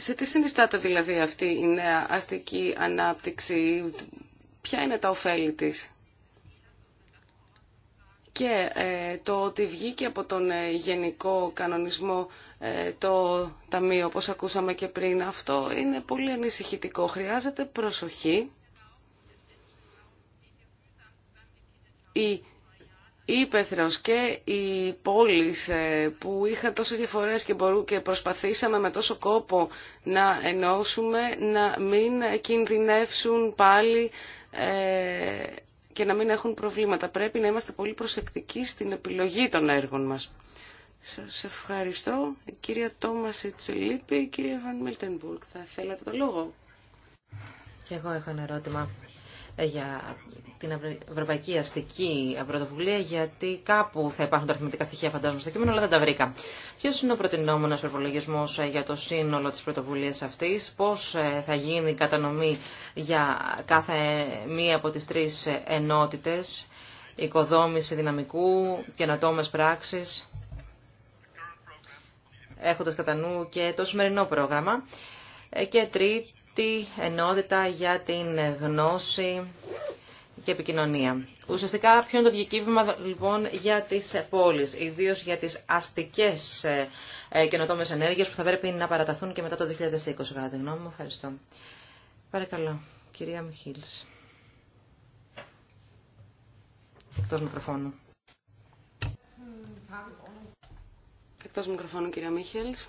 Σε τι συνιστάται δηλαδή αυτή η νέα αστική ανάπτυξη, ποια είναι τα ωφέλη της. Και ε, το ότι βγήκε από τον ε, γενικό κανονισμό ε, το ταμείο, όπως ακούσαμε και πριν, αυτό είναι πολύ ανησυχητικό. Χρειάζεται προσοχή. Ήπεθρος και οι πόλεις ε, που είχαν τόσες διαφορές και, προσπαθήσαμε με τόσο κόπο να ενώσουμε να μην κινδυνεύσουν πάλι ε, και να μην έχουν προβλήματα. Πρέπει να είμαστε πολύ προσεκτικοί στην επιλογή των έργων μας. Σας ευχαριστώ. κυρία Τόμας Ετσιλίπη κύριε κυρία Βαν Μιλτενμπουργκ. Θα θέλατε το λόγο. Και εγώ έχω ένα ερώτημα. Ε, για την Ευρωπαϊκή Αστική Πρωτοβουλία, γιατί κάπου θα υπάρχουν τα αριθμητικά στοιχεία, φαντάζομαι, στο κείμενο, αλλά δεν τα βρήκα. Ποιο είναι ο προτινόμενο προπολογισμό ε, για το σύνολο τη πρωτοβουλία αυτή, πώ ε, θα γίνει η κατανομή για κάθε μία από τι τρει ενότητε, οικοδόμηση δυναμικού, καινοτόμε πράξει, έχοντα κατά νου και το σημερινό πρόγραμμα. Και τρίτη, αυτή ενότητα για την γνώση και επικοινωνία. Ουσιαστικά ποιο είναι το διακύβημα λοιπόν για τις πόλεις, ιδίως για τις αστικές ε, ε, καινοτόμες ενέργειες που θα πρέπει να παραταθούν και μετά το 2020 κατά τη Ευχαριστώ. Παρακαλώ, κυρία Μιχίλς. Εκτός μικροφώνου. Εκτός μικροφώνου, κυρία Μίχελς.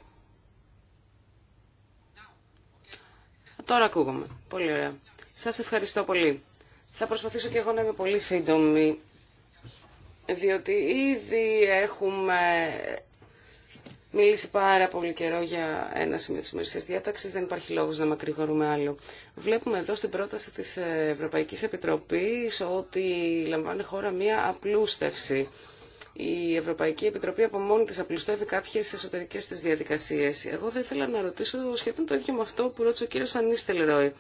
Τώρα ακούγομαι. Πολύ ωραία. Σας ευχαριστώ πολύ. Θα προσπαθήσω και εγώ να είμαι πολύ σύντομη, διότι ήδη έχουμε μιλήσει πάρα πολύ καιρό για ένα σημείο της ημερησίας διάταξης, δεν υπάρχει λόγος να μακρηγορούμε άλλο. Βλέπουμε εδώ στην πρόταση της Ευρωπαϊκής Επιτροπής ότι λαμβάνει χώρα μία απλούστευση η Ευρωπαϊκή Επιτροπή από μόνη τη απλουστεύει κάποιες εσωτερικές τη διαδικασίες. Εγώ θα ήθελα να ρωτήσω σχεδόν το ίδιο με αυτό που ρώτησε ο κύριο Φανίστελ Ρόι.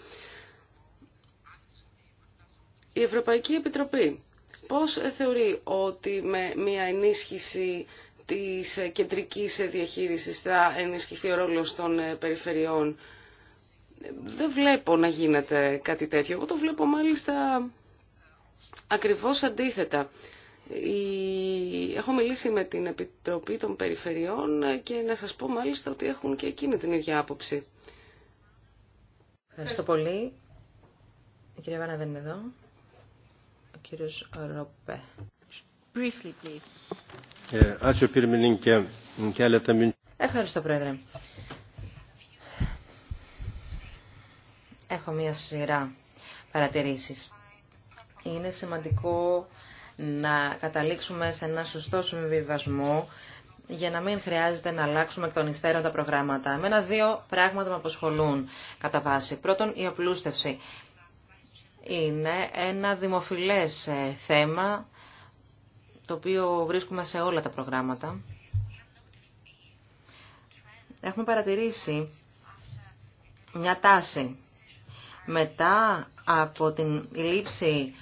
Η Ευρωπαϊκή Επιτροπή πώς θεωρεί ότι με μια ενίσχυση της κεντρικής διαχείρισης θα ενισχυθεί ο ρόλος των περιφερειών. Δεν βλέπω να γίνεται κάτι τέτοιο. Εγώ το βλέπω μάλιστα ακριβώς αντίθετα. Έχω μιλήσει με την Επιτροπή των Περιφερειών και να σας πω μάλιστα ότι έχουν και εκείνη την ίδια άποψη. Ευχαριστώ πολύ. Η κυρία Βάνα δεν είναι εδώ. Ο κύριος Ροπέ. Ε, Ευχαριστώ, Πρόεδρε. Έχω μία σειρά παρατηρήσεις. Είναι σημαντικό να καταλήξουμε σε ένα σωστό συμβιβασμό για να μην χρειάζεται να αλλάξουμε εκ των υστέρων τα προγράμματα. ενα δύο πράγματα με αποσχολούν κατά βάση. Πρώτον, η απλούστευση. Είναι ένα δημοφιλές ε, θέμα, το οποίο βρίσκουμε σε όλα τα προγράμματα. Έχουμε παρατηρήσει μια τάση. Μετά από την λήψη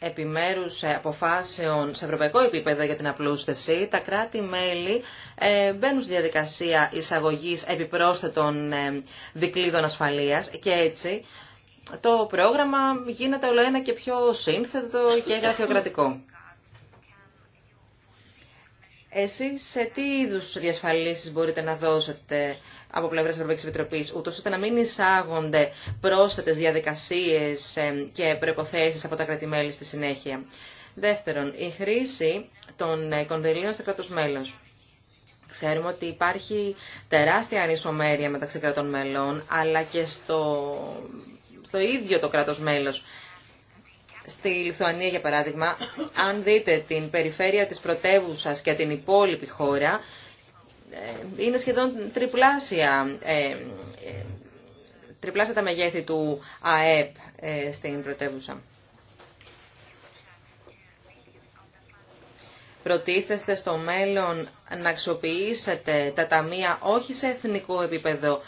επιμέρους ε, αποφάσεων σε ευρωπαϊκό επίπεδο για την απλούστευση, τα κράτη-μέλη ε, μπαίνουν στη διαδικασία εισαγωγής επιπρόσθετων ε, δικλείδων ασφαλείας και έτσι το πρόγραμμα γίνεται όλο ένα και πιο σύνθετο και γραφειοκρατικό. Εσεί σε τι είδου διασφαλίσει μπορείτε να δώσετε από πλευράς Ευρωπαϊκή Επιτροπή, ούτως ώστε να μην εισάγονται πρόσθετε διαδικασίε και προποθέσει από τα κρατημέλη στη συνέχεια. Δεύτερον, η χρήση των ε, κονδυλίων στο κράτος μέλο. Ξέρουμε ότι υπάρχει τεράστια ανισομέρεια μεταξύ κρατών μελών, αλλά και στο, στο ίδιο το κράτος μέλος Στη Λιθουανία, για παράδειγμα, αν δείτε την περιφέρεια της πρωτεύουσα και την υπόλοιπη χώρα, ε, είναι σχεδόν τριπλάσια, ε, ε, τριπλάσια τα μεγέθη του ΑΕΠ στην πρωτεύουσα. προτίθεστε στο μέλλον να αξιοποιήσετε τα ταμεία όχι σε εθνικό επίπεδο,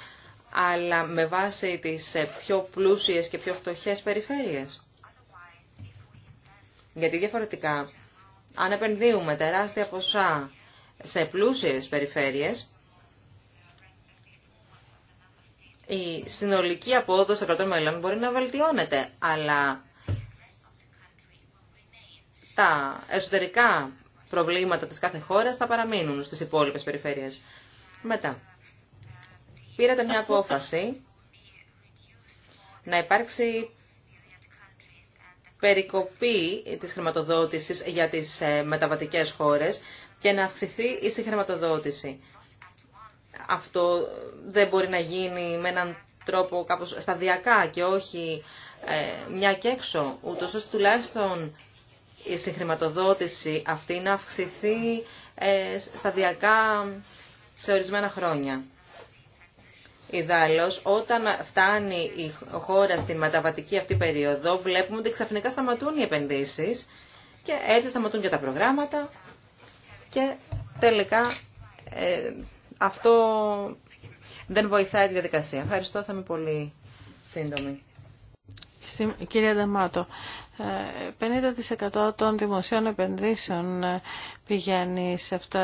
αλλά με βάση τις πιο πλούσιες και πιο φτωχές περιφέρειες. Γιατί διαφορετικά, αν επενδύουμε τεράστια ποσά σε πλούσιες περιφέρειες, η συνολική απόδοση των κρατών μελών μπορεί να βελτιώνεται, αλλά τα εσωτερικά προβλήματα της κάθε χώρας θα παραμείνουν στις υπόλοιπες περιφέρειες. Μετά, πήρατε μια απόφαση να υπάρξει περικοπή της χρηματοδότησης για τις ε, μεταβατικές χώρες και να αυξηθεί η συγχρηματοδότηση. Αυτό δεν μπορεί να γίνει με έναν τρόπο κάπως σταδιακά και όχι ε, μια και έξω, ούτως ώστε τουλάχιστον η συγχρηματοδότηση αυτή να αυξηθεί ε, σταδιακά σε ορισμένα χρόνια. Ιδάλλως, όταν φτάνει η χώρα στην μεταβατική αυτή περίοδο, βλέπουμε ότι ξαφνικά σταματούν οι επενδύσεις και έτσι σταματούν και τα προγράμματα και τελικά ε, αυτό δεν βοηθάει τη διαδικασία. Ευχαριστώ, θα είμαι πολύ σύντομη. Κύριε δεμάτο. 50% ε, των δημοσίων επενδύσεων ε, πηγαίνει σε αυτά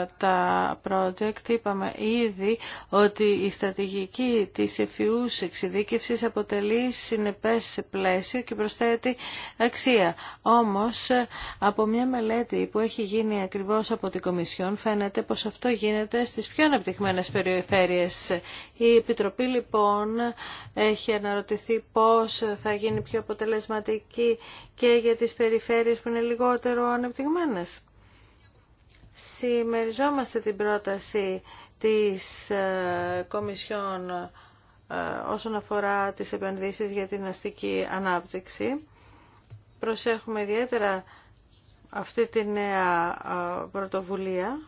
ε, τα project. Είπαμε ήδη ότι η στρατηγική της εφιούς εξειδίκευσης αποτελεί συνεπές πλαίσιο και προσθέτει αξία. Όμως, από μια μελέτη που έχει γίνει ακριβώς από την Κομισιόν, φαίνεται πως αυτό γίνεται στις πιο αναπτυχμένες περιφέρειες. Η Επιτροπή, λοιπόν, έχει αναρωτηθεί πώς θα γίνει πιο αποτελεσματική και για τις περιφέρειες που είναι λιγότερο ανεπτυγμένες. Σημεριζόμαστε την πρόταση της ε, Κομισιόν ε, όσον αφορά τις επενδύσεις για την αστική ανάπτυξη. Προσέχουμε ιδιαίτερα αυτή τη νέα ε, πρωτοβουλία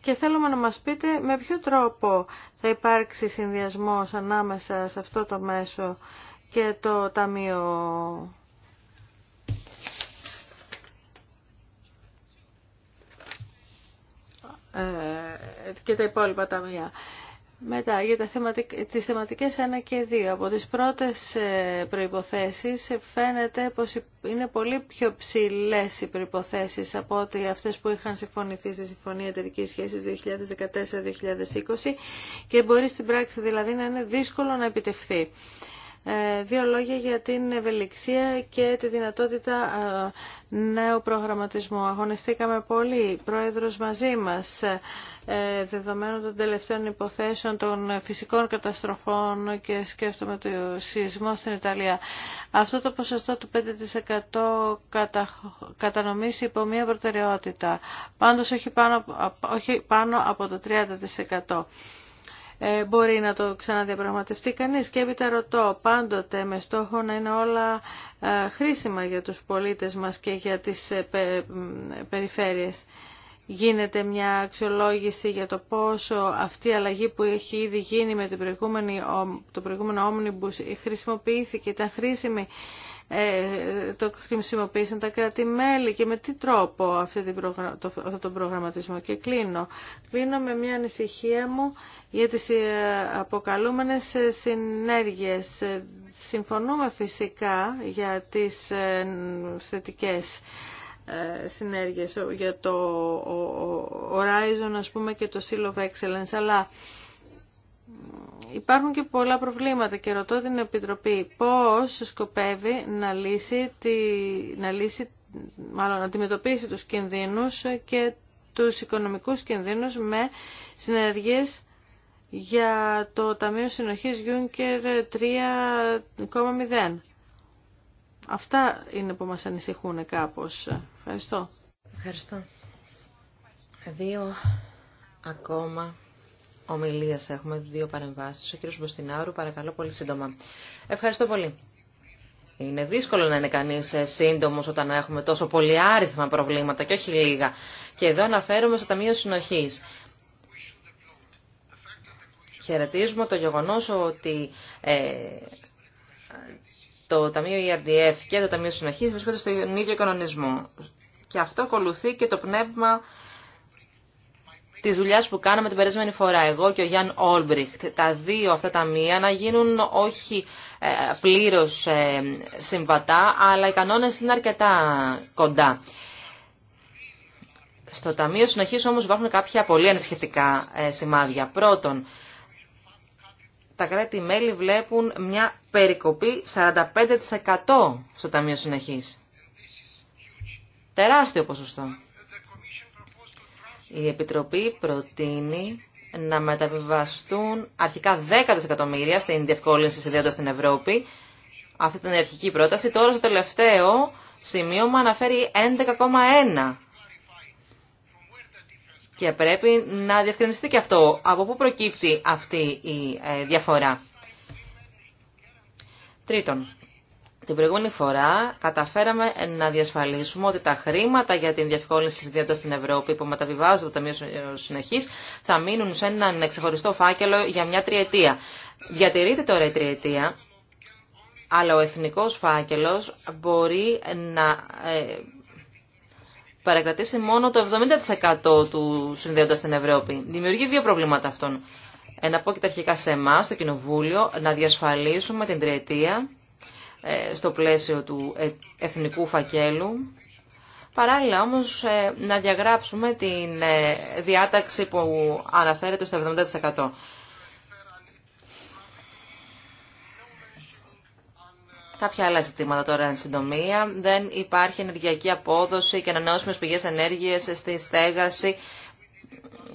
και θέλουμε να μας πείτε με ποιο τρόπο θα υπάρξει συνδυασμός ανάμεσα σε αυτό το μέσο και το Ταμείο ε, και τα υπόλοιπα ταμεία. Μετά, για τα θεματικ... τις θεματικές 1 και 2. Από τις πρώτες ε, προϋποθέσεις φαίνεται πως είναι πολύ πιο ψηλές οι προϋποθέσεις από ότι αυτές που είχαν συμφωνηθεί στη Συμφωνία Εταιρικής Σχέσης 2014-2020 και μπορεί στην πράξη δηλαδή να είναι δύσκολο να επιτευχθεί. Ε, δύο λόγια για την ευελιξία και τη δυνατότητα ε, νέου προγραμματισμού. Αγωνιστήκαμε πολύ, πρόεδρος μαζί μας, ε, δεδομένου των τελευταίων υποθέσεων των φυσικών καταστροφών και σκέφτομαι το σεισμό στην Ιταλία. Αυτό το ποσοστό του 5% κατα... κατανομής υπό μία προτεραιότητα, πάντως όχι πάνω, όχι πάνω από το 30%. Ε, μπορεί να το ξαναδιαπραγματευτεί κανείς. Και έπειτα ρωτώ πάντοτε με στόχο να είναι όλα ε, χρήσιμα για τους πολίτες μας και για τις ε, περιφέρειες. Γίνεται μια αξιολόγηση για το πόσο αυτή η αλλαγή που έχει ήδη γίνει με το προηγούμενο Omnibus χρησιμοποιήθηκε, ήταν χρήσιμη ε, το χρησιμοποίησαν τα κράτη-μέλη και με τι τρόπο αυτή το... τον προγραμματισμό. Και κλείνω. Κλείνω με μια ανησυχία μου για τις ε, αποκαλούμενες ε, συνέργειες. Συμφωνούμε φυσικά για τις θετικές συνέργειες για το Horizon ας πούμε και το Seal of Excellence αλλά Υπάρχουν και πολλά προβλήματα και ρωτώ την Επιτροπή πώς σκοπεύει να λύσει, τη, να λύσει μάλλον να αντιμετωπίσει τους κινδύνους και τους οικονομικούς κινδύνους με συνεργείες για το Ταμείο Συνοχής Juncker 3,0. Αυτά είναι που μας ανησυχούν κάπως. Ευχαριστώ. Ευχαριστώ. Δύο ακόμα Ομιλία Έχουμε δύο παρεμβάσει. Ο κύριος Μποστινάρου, παρακαλώ πολύ σύντομα. Ευχαριστώ πολύ. Είναι δύσκολο να είναι κανεί ε, σύντομο όταν έχουμε τόσο πολύ άριθμα προβλήματα και όχι λίγα. Και εδώ αναφέρομαι στο Ταμείο συνοχή. Χαιρετίζουμε το γεγονό ότι ε, το Ταμείο ERDF και το Ταμείο συνοχή βρίσκονται στον ίδιο κανονισμό. Και αυτό ακολουθεί και το πνεύμα τη δουλειά που κάναμε την περασμένη φορά, εγώ και ο Γιάνν Όλμπριχτ, τα δύο αυτά τα μία να γίνουν όχι ε, πλήρω ε, συμβατά, αλλά οι κανόνε είναι αρκετά κοντά. Στο Ταμείο Συνοχή όμω υπάρχουν κάποια πολύ ανησυχητικά ε, σημάδια. Πρώτον, τα κράτη-μέλη βλέπουν μια περικοπή 45% στο Ταμείο Συνοχής. Τεράστιο ποσοστό. Η Επιτροπή προτείνει να μεταβιβαστούν αρχικά 10 δισεκατομμύρια στην διευκόλυνση συνδέοντα στην Ευρώπη. Αυτή ήταν η αρχική πρόταση. Τώρα στο τελευταίο σημείωμα αναφέρει 11,1. Και πρέπει να διευκρινιστεί και αυτό. Από πού προκύπτει αυτή η ε, διαφορά. Τρίτον, την προηγούμενη φορά καταφέραμε να διασφαλίσουμε ότι τα χρήματα για την διευκόλυνση τη ιδιαίτερα στην Ευρώπη που μεταβιβάζονται από το Ταμείο ε, συνοχή θα μείνουν σε έναν ξεχωριστό φάκελο για μια τριετία. Διατηρείται τώρα η τριετία, αλλά ο εθνικό φάκελο μπορεί να ε, παρακρατήσει μόνο το 70% του συνδέοντα στην Ευρώπη. Δημιουργεί δύο προβλήματα αυτών. Ένα αρχικά σε εμά, στο Κοινοβούλιο, να διασφαλίσουμε την τριετία ε, στο πλαίσιο του ε, εθνικού φακέλου. Παράλληλα όμως ε, να διαγράψουμε την διάταξη που αναφέρεται στο 70%. Κάποια άλλα ζητήματα τώρα εν συντομία. Δεν υπάρχει ενεργειακή απόδοση και ανανεώσιμε πηγές ενέργεια στη στέγαση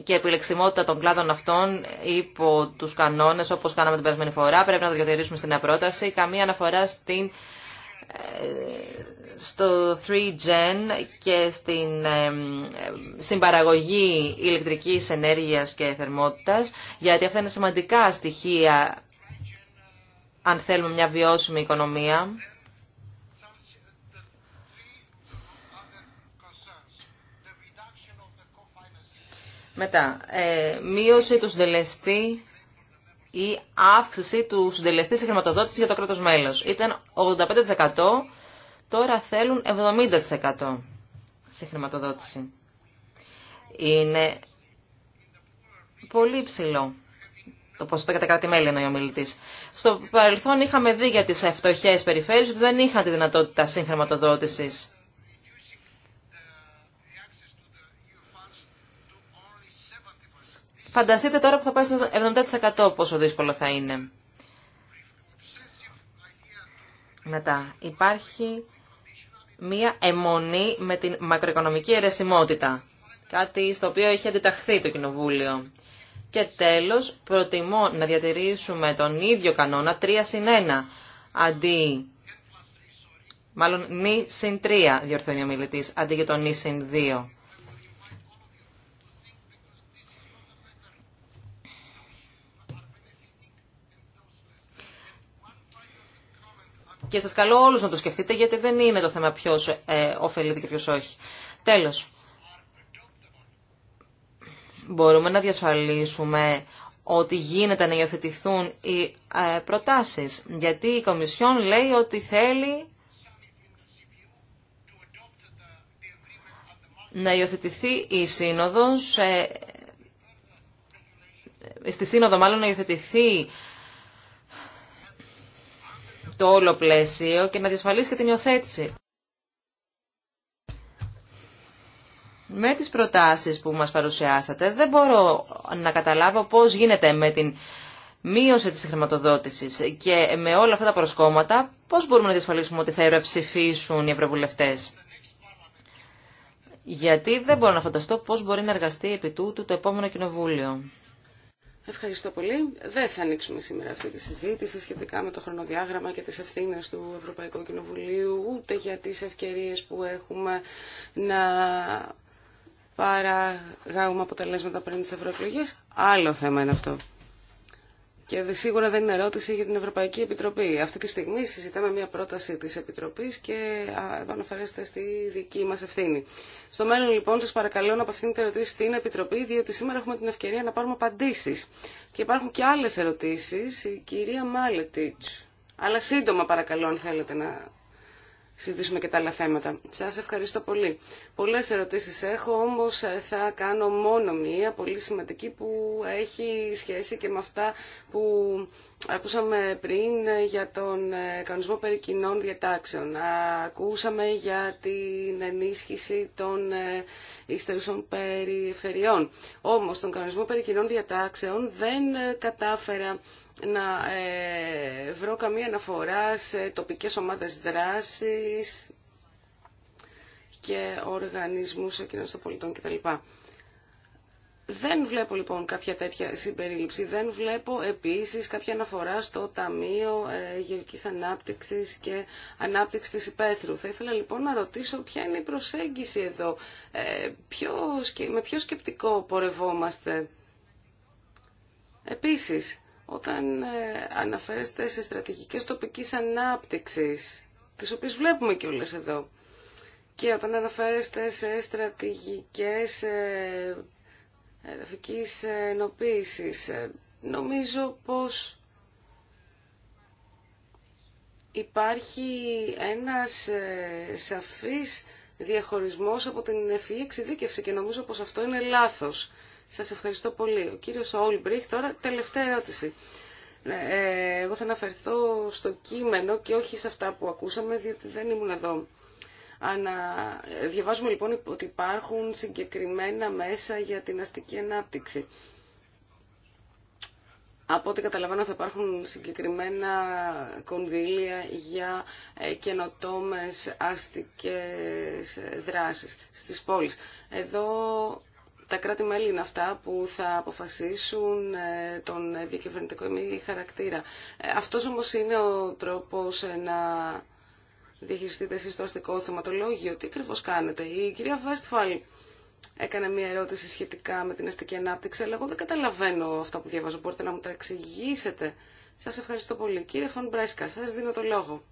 και επιλεξιμότητα των κλάδων αυτών υπό τους κανόνες όπως κάναμε την περασμένη φορά. Πρέπει να το διατηρήσουμε στην απρόταση. Καμία αναφορά στην, ε, στο 3Gen και στην ε, συμπαραγωγή ηλεκτρικής ενέργειας και θερμότητας γιατί αυτά είναι σημαντικά στοιχεία αν θέλουμε μια βιώσιμη οικονομία Μετά, ε, μείωση του συντελεστή ή αύξηση του συντελεστή σε χρηματοδότηση για το κράτος μέλος. Ήταν 85%, τώρα θέλουν 70% σε χρηματοδότηση. Είναι πολύ υψηλό το ποσοστό για τα κράτη-μέλη, εννοεί ο μιλητή. Στο παρελθόν είχαμε δει για τι φτωχέ περιφέρειε ότι δεν είχαν τη δυνατότητα συγχρηματοδότηση Φανταστείτε τώρα που θα πάει στο 70% πόσο δύσκολο θα είναι. Μετά, υπάρχει μία αιμονή με την μακροοικονομική αιρεσιμότητα. Κάτι στο οποίο έχει αντιταχθεί το Κοινοβούλιο. Και τέλος, προτιμώ να διατηρήσουμε τον ίδιο κανόνα 3 συν 1, αντί, μάλλον νη συν 3, διορθώνει ο μιλητής, αντί για τον νη 2. Και σας καλώ όλους να το σκεφτείτε γιατί δεν είναι το θέμα ποιο ε, ωφελείται και ποιος όχι. Τέλος, μπορούμε να διασφαλίσουμε ότι γίνεται να υιοθετηθούν οι ε, προτάσεις. Γιατί η Κομισιόν λέει ότι θέλει να υιοθετηθεί η Σύνοδος, ε, στη Σύνοδο μάλλον να υιοθετηθεί το όλο πλαίσιο και να διασφαλίσει και την υιοθέτηση. Με τις προτάσεις που μας παρουσιάσατε δεν μπορώ να καταλάβω πώς γίνεται με την μείωση της χρηματοδότησης και με όλα αυτά τα προσκόμματα πώς μπορούμε να διασφαλίσουμε ότι θα ψηφίσουν οι ευρωβουλευτές. Γιατί δεν μπορώ να φανταστώ πώς μπορεί να εργαστεί επί τούτου το επόμενο κοινοβούλιο. Ευχαριστώ πολύ. Δεν θα ανοίξουμε σήμερα αυτή τη συζήτηση σχετικά με το χρονοδιάγραμμα και τις ευθύνες του Ευρωπαϊκού Κοινοβουλίου, ούτε για τις ευκαιρίες που έχουμε να παραγάγουμε αποτελέσματα πριν τις ευρωεκλογές. Άλλο θέμα είναι αυτό. Και σίγουρα δεν είναι ερώτηση για την Ευρωπαϊκή Επιτροπή. Αυτή τη στιγμή συζητάμε μια πρόταση της Επιτροπής και εδώ αναφέρεστε στη δική μας ευθύνη. Στο μέλλον λοιπόν σας παρακαλώ να απευθύνετε ερωτήσει στην Επιτροπή διότι σήμερα έχουμε την ευκαιρία να πάρουμε απαντήσει. Και υπάρχουν και άλλες ερωτήσει, η κυρία Μάλετιτ. Αλλά σύντομα παρακαλώ αν θέλετε να συζητήσουμε και τα άλλα θέματα. Σας ευχαριστώ πολύ. Πολλές ερωτήσεις έχω, όμως ε, θα κάνω μόνο μία πολύ σημαντική που έχει σχέση και με αυτά που ακούσαμε πριν ε, για τον ε, κανονισμό περί κοινών διατάξεων. Ακούσαμε για την ενίσχυση των υστερούσων περιφερειών. Όμως τον κανονισμό περί κοινών διατάξεων δεν κατάφερα να ε, βρω καμία αναφορά σε τοπικές ομάδες δράσης και οργανισμούς εκείνων των πολιτών κτλ. Δεν βλέπω λοιπόν κάποια τέτοια συμπερίληψη. Δεν βλέπω επίσης κάποια αναφορά στο Ταμείο ε, Γεωργικής Ανάπτυξης και Ανάπτυξης της Υπαίθρου. Θα ήθελα λοιπόν να ρωτήσω ποια είναι η προσέγγιση εδώ. Ε, με ποιο σκεπτικό πορευόμαστε. Επίσης, όταν ε, αναφέρεστε σε στρατηγικές τοπικής ανάπτυξης, τις οποίες βλέπουμε και όλες εδώ, και όταν αναφέρεστε σε στρατηγικές ε, εδαφικής ενοποίησης, ε, νομίζω πως υπάρχει ένας σαφής διαχωρισμός από την ευφυή εξειδίκευση και νομίζω πως αυτό είναι λάθος. Σας ευχαριστώ πολύ. Ο κύριος Όλμπριχ, τώρα τελευταία ερώτηση. Ναι, ε, εγώ θα αναφερθώ στο κείμενο και όχι σε αυτά που ακούσαμε, διότι δεν ήμουν εδώ. Ε, διαβάζουμε λοιπόν ότι υπάρχουν συγκεκριμένα μέσα για την αστική ανάπτυξη. Από ό,τι καταλαβαίνω θα υπάρχουν συγκεκριμένα κονδύλια για ε, καινοτόμες αστικές δράσεις στις πόλεις. Εδώ τα κράτη-μέλη είναι αυτά που θα αποφασίσουν ε, τον διακυβερνητικό ή χαρακτήρα. Ε, αυτός όμως είναι ο τρόπος ε, να διαχειριστείτε εσείς το αστικό θεματολόγιο. Τι ακριβώ κάνετε. Η κυρία Βέστφαλ έκανε μια ερώτηση σχετικά με την αστική ανάπτυξη, αλλά εγώ δεν καταλαβαίνω αυτά που διαβάζω. Μπορείτε να μου τα εξηγήσετε. Σας ευχαριστώ πολύ. Κύριε Φων Μπρέσκα, σας δίνω το λόγο.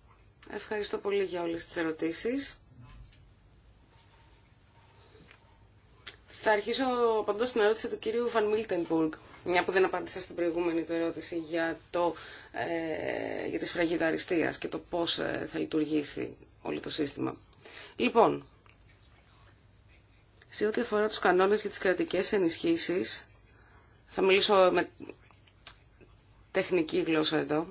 Ευχαριστώ πολύ για όλες τις ερωτήσεις. Θα αρχίσω απαντώ στην ερώτηση του κυρίου Βαν Μίλτενμπουργκ, μια που δεν απάντησα στην προηγούμενη του ερώτηση για, το, ε, για τη σφραγίδα αριστεία και το πώς ε, θα λειτουργήσει όλο το σύστημα. Λοιπόν, σε ό,τι αφορά του κανόνε για τις κρατικέ ενισχύσει, θα μιλήσω με τεχνική γλώσσα εδώ,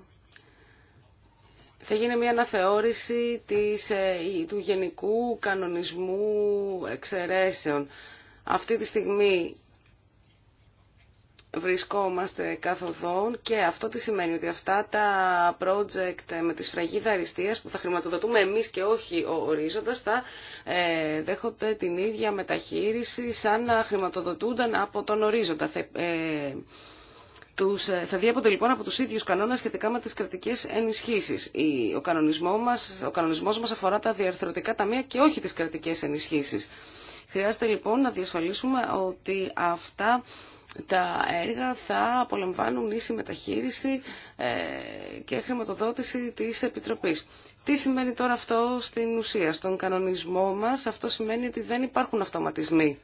θα γίνει μια αναθεώρηση της, ε, του γενικού κανονισμού εξαιρέσεων αυτή τη στιγμή βρισκόμαστε καθοδόν και αυτό τι σημαίνει ότι αυτά τα project με τη σφραγίδα αριστείας που θα χρηματοδοτούμε εμείς και όχι ο ορίζοντας θα ε, δέχονται την ίδια μεταχείριση σαν να χρηματοδοτούνταν από τον ορίζοντα. Θα, ε, τους, ε, θα διέπονται λοιπόν από τους ίδιους κανόνες σχετικά με τις κρατικές ενισχύσεις. ο, κανονισμό μας, ο κανονισμός μας αφορά τα διαρθρωτικά ταμεία και όχι τις κρατικές ενισχύσεις. Χρειάζεται λοιπόν να διασφαλίσουμε ότι αυτά τα έργα θα απολαμβάνουν ίση μεταχείριση ε, και χρηματοδότηση της Επιτροπής. Τι σημαίνει τώρα αυτό στην ουσία, στον κανονισμό μας. Αυτό σημαίνει ότι δεν υπάρχουν αυτοματισμοί.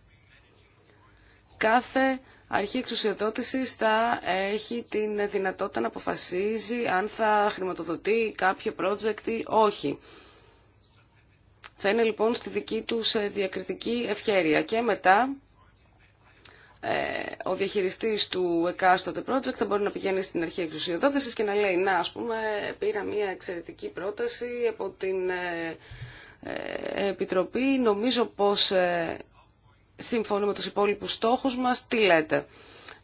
Κάθε αρχή εξουσιοδότησης θα έχει την δυνατότητα να αποφασίζει αν θα χρηματοδοτεί κάποιο project ή όχι. Θα είναι λοιπόν στη δική τους ε, διακριτική ευχέρεια. Και μετά ε, ο διαχειριστής του εκάστοτε project θα μπορεί να πηγαίνει στην αρχή εξουσιοδότησης και να λέει «Να, ας πούμε, πήρα μια εξαιρετική πρόταση από την ε, Επιτροπή, νομίζω πως συμφωνεί με τους υπόλοιπους στόχους μας, τι λέτε».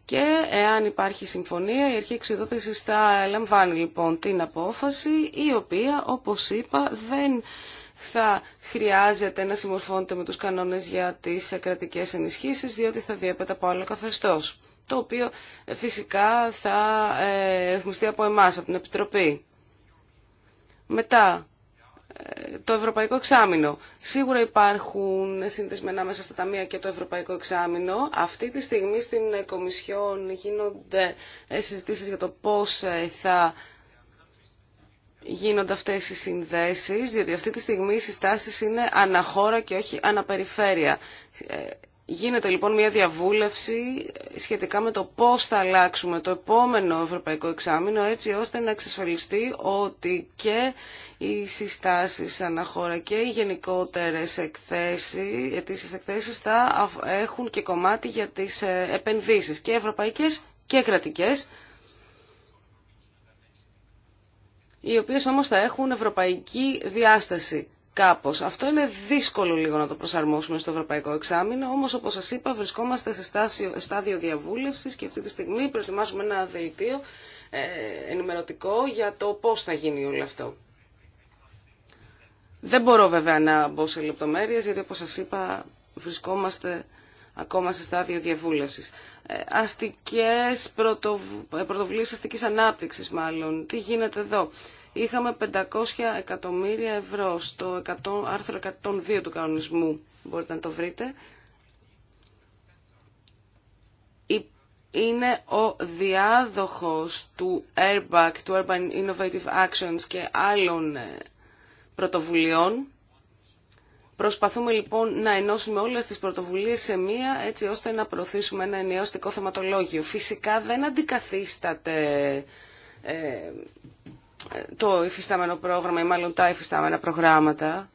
Και εάν υπάρχει συμφωνία, η αρχή εξουσιοδότηση θα λαμβάνει λοιπόν την απόφαση, η οποία, όπως είπα, δεν θα χρειάζεται να συμμορφώνεται με τους κανόνες για τις κρατικές ενισχύσεις, διότι θα διέπεται από άλλο καθεστώς, το οποίο ε, φυσικά θα ε, ρυθμιστεί από εμάς, από την Επιτροπή. Μετά, ε, το Ευρωπαϊκό Εξάμεινο. Σίγουρα υπάρχουν συνδεσμένα μέσα στα ταμεία και το Ευρωπαϊκό Εξάμεινο. Αυτή τη στιγμή στην Κομισιόν γίνονται συζητήσεις για το πώς θα γίνονται αυτές οι συνδέσεις, διότι αυτή τη στιγμή οι συστάσεις είναι αναχώρα και όχι αναπεριφέρεια. Ε, γίνεται λοιπόν μια διαβούλευση ε, σχετικά με το πώς θα αλλάξουμε το επόμενο ευρωπαϊκό εξάμεινο έτσι ώστε να εξασφαλιστεί ότι και οι συστάσεις αναχώρα και οι γενικότερες εκθέσεις, εκθέσεις θα έχουν και κομμάτι για τις ε, επενδύσεις και ευρωπαϊκές και κρατικές οι οποίες όμως θα έχουν ευρωπαϊκή διάσταση κάπως. Αυτό είναι δύσκολο λίγο να το προσαρμόσουμε στο ευρωπαϊκό εξάμεινο, όμως όπως σας είπα βρισκόμαστε σε στάδιο διαβούλευσης και αυτή τη στιγμή προετοιμάζουμε ένα δελτίο ε, ενημερωτικό για το πώς θα γίνει όλο αυτό. Δεν μπορώ βέβαια να μπω σε λεπτομέρειες γιατί όπως σας είπα βρισκόμαστε ακόμα σε στάδιο διαβούλευση. Ε, αστικές πρωτοβ... Ε, πρωτοβουλίες αστικής ανάπτυξης μάλλον. Τι γίνεται εδώ. Είχαμε 500 εκατομμύρια ευρώ στο 100... άρθρο 102 του κανονισμού. Μπορείτε να το βρείτε. είναι ο διάδοχος του Airbag, του Urban Innovative Actions και άλλων ε, πρωτοβουλειών. Προσπαθούμε λοιπόν να ενώσουμε όλες τις πρωτοβουλίες σε μία έτσι ώστε να προωθήσουμε ένα ενιαίο θεματολόγιο. Φυσικά δεν αντικαθίσταται ε, το υφιστάμενο πρόγραμμα ή μάλλον τα υφιστάμενα προγράμματα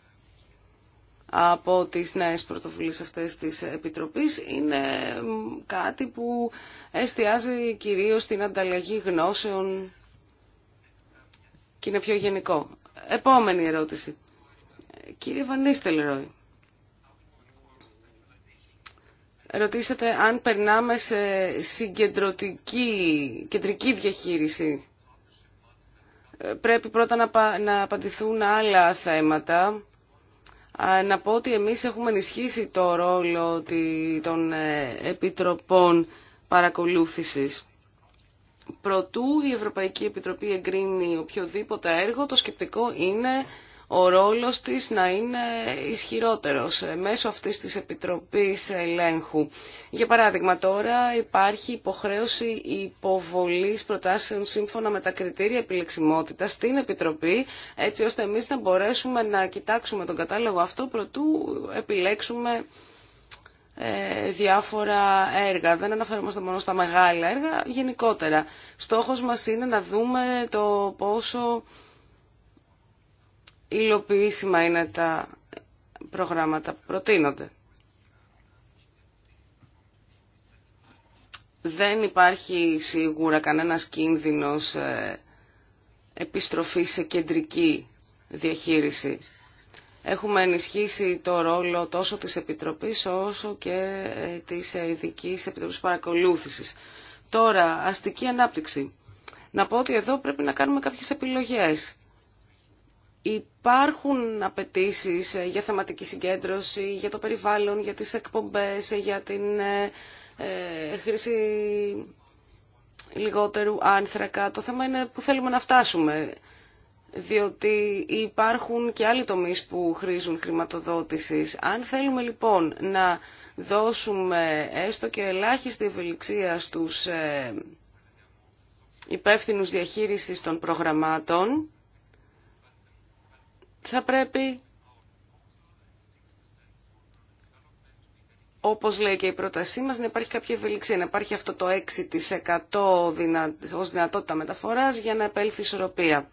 από τις νέες πρωτοβουλίες αυτές της Επιτροπής είναι κάτι που εστιάζει κυρίως στην ανταλλαγή γνώσεων και είναι πιο γενικό. Επόμενη ερώτηση. Κύριε Βανίστελροι, ρωτήσατε αν περνάμε σε συγκεντρωτική, κεντρική διαχείριση. Ε, πρέπει πρώτα να, να απαντηθούν άλλα θέματα. Να πω ότι εμείς έχουμε ενισχύσει το ρόλο των ε, επιτροπών παρακολούθησης. Προτού η Ευρωπαϊκή Επιτροπή εγκρίνει οποιοδήποτε έργο, το σκεπτικό είναι ο ρόλος της να είναι ισχυρότερος ε, μέσω αυτής της Επιτροπής Ελέγχου. Για παράδειγμα τώρα υπάρχει υποχρέωση υποβολής προτάσεων σύμφωνα με τα κριτήρια επιλεξιμότητας στην Επιτροπή έτσι ώστε εμείς να μπορέσουμε να κοιτάξουμε τον κατάλογο αυτό προτού επιλέξουμε ε, διάφορα έργα. Δεν αναφερόμαστε μόνο στα μεγάλα έργα, γενικότερα. Στόχος μας είναι να δούμε το πόσο υλοποιήσιμα είναι τα προγράμματα που προτείνονται. Δεν υπάρχει σίγουρα κανένας κίνδυνος ε, επιστροφής σε κεντρική διαχείριση. Έχουμε ενισχύσει το ρόλο τόσο της Επιτροπής όσο και ε, της ειδική Επιτροπής Παρακολούθησης. Τώρα, αστική ανάπτυξη. Να πω ότι εδώ πρέπει να κάνουμε κάποιες επιλογές. Υπάρχουν απαιτήσει ε, για θεματική συγκέντρωση, για το περιβάλλον, για τις εκπομπές, ε, για την ε, χρήση λιγότερου άνθρακα. Το θέμα είναι που θέλουμε να φτάσουμε, διότι υπάρχουν και άλλοι τομείς που χρήζουν χρηματοδότησης. Αν θέλουμε λοιπόν να δώσουμε έστω και ελάχιστη ευελιξία στους υπεύθυνους διαχείρισης των προγραμμάτων, θα πρέπει, όπως λέει και η πρότασή μας, να υπάρχει κάποια ευελιξία, να υπάρχει αυτό το 6% δυνα... ως δυνατότητα μεταφοράς για να επέλθει ισορροπία.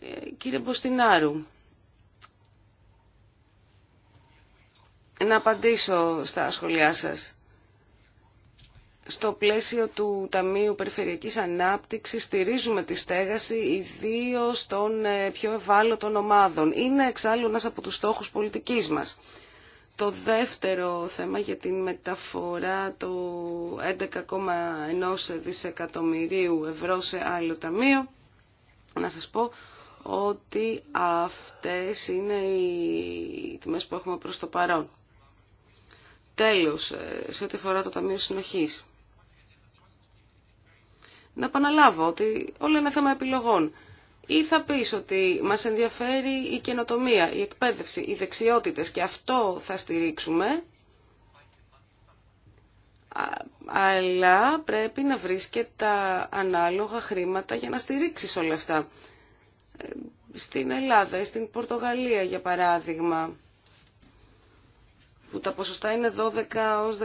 Ε, κύριε Μποστινάρου, να απαντήσω στα σχόλιά σας στο πλαίσιο του Ταμείου Περιφερειακής Ανάπτυξης στηρίζουμε τη στέγαση ιδίω των ε, πιο ευάλωτων ομάδων. Είναι εξάλλου ένας από τους στόχους πολιτικής μας. Το δεύτερο θέμα για την μεταφορά του 11,1 δισεκατομμυρίου ευρώ σε άλλο ταμείο, να σας πω ότι αυτές είναι οι τιμές που έχουμε προς το παρόν. Τέλος, ε, σε ό,τι αφορά το Ταμείο Συνοχής να επαναλάβω ότι όλο είναι θέμα επιλογών. Ή θα πεις ότι μας ενδιαφέρει η καινοτομία, η εκπαίδευση, οι δεξιότητες και αυτό θα στηρίξουμε, αλλά πρέπει να βρεις και τα ανάλογα χρήματα για να στηρίξεις όλα αυτά. Ε, στην Ελλάδα, στην Πορτογαλία για παράδειγμα, που τα ποσοστά είναι 12 ως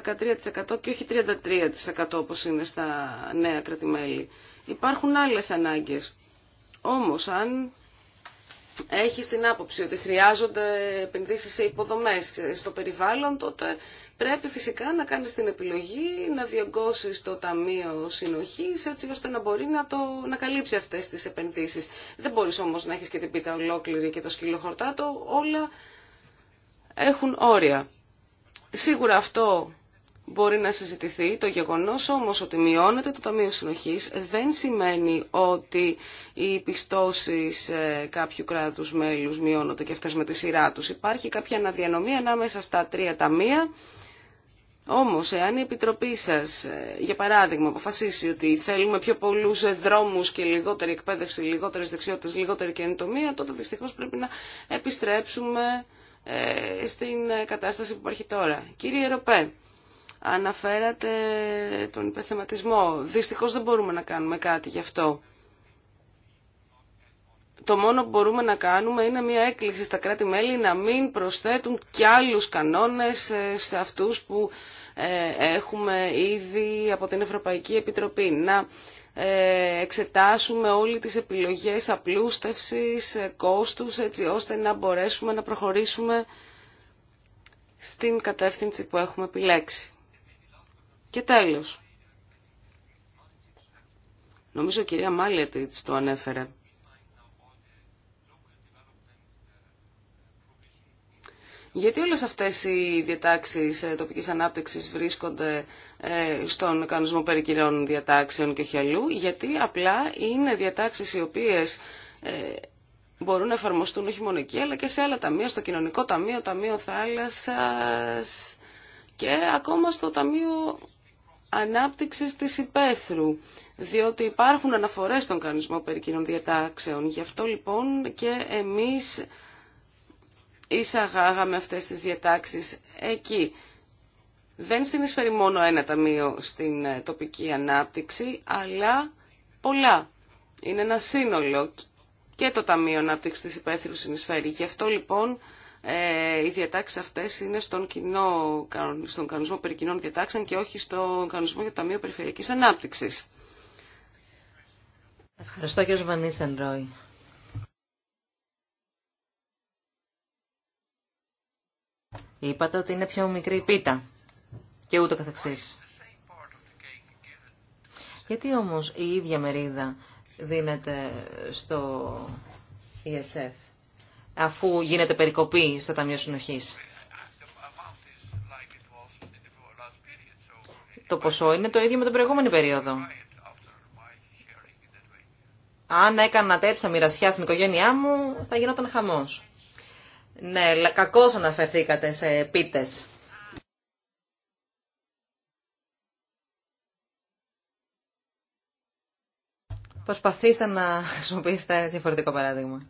13% και όχι 33% όπως είναι στα νέα κρατημέλη. Υπάρχουν άλλες ανάγκες. Όμως αν έχει την άποψη ότι χρειάζονται επενδύσεις σε υποδομές στο περιβάλλον, τότε πρέπει φυσικά να κάνεις την επιλογή να διαγκώσεις το Ταμείο Συνοχής έτσι ώστε να μπορεί να, το, να καλύψει αυτές τις επενδύσεις. Δεν μπορείς όμως να έχεις και την πίτα ολόκληρη και το σκύλο χορτάτο, όλα έχουν όρια. Σίγουρα αυτό μπορεί να συζητηθεί. Το γεγονός όμως ότι μειώνεται το Ταμείο Συνοχής δεν σημαίνει ότι οι πιστώσεις ε, κάποιου κράτους μέλους μειώνονται και αυτές με τη σειρά τους. Υπάρχει κάποια αναδιανομία ανάμεσα στα τρία ταμεία. Όμως, εάν η Επιτροπή σας, ε, για παράδειγμα, αποφασίσει ότι θέλουμε πιο πολλούς ε, δρόμους και λιγότερη εκπαίδευση, λιγότερες δεξιότητες, λιγότερη καινοτομία, τότε δυστυχώς πρέπει να επιστρέψουμε ε, στην κατάσταση που υπάρχει τώρα. Κύριε Ροπέ, αναφέρατε τον υπεθεματισμό. Δυστυχώς δεν μπορούμε να κάνουμε κάτι γι' αυτό. Το μόνο που μπορούμε να κάνουμε είναι μια έκκληση στα κράτη-μέλη να μην προσθέτουν κι άλλους κανόνες ε, σε αυτούς που ε, έχουμε ήδη από την Ευρωπαϊκή Επιτροπή. Να ε, εξετάσουμε όλοι τις επιλογές απλούστευσης, ε, κόστους, έτσι ώστε να μπορέσουμε να προχωρήσουμε στην κατεύθυνση που έχουμε επιλέξει. Και τέλος. Νομίζω η κυρία Μάλιατιτς το ανέφερε. Γιατί όλες αυτές οι διατάξεις ε, τοπικής ανάπτυξης βρίσκονται ε, στον κανονισμό περί διατάξεων και χελού, γιατί απλά είναι διατάξεις οι οποίες ε, μπορούν να εφαρμοστούν όχι μόνο εκεί, αλλά και σε άλλα ταμεία, στο κοινωνικό ταμείο, ταμείο θάλασσας και ακόμα στο ταμείο ανάπτυξης της υπαίθρου, διότι υπάρχουν αναφορές στον κανονισμό περί κοινών διατάξεων. Γι' αυτό λοιπόν και εμείς εισαγάγαμε αυτές τις διατάξεις εκεί. Δεν συνεισφέρει μόνο ένα ταμείο στην ε, τοπική ανάπτυξη, αλλά πολλά. Είναι ένα σύνολο και το Ταμείο Ανάπτυξης της Υπαίθρου συνεισφέρει. Γι' αυτό λοιπόν ε, οι διατάξεις αυτές είναι στον, στον κανονισμό περί κοινών διατάξεων και όχι στον κανονισμό για το Ταμείο Περιφερειακής Ανάπτυξης. Ευχαριστώ κύριε Βανίσταν Ρόι. Είπατε ότι είναι πιο μικρή η πίτα και ούτω καθεξής. Γιατί όμως η ίδια μερίδα δίνεται στο ESF αφού γίνεται περικοπή στο Ταμείο Συνοχής. Το ποσό είναι το ίδιο με την προηγούμενη περίοδο. Αν έκανα τέτοια μοιρασιά στην οικογένειά μου, θα γινόταν χαμός. Ναι, κακώς αναφερθήκατε σε πίτες. Προσπαθήστε να χρησιμοποιήσετε διαφορετικό παράδειγμα.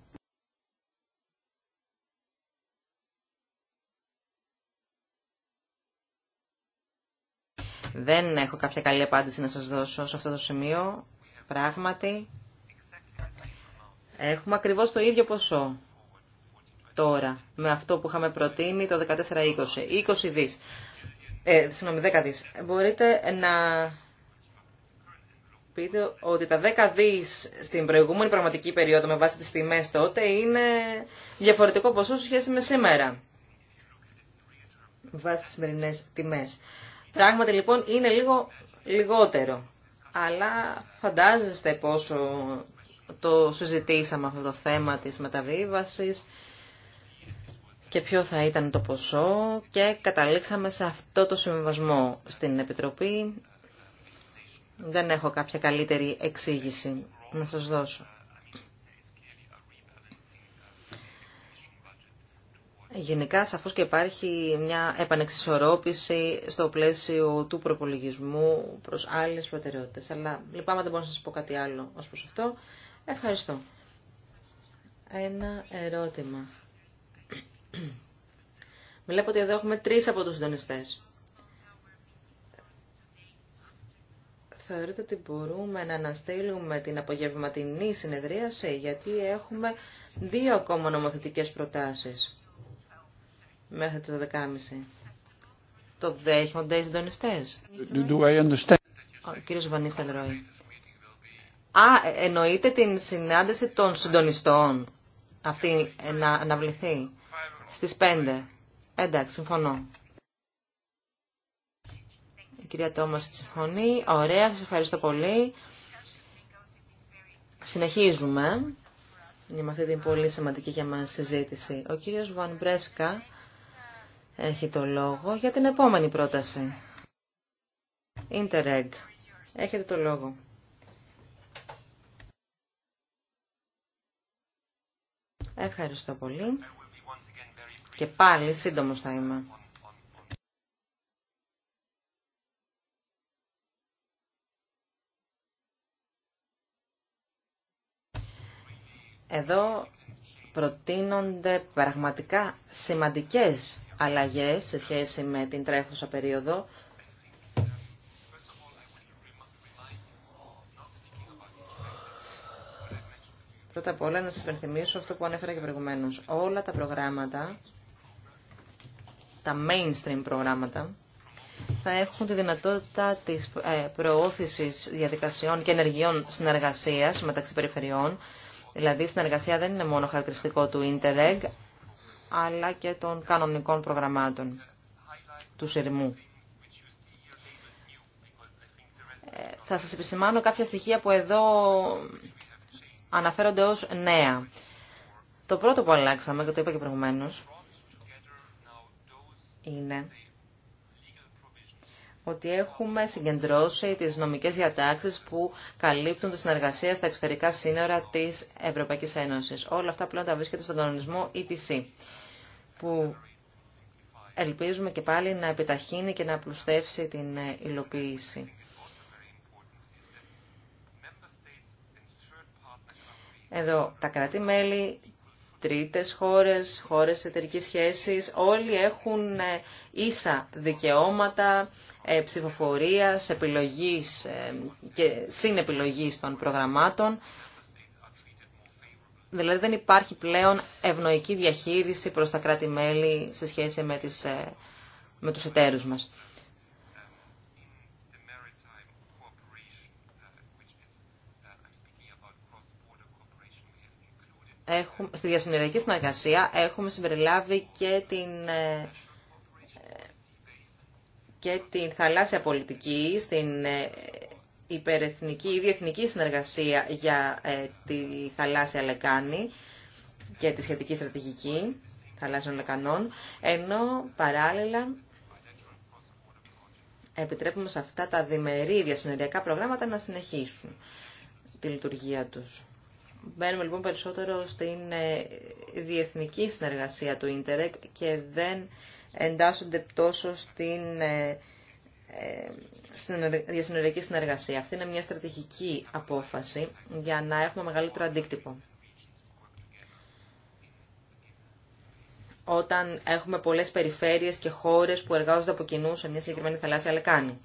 Δεν έχω κάποια καλή απάντηση να σας δώσω σε αυτό το σημείο. Πράγματι, έχουμε ακριβώς το ίδιο ποσό τώρα με αυτό που είχαμε προτείνει το 14-20. 20 δις. Ε, συγγνώμη, 10 δις. Μπορείτε να πείτε ότι τα 10 δις στην προηγούμενη πραγματική περίοδο με βάση τις τιμές τότε είναι διαφορετικό ποσό σε σχέση με σήμερα. Με βάση τις σημερινές τιμές. Πράγματι λοιπόν είναι λίγο λιγότερο. Αλλά φαντάζεστε πόσο το συζητήσαμε αυτό το θέμα της μεταβίβασης και ποιο θα ήταν το ποσό και καταλήξαμε σε αυτό το συμβασμό στην Επιτροπή. Δεν έχω κάποια καλύτερη εξήγηση να σας δώσω. Γενικά, σαφώς και υπάρχει μια επανεξισορρόπηση στο πλαίσιο του προπολογισμού προς άλλες προτεραιότητες. Αλλά λυπάμαι δεν μπορώ να σας πω κάτι άλλο ως προς αυτό. Ευχαριστώ. Ένα ερώτημα. Βλέπω ότι εδώ έχουμε τρεις από τους συντονιστές. Θεωρείτε ότι μπορούμε να αναστείλουμε την απογευματινή συνεδρίαση, γιατί έχουμε δύο ακόμα νομοθετικές προτάσεις μέχρι το 12.30. Το δέχονται οι συντονιστές. Ο κύριος Βανίστελ Ρόι. Α, εννοείται την συνάντηση των συντονιστών. Αυτή να αναβληθεί. Στις 5. Εντάξει, συμφωνώ. Η κυρία Τόμας συμφωνεί. Ωραία, σας ευχαριστώ πολύ. Συνεχίζουμε με αυτή την πολύ σημαντική για μας συζήτηση. Ο κύριος Βαν έχει το λόγο για την επόμενη πρόταση. Interreg. Έχετε το λόγο. Ευχαριστώ πολύ. Και πάλι σύντομος θα είμαι. Εδώ προτείνονται πραγματικά σημαντικές αλλαγές σε σχέση με την τρέχουσα περίοδο. Πρώτα απ' όλα να σας υπενθυμίσω αυτό που ανέφερα και προηγουμένως. Όλα τα προγράμματα τα mainstream προγράμματα θα έχουν τη δυνατότητα της ε, προώθησης διαδικασιών και ενεργειών συνεργασίας μεταξύ περιφερειών. Δηλαδή, η συνεργασία δεν είναι μόνο χαρακτηριστικό του Interreg, αλλά και των κανονικών προγραμμάτων του ΣΥΡΜΟΥ. Ε, θα σας επισημάνω κάποια στοιχεία που εδώ αναφέρονται ως νέα. Το πρώτο που αλλάξαμε, και το είπα και προηγουμένως, είναι ότι έχουμε συγκεντρώσει τις νομικές διατάξεις που καλύπτουν τη συνεργασία στα εξωτερικά σύνορα της Ευρωπαϊκής Ένωσης. Όλα αυτά πλέον τα βρίσκεται στον κανονισμό ETC, που ελπίζουμε και πάλι να επιταχύνει και να απλουστεύσει την υλοποίηση. Εδώ τα κράτη-μέλη, τρίτες χώρες, χώρες εταιρικής σχέσης, όλοι έχουν ε, ίσα δικαιώματα ε, ψηφοφορίας, επιλογής ε, και συνεπιλογής των προγραμμάτων. Δηλαδή δεν υπάρχει πλέον ευνοϊκή διαχείριση προς τα κράτη-μέλη σε σχέση με, τις, με τους εταίρους μας. έχουμε, στη διασυνεργική συνεργασία έχουμε συμπεριλάβει και την, ε, και την θαλάσσια πολιτική, στην ε, υπερεθνική ή διεθνική συνεργασία για ε, τη θαλάσσια λεκάνη και τη σχετική στρατηγική θαλάσσιων λεκανών, ενώ παράλληλα επιτρέπουμε σε αυτά τα διμερή διασυνεργειακά προγράμματα να συνεχίσουν τη λειτουργία τους. Μπαίνουμε λοιπόν περισσότερο στην ε, διεθνική συνεργασία του Ιντερεκ και δεν εντάσσονται τόσο στην ε, ε, διασυνοριακή συνεργασία. Αυτή είναι μια στρατηγική απόφαση για να έχουμε μεγαλύτερο αντίκτυπο. Όταν έχουμε πολλές περιφέρειες και χώρες που εργάζονται από κοινού σε μια συγκεκριμένη θαλάσσια λεκάνη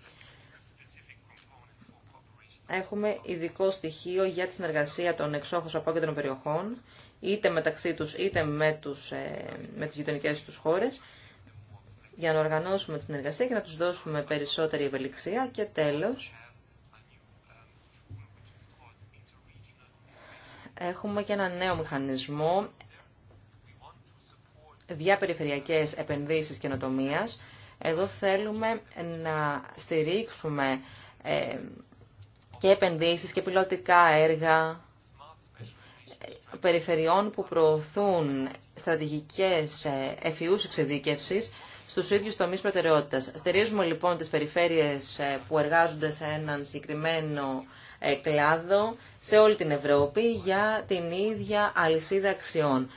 έχουμε ειδικό στοιχείο για τη συνεργασία των και απόκεντρων περιοχών, είτε μεταξύ τους είτε με, τους, ε, με τις γειτονικέ τους χώρες, για να οργανώσουμε τη συνεργασία και να τους δώσουμε περισσότερη ευελιξία και τέλος έχουμε και ένα νέο μηχανισμό διαπεριφερειακές επενδύσεις καινοτομίας. Εδώ θέλουμε να στηρίξουμε ε, και επενδύσεις και πιλωτικά έργα περιφερειών που προωθούν στρατηγικές ε, εφιούς εξειδίκευσης στους ίδιους τομείς προτεραιότητας. Στερίζουμε λοιπόν τις περιφέρειες ε, που εργάζονται σε έναν συγκεκριμένο ε, κλάδο σε όλη την Ευρώπη για την ίδια αλυσίδα αξιών.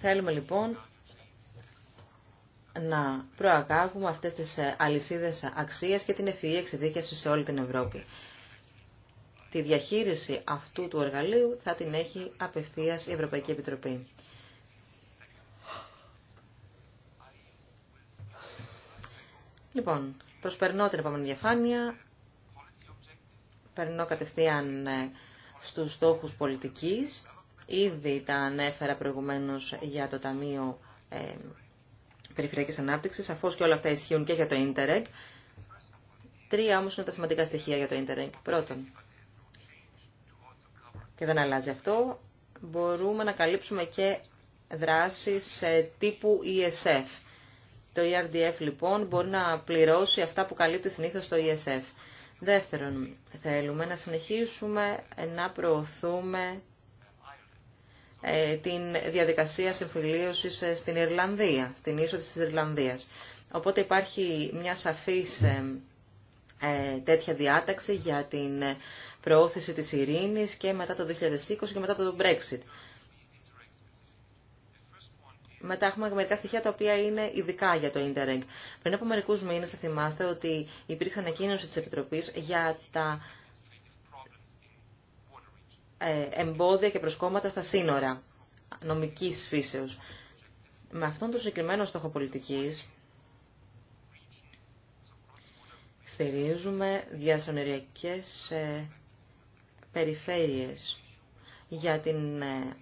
Θέλουμε λοιπόν να προαγάγουμε αυτές τις αλυσίδες αξίες και την ευφυή εξειδίκευση σε όλη την Ευρώπη τη διαχείριση αυτού του εργαλείου θα την έχει απευθείας η Ευρωπαϊκή Επιτροπή. Λοιπόν, προσπερνώ την επόμενη διαφάνεια. Περνώ κατευθείαν ε, στους στόχους πολιτικής. Ήδη τα ανέφερα προηγουμένως για το Ταμείο ε, Περιφερειακής Ανάπτυξης. Σαφώς και όλα αυτά ισχύουν και για το Ίντερεγ. Τρία όμως είναι τα σημαντικά στοιχεία για το Ίντερεγ. Πρώτον, και δεν αλλάζει αυτό, μπορούμε να καλύψουμε και δράσεις ε, τύπου ESF. Το ERDF λοιπόν μπορεί να πληρώσει αυτά που καλύπτει συνήθως το ESF. Δεύτερον, θέλουμε να συνεχίσουμε να προωθούμε ε, την διαδικασία συμφιλίωσης ε, στην Ιρλανδία, στην ίσο της Ιρλανδίας. Οπότε υπάρχει μια σαφής τέτοια διάταξη για την προώθηση της ειρήνης και μετά το 2020 και μετά το Brexit. Μετά έχουμε μερικά στοιχεία τα οποία είναι ειδικά για το Interreg. Πριν από μερικού μήνε θα θυμάστε ότι υπήρξε ανακοίνωση τη Επιτροπή για τα ε, εμπόδια και προσκόμματα στα σύνορα νομική φύσεω. Με αυτόν τον συγκεκριμένο στόχο πολιτική στηρίζουμε διασωνεριακές ε, περιφέρειες για την ε,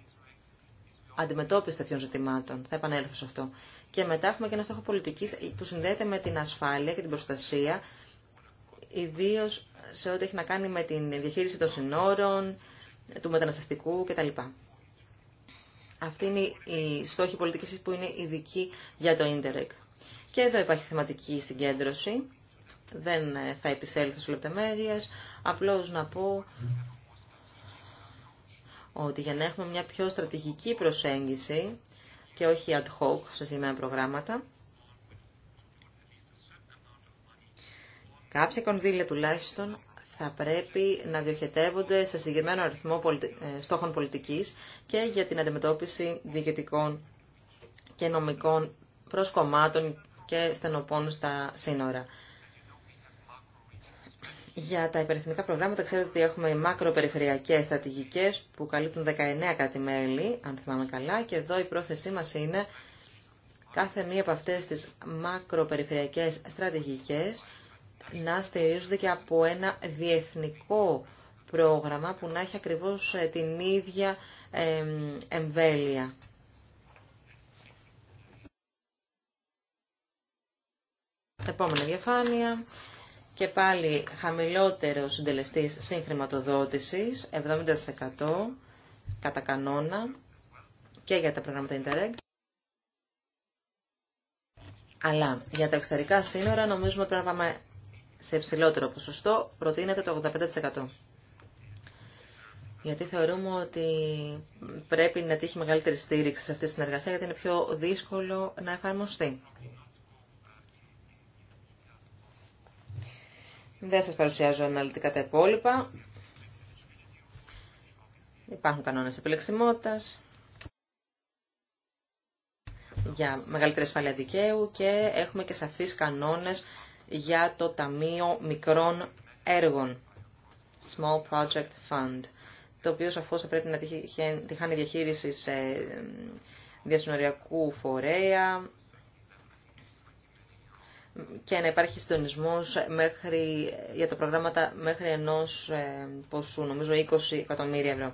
αντιμετώπιση τέτοιων ζητημάτων. Θα επανέλθω σε αυτό. Και μετά έχουμε και ένα στόχο πολιτική που συνδέεται με την ασφάλεια και την προστασία, ιδίω σε ό,τι έχει να κάνει με την διαχείριση των συνόρων, του μεταναστευτικού κτλ. Αυτή είναι η στόχη πολιτική που είναι ειδική για το Ίντερεκ. Και εδώ υπάρχει θεματική συγκέντρωση. Δεν ε, θα επισέλθω σε λεπτομέρειε. Απλώς να πω ότι για να έχουμε μια πιο στρατηγική προσέγγιση και όχι ad hoc σε συγκεκριμένα προγράμματα, κάποια κονδύλια τουλάχιστον θα πρέπει να διοχετεύονται σε συγκεκριμένο αριθμό ε, στόχων πολιτικής και για την αντιμετώπιση διοικητικών και νομικών προσκομμάτων και στενοπών στα σύνορα. Για τα υπερεθνικά προγράμματα ξέρετε ότι έχουμε μακροπεριφερειακές στρατηγικές που καλύπτουν 19 κράτη-μέλη, αν θυμάμαι καλά, και εδώ η πρόθεσή μας είναι κάθε μία από αυτές τις μακροπεριφερειακές στρατηγικές να στηρίζονται και από ένα διεθνικό πρόγραμμα που να έχει ακριβώς ε, την ίδια εμβέλεια. Επόμενη διαφάνεια και πάλι χαμηλότερο συντελεστής σύγχρηματοδότηση 70% κατά κανόνα και για τα προγράμματα Interreg. Αλλά για τα εξωτερικά σύνορα νομίζουμε ότι πρέπει να πάμε σε υψηλότερο ποσοστό, προτείνεται το 85%. Γιατί θεωρούμε ότι πρέπει να τύχει μεγαλύτερη στήριξη σε αυτή τη συνεργασία, γιατί είναι πιο δύσκολο να εφαρμοστεί. Δεν σας παρουσιάζω αναλυτικά τα υπόλοιπα. Υπάρχουν κανόνες επιλεξιμότητας για μεγαλύτερη ασφάλεια δικαίου και έχουμε και σαφείς κανόνες για το Ταμείο Μικρών Έργων, Small Project Fund, το οποίο σαφώς θα πρέπει να τυχάνει διαχείριση σε ε, διασυνοριακού φορέα, και να υπάρχει συντονισμό για τα προγράμματα μέχρι ενός ε, ποσού, νομίζω 20 εκατομμύρια ευρώ.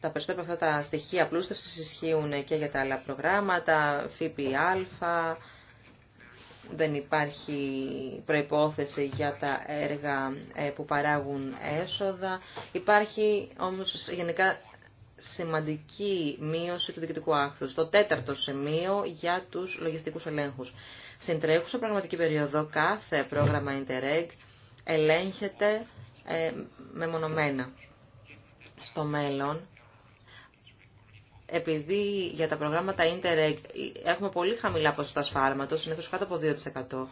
Τα περισσότερα από αυτά τα στοιχεία πλούστευση ισχύουν και για τα άλλα προγράμματα, ΦΠΑ, δεν υπάρχει προϋπόθεση για τα έργα ε, που παράγουν έσοδα. Υπάρχει όμως γενικά σημαντική μείωση του διοικητικού άκθου, Το τέταρτο σημείο για τους λογιστικού ελέγχου. Στην τρέχουσα πραγματική περίοδο κάθε πρόγραμμα Interreg ελέγχεται ε, μεμονωμένα. Στο μέλλον, επειδή για τα προγράμματα Interreg έχουμε πολύ χαμηλά ποσοστά σφάλματος, συνήθως κάτω από 2%,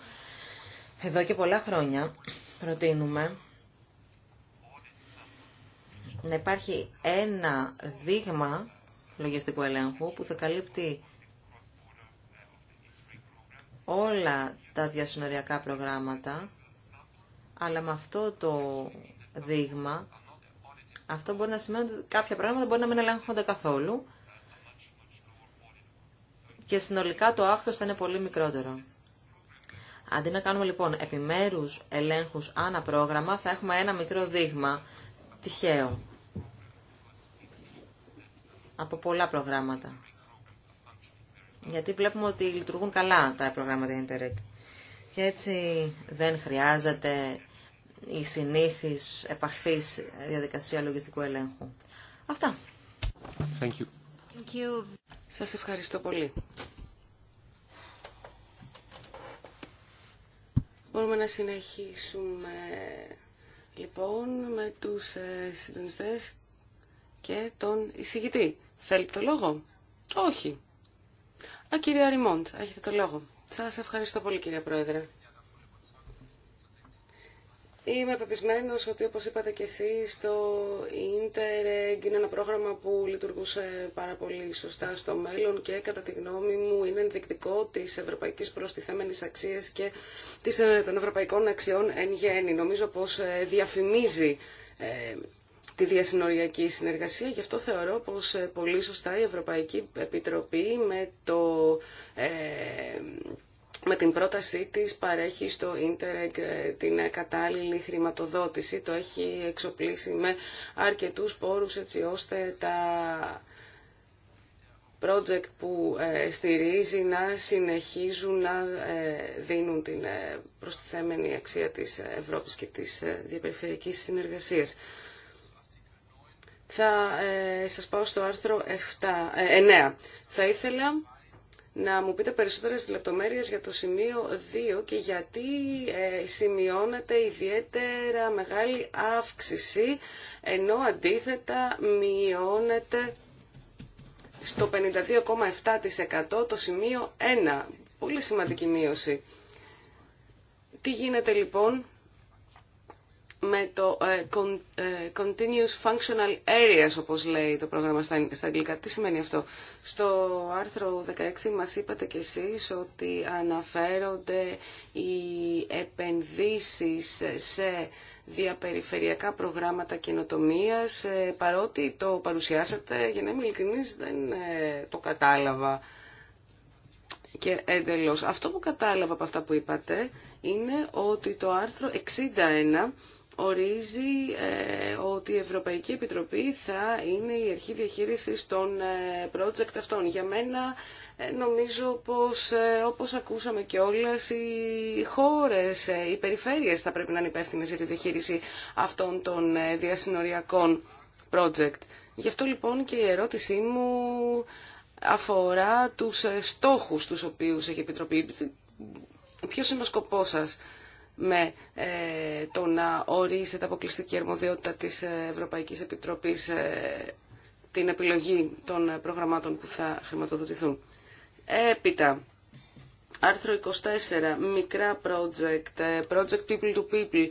εδώ και πολλά χρόνια προτείνουμε να υπάρχει ένα δείγμα λογιστικού ελέγχου που θα καλύπτει όλα τα διασυνοριακά προγράμματα, αλλά με αυτό το δείγμα, αυτό μπορεί να σημαίνει ότι κάποια πράγματα μπορεί να μην ελέγχονται καθόλου και συνολικά το άχθος θα είναι πολύ μικρότερο. Αντί να κάνουμε λοιπόν επιμέρους ελέγχους ανά πρόγραμμα, θα έχουμε ένα μικρό δείγμα τυχαίο από πολλά προγράμματα. Γιατί βλέπουμε ότι λειτουργούν καλά τα προγράμματα Interreg. Και έτσι δεν χρειάζεται η συνήθις επαχθής διαδικασία λογιστικού ελέγχου. Αυτά. Thank you. Thank you. Σας ευχαριστώ πολύ. Μπορούμε να συνεχίσουμε λοιπόν με τους ε, συντονιστές και τον εισηγητή. Θέλετε το λόγο? Όχι. Α, κυρία Ριμόντ, έχετε το λόγο. Σας ευχαριστώ πολύ, κυρία Πρόεδρε. Είμαι πεπισμένο ότι, όπως είπατε και εσείς, το Interreg είναι ένα πρόγραμμα που λειτουργούσε πάρα πολύ σωστά στο μέλλον και, κατά τη γνώμη μου, είναι ενδεικτικό της ευρωπαϊκής προστιθέμενης αξίας και ε, των ευρωπαϊκών αξιών εν γέννη. Νομίζω πως ε, διαφημίζει ε, τη διασυνοριακή συνεργασία. Γι' αυτό θεωρώ πως ε, πολύ σωστά η Ευρωπαϊκή Επιτροπή με, το, ε, με την πρότασή της παρέχει στο Ιντερεγ ε, την κατάλληλη χρηματοδότηση. Το έχει εξοπλίσει με αρκετούς πόρους έτσι ώστε τα project που ε, στηρίζει να συνεχίζουν να δίνουν την προστιθέμενη αξία της Ευρώπης και της διαπεριφερειακής συνεργασίας. Θα ε, σας πάω στο άρθρο 7, 9. Ε, Θα ήθελα να μου πείτε περισσότερες λεπτομέρειες για το σημείο 2 και γιατί ε, σημειώνεται ιδιαίτερα μεγάλη αύξηση, ενώ αντίθετα μειώνεται στο 52,7% το σημείο 1. Πολύ σημαντική μείωση. Τι γίνεται λοιπόν με το ε, ε, Continuous Functional Areas, όπως λέει το πρόγραμμα στα αγγλικά. Τι σημαίνει αυτό. Στο άρθρο 16 μας είπατε κι εσείς ότι αναφέρονται οι επενδύσεις σε διαπεριφερειακά προγράμματα καινοτομίας, ε, παρότι το παρουσιάσατε, για να είμαι ειλικρινής, δεν το κατάλαβα και εντελώς. Αυτό που κατάλαβα από αυτά που είπατε είναι ότι το άρθρο 61 ορίζει ε, ότι η Ευρωπαϊκή Επιτροπή θα είναι η αρχή διαχείρισης των ε, project αυτών. Για μένα ε, νομίζω πως όπως ακούσαμε και όλες οι χώρες, οι περιφέρειες θα πρέπει να είναι υπεύθυνε για τη διαχείριση αυτών των διασυνοριακών project. Γι' αυτό λοιπόν και η ερώτησή μου αφορά τους στόχους τους οποίους έχει η Επιτροπή. Ποιος είναι ο σκοπός σας με ε, το να ορίσετε αποκλειστική αρμοδιότητα της Ευρωπαϊκής Επιτροπής ε, την επιλογή των προγραμμάτων που θα χρηματοδοτηθούν. Έπειτα, άρθρο 24, μικρά project, ε, project people to people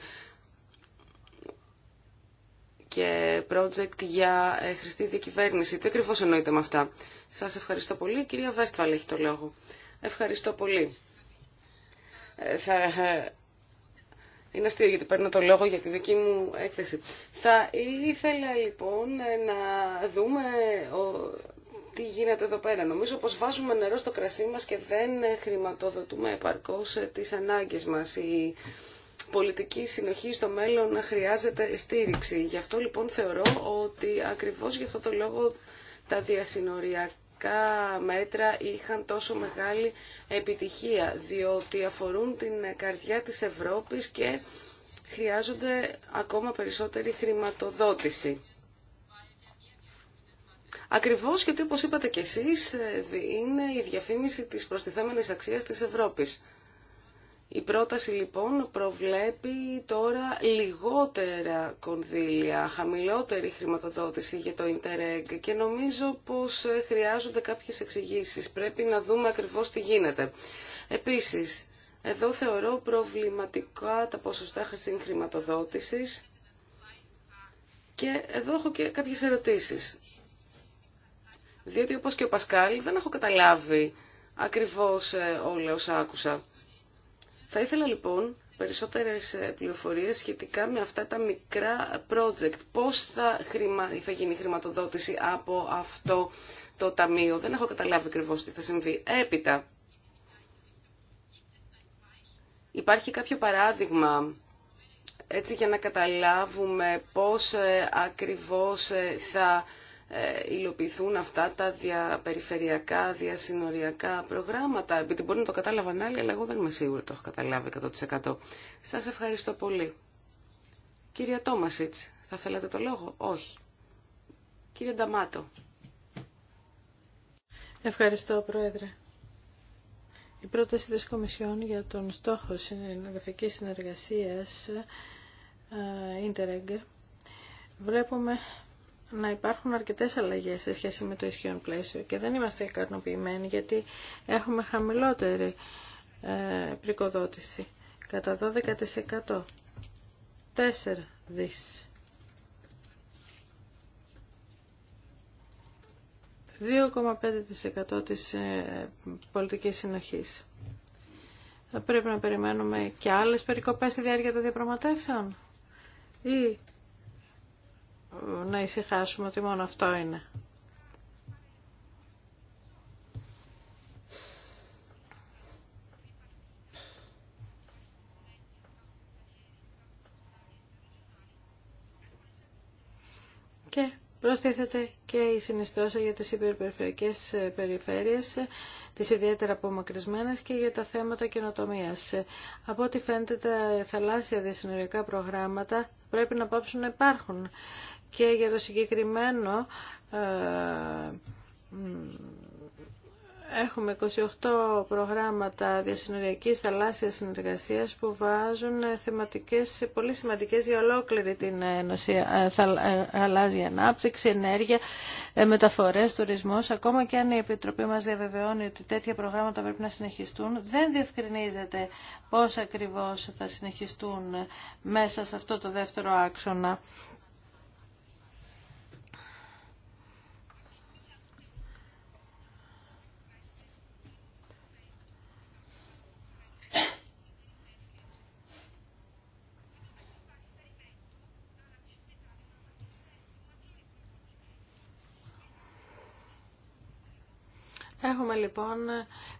και project για χρηστή διακυβέρνηση. Τι ακριβώ εννοείται με αυτά. Σας ευχαριστώ πολύ. κυρία Βέστφαλ έχει το λόγο. Ευχαριστώ πολύ. θα είναι αστείο γιατί παίρνω το λόγο για τη δική μου έκθεση. Θα ήθελα λοιπόν να δούμε τι γίνεται εδώ πέρα. Νομίζω πως βάζουμε νερό στο κρασί μας και δεν χρηματοδοτούμε επαρκώς ε, τις ανάγκες μας. Η πολιτική συνοχή στο μέλλον χρειάζεται στήριξη. Γι' αυτό λοιπόν θεωρώ ότι ακριβώς γι' αυτό το λόγο τα διασυνοριακά κα μέτρα είχαν τόσο μεγάλη επιτυχία, διότι αφορούν την καρδιά της Ευρώπης και χρειάζονται ακόμα περισσότερη χρηματοδότηση. Ακριβώς γιατί, όπως είπατε κι εσείς, ε, είναι η διαφήμιση της προστιθέμενης αξίας της Ευρώπης. Η πρόταση λοιπόν προβλέπει τώρα λιγότερα κονδύλια, χαμηλότερη χρηματοδότηση για το Interreg και νομίζω πως χρειάζονται κάποιες εξηγήσεις. Πρέπει να δούμε ακριβώς τι γίνεται. Επίσης, εδώ θεωρώ προβληματικά τα ποσοστά χρηματοδότησης και εδώ έχω και κάποιες ερωτήσεις. Διότι όπως και ο Πασκάλ δεν έχω καταλάβει ακριβώς ε, όλα όσα άκουσα. Θα ήθελα λοιπόν περισσότερες ε, πληροφορίες σχετικά με αυτά τα μικρά project. Πώς θα, χρημα... θα γίνει η χρηματοδότηση από αυτό το ταμείο. Δεν έχω καταλάβει ακριβώ τι θα συμβεί. Έπειτα, υπάρχει κάποιο παράδειγμα έτσι για να καταλάβουμε πώς ε, ακριβώς ε, θα ε, υλοποιηθούν αυτά τα διαπεριφερειακά, διασυνοριακά προγράμματα. Επειδή μπορεί να το κατάλαβαν άλλοι, αλλά εγώ δεν είμαι σίγουρη το έχω καταλάβει 100%. Σας ευχαριστώ πολύ. Κυρία Τόμασιτς, θα θέλατε το λόγο? Όχι. Κύριε Νταμάτο. Ευχαριστώ, Πρόεδρε. Η πρόταση της Κομισιόν για τον στόχο συνεργαφικής συνεργασίας ε, Interreg βλέπουμε να υπάρχουν αρκετές αλλαγές σε σχέση με το ισχυρό πλαίσιο και δεν είμαστε ικανοποιημένοι γιατί έχουμε χαμηλότερη ε, πρικοδότηση κατά 12%. 4 δις. 2,5% της ε, πολιτικής συνοχής. Θα πρέπει να περιμένουμε και άλλες περικοπές στη διάρκεια των διαπραγματεύσεων ή να ησυχάσουμε ότι μόνο αυτό είναι. Και προστίθεται και η συνιστόσα για τις υπερπεριφερειακές ε, περιφέρειες, ε, τις ιδιαίτερα απομακρυσμένες και για τα θέματα καινοτομίας. Ε, από ό,τι φαίνεται τα θαλάσσια διασυνοριακά προγράμματα πρέπει να πάψουν να υπάρχουν και για το συγκεκριμένο ε, Έχουμε 28 προγράμματα διασυνοριακής θαλάσσιας συνεργασίας που βάζουν θεματικές πολύ σημαντικές για ολόκληρη την Ένωση. Ε, Αλλάζει ε, ανάπτυξη, ενέργεια, μεταφορές, τουρισμός. Ακόμα και αν η Επιτροπή μας διαβεβαιώνει ότι τέτοια προγράμματα πρέπει να συνεχιστούν, δεν διευκρινίζεται πώς ακριβώς θα συνεχιστούν μέσα σε αυτό το δεύτερο άξονα. έχουμε λοιπόν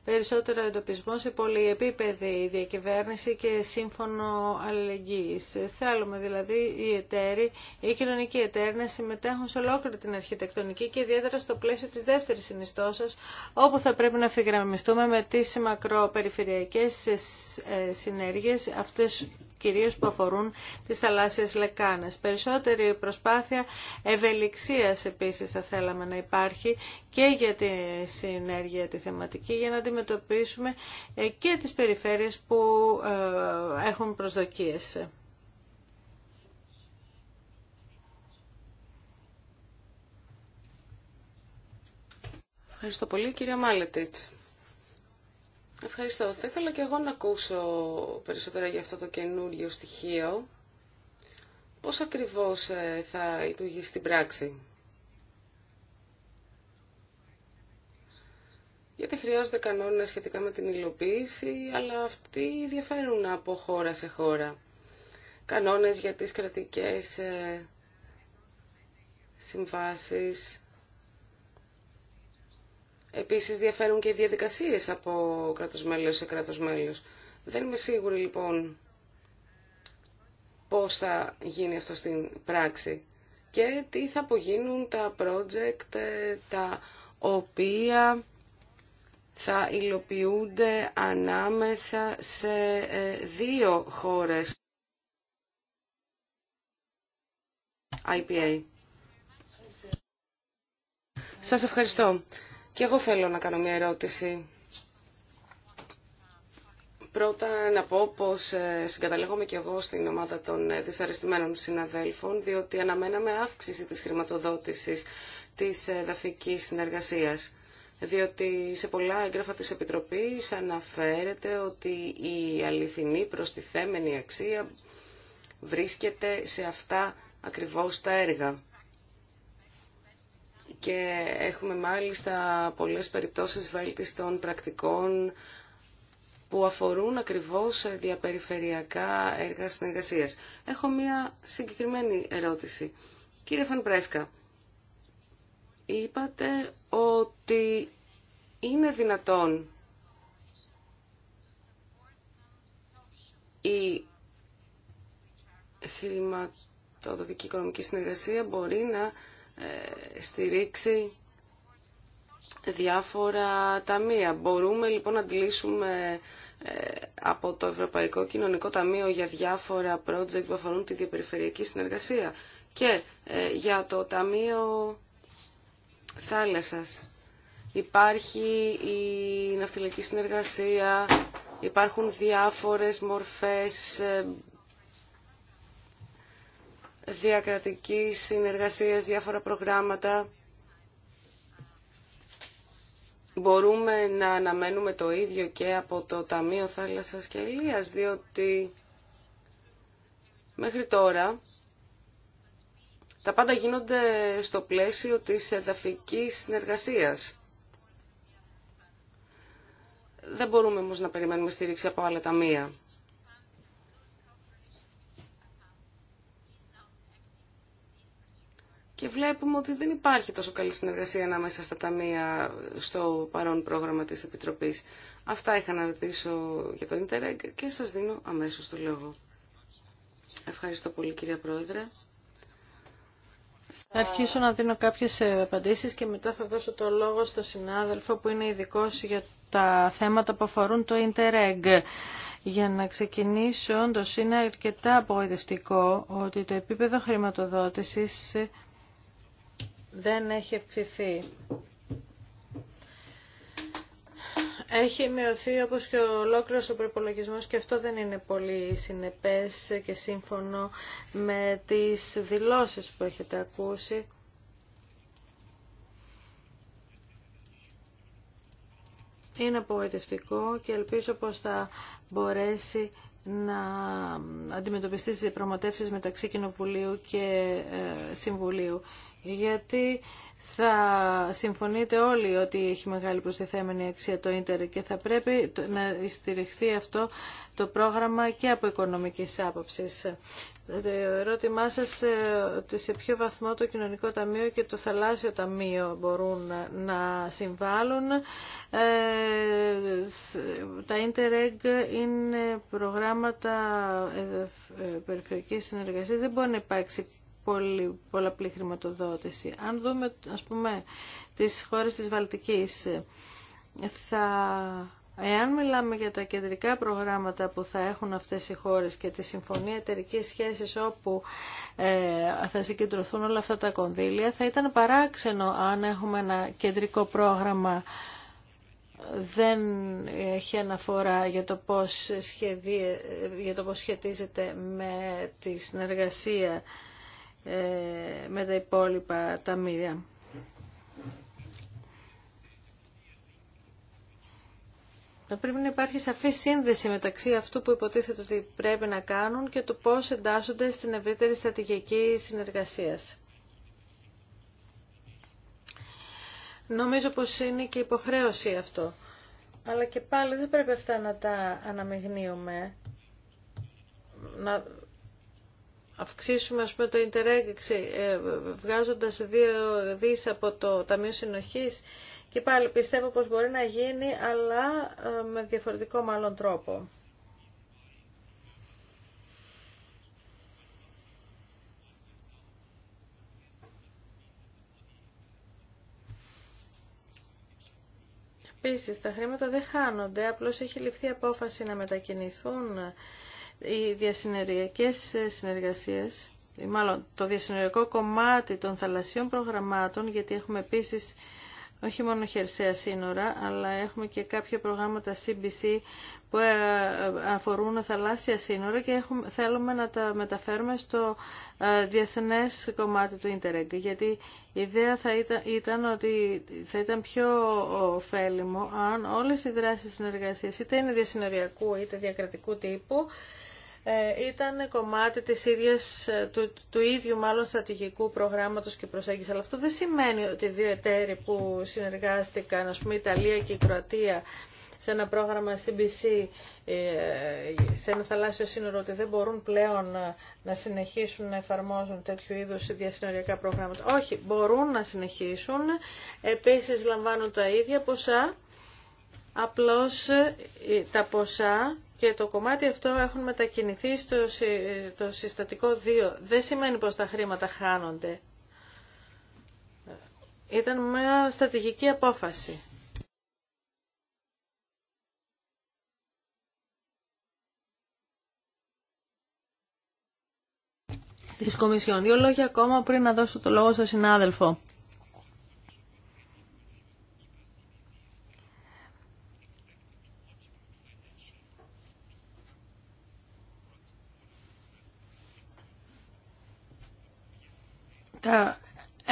περισσότερο εντοπισμό σε πολυεπίπεδη διακυβέρνηση και σύμφωνο αλληλεγγύης. Θέλουμε δηλαδή οι εταίροι, οι κοινωνικοί εταίροι να συμμετέχουν σε ολόκληρη την αρχιτεκτονική και ιδιαίτερα στο πλαίσιο της δεύτερης συνιστώσας, όπου θα πρέπει να ευθυγραμμιστούμε με τις μακροπεριφερειακές ε, συνέργειες, αυτές κυρίως που αφορούν τις θαλάσσιες λεκάνες. Περισσότερη προσπάθεια ευελιξίας επίσης θα θέλαμε να υπάρχει και για τη συνέργεια τη θεματική για να αντιμετωπίσουμε ε, και τις περιφέρειες που ε, έχουν προσδοκίες. Ευχαριστώ πολύ κύριε Μάλετιτς. Ευχαριστώ. Θα ήθελα και εγώ να ακούσω περισσότερα για αυτό το καινούργιο στοιχείο. Πώς ακριβώς ε, θα λειτουργεί στην πράξη. Γιατί χρειάζονται κανόνες σχετικά με την υλοποίηση, αλλά αυτοί διαφέρουν από χώρα σε χώρα. Κανόνες για τις κρατικές ε, συμβάσεις Επίσης διαφέρουν και οι διαδικασίες από κράτος μέλος σε κράτος μέλος. Δεν είμαι σίγουρη λοιπόν πώς θα γίνει αυτό στην πράξη και τι θα απογίνουν τα project ε, τα οποία θα υλοποιούνται ανάμεσα σε ε, δύο χώρες IPA. Σας ευχαριστώ. Και εγώ θέλω να κάνω μια ερώτηση. Πρώτα να πω πως ε, συγκαταλέγομαι και εγώ στην ομάδα των ε, δυσαρεστημένων συναδέλφων, διότι αναμέναμε αύξηση της χρηματοδότησης της ε, δαφικής συνεργασίας διότι σε πολλά έγγραφα της Επιτροπής αναφέρεται ότι η αληθινή προστιθέμενη αξία βρίσκεται σε αυτά ακριβώς τα έργα και έχουμε μάλιστα πολλές περιπτώσεις βέλτιστων πρακτικών που αφορούν ακριβώς διαπεριφερειακά έργα συνεργασίας. Έχω μία συγκεκριμένη ερώτηση. Κύριε Φανπρέσκα, είπατε ότι είναι δυνατόν η χρηματοδοτική οικονομική συνεργασία μπορεί να ε, στηρίξει διάφορα ταμεία. Μπορούμε λοιπόν να αντιλήσουμε ε, από το Ευρωπαϊκό Κοινωνικό Ταμείο για διάφορα project που αφορούν τη διαπεριφερειακή συνεργασία και ε, για το Ταμείο Θάλασσας. Υπάρχει η ναυτιλιακή συνεργασία, υπάρχουν διάφορες μορφές διακρατική συνεργασία, διάφορα προγράμματα. Μπορούμε να αναμένουμε το ίδιο και από το Ταμείο Θάλασσας και Ελίας, διότι μέχρι τώρα τα πάντα γίνονται στο πλαίσιο της εδαφικής συνεργασίας. Δεν μπορούμε όμως να περιμένουμε στήριξη από άλλα ταμεία. και βλέπουμε ότι δεν υπάρχει τόσο καλή συνεργασία ανάμεσα στα ταμεία στο παρόν πρόγραμμα της Επιτροπής. Αυτά είχα να ρωτήσω για το Interreg και σας δίνω αμέσως το λόγο. Ευχαριστώ πολύ κυρία Πρόεδρε. Θα αρχίσω να δίνω κάποιες ε, απαντήσεις και μετά θα δώσω το λόγο στο συνάδελφο που είναι ειδικό για τα θέματα που αφορούν το Interreg. Για να ξεκινήσω, όντως είναι αρκετά απογοητευτικό ότι το επίπεδο χρηματοδότησης δεν έχει αυξηθεί. Έχει μειωθεί όπως και ο ολόκληρος ο προπολογισμός και αυτό δεν είναι πολύ συνεπές και σύμφωνο με τις δηλώσεις που έχετε ακούσει. Είναι απογοητευτικό και ελπίζω πως θα μπορέσει να αντιμετωπιστεί τις διαπραγματεύσεις μεταξύ Κοινοβουλίου και ε, Συμβουλίου γιατί θα συμφωνείτε όλοι ότι έχει μεγάλη προστιθέμενη αξία το ίντερ και θα πρέπει να στηριχθεί αυτό το πρόγραμμα και από οικονομικής άποψης. Το ερώτημά σας ε, ότι σε ποιο βαθμό το Κοινωνικό Ταμείο και το Θαλάσσιο Ταμείο μπορούν να συμβάλλουν. Ε, τα Interreg είναι προγράμματα ε, περιφερειακής συνεργασίας. Δεν μπορεί να υπάρξει πολύ, πολλαπλή χρηματοδότηση. Αν δούμε, ας πούμε, τις χώρες της Βαλτικής, θα... Εάν μιλάμε για τα κεντρικά προγράμματα που θα έχουν αυτές οι χώρες και τη Συμφωνία Εταιρικής Σχέσης όπου ε, θα συγκεντρωθούν όλα αυτά τα κονδύλια, θα ήταν παράξενο αν έχουμε ένα κεντρικό πρόγραμμα δεν έχει αναφορά για το πώς, για το πώς σχετίζεται με τη συνεργασία ε, με τα υπόλοιπα τα Θα πρέπει να υπάρχει σαφή σύνδεση μεταξύ αυτού που υποτίθεται ότι πρέπει να κάνουν και του πώς εντάσσονται στην ευρύτερη στρατηγική συνεργασίας. Νομίζω πως εντασσονται στην ευρυτερη στρατηγικη συνεργασια νομιζω πως ειναι και υποχρέωση αυτό. Αλλά και πάλι δεν πρέπει αυτά να τα αναμειγνύουμε, να αυξήσουμε ας πούμε το Interreg ε, βγάζοντας δύο δις από το Ταμείο Συνοχής και πάλι πιστεύω πως μπορεί να γίνει αλλά ε, με διαφορετικό μάλλον τρόπο. Επίσης, τα χρήματα δεν χάνονται, απλώς έχει ληφθεί απόφαση να μετακινηθούν οι διασυνεριακές ε, συνεργασίες, μάλλον το διασυνεργειακό κομμάτι των θαλασσιών προγραμμάτων, γιατί έχουμε επίσης όχι μόνο χερσαία σύνορα, αλλά έχουμε και κάποια προγράμματα CBC που ε, αφορούν θαλάσσια σύνορα και έχουμε, θέλουμε να τα μεταφέρουμε στο ε, διεθνές κομμάτι του Interreg. Γιατί η ιδέα θα ήταν, ήταν ότι θα ήταν πιο ωφέλιμο αν όλες οι δράσεις συνεργασίας, είτε είναι διασυνοριακού είτε διακρατικού τύπου, ε, ήταν κομμάτι της ίδιας, ε, του, ίδιου μάλλον στρατηγικού προγράμματος και προσέγγισης. Αλλά αυτό δεν σημαίνει ότι οι δύο εταίροι που συνεργάστηκαν, ας πούμε η Ιταλία και η Κροατία, σε ένα πρόγραμμα CBC, ε, σε ένα θαλάσσιο σύνορο, ότι δεν μπορούν πλέον να συνεχίσουν να εφαρμόζουν τέτοιου είδους διασυνοριακά προγράμματα. Όχι, μπορούν να συνεχίσουν. Επίσης λαμβάνουν τα ίδια ποσά, απλώς τα ποσά και το κομμάτι αυτό έχουν μετακινηθεί στο συστατικό 2. Δεν σημαίνει πως τα χρήματα χάνονται. Ήταν μια στρατηγική απόφαση. Τη Κομισιόν. Δύο λόγια ακόμα πριν να δώσω το λόγο στον συνάδελφο.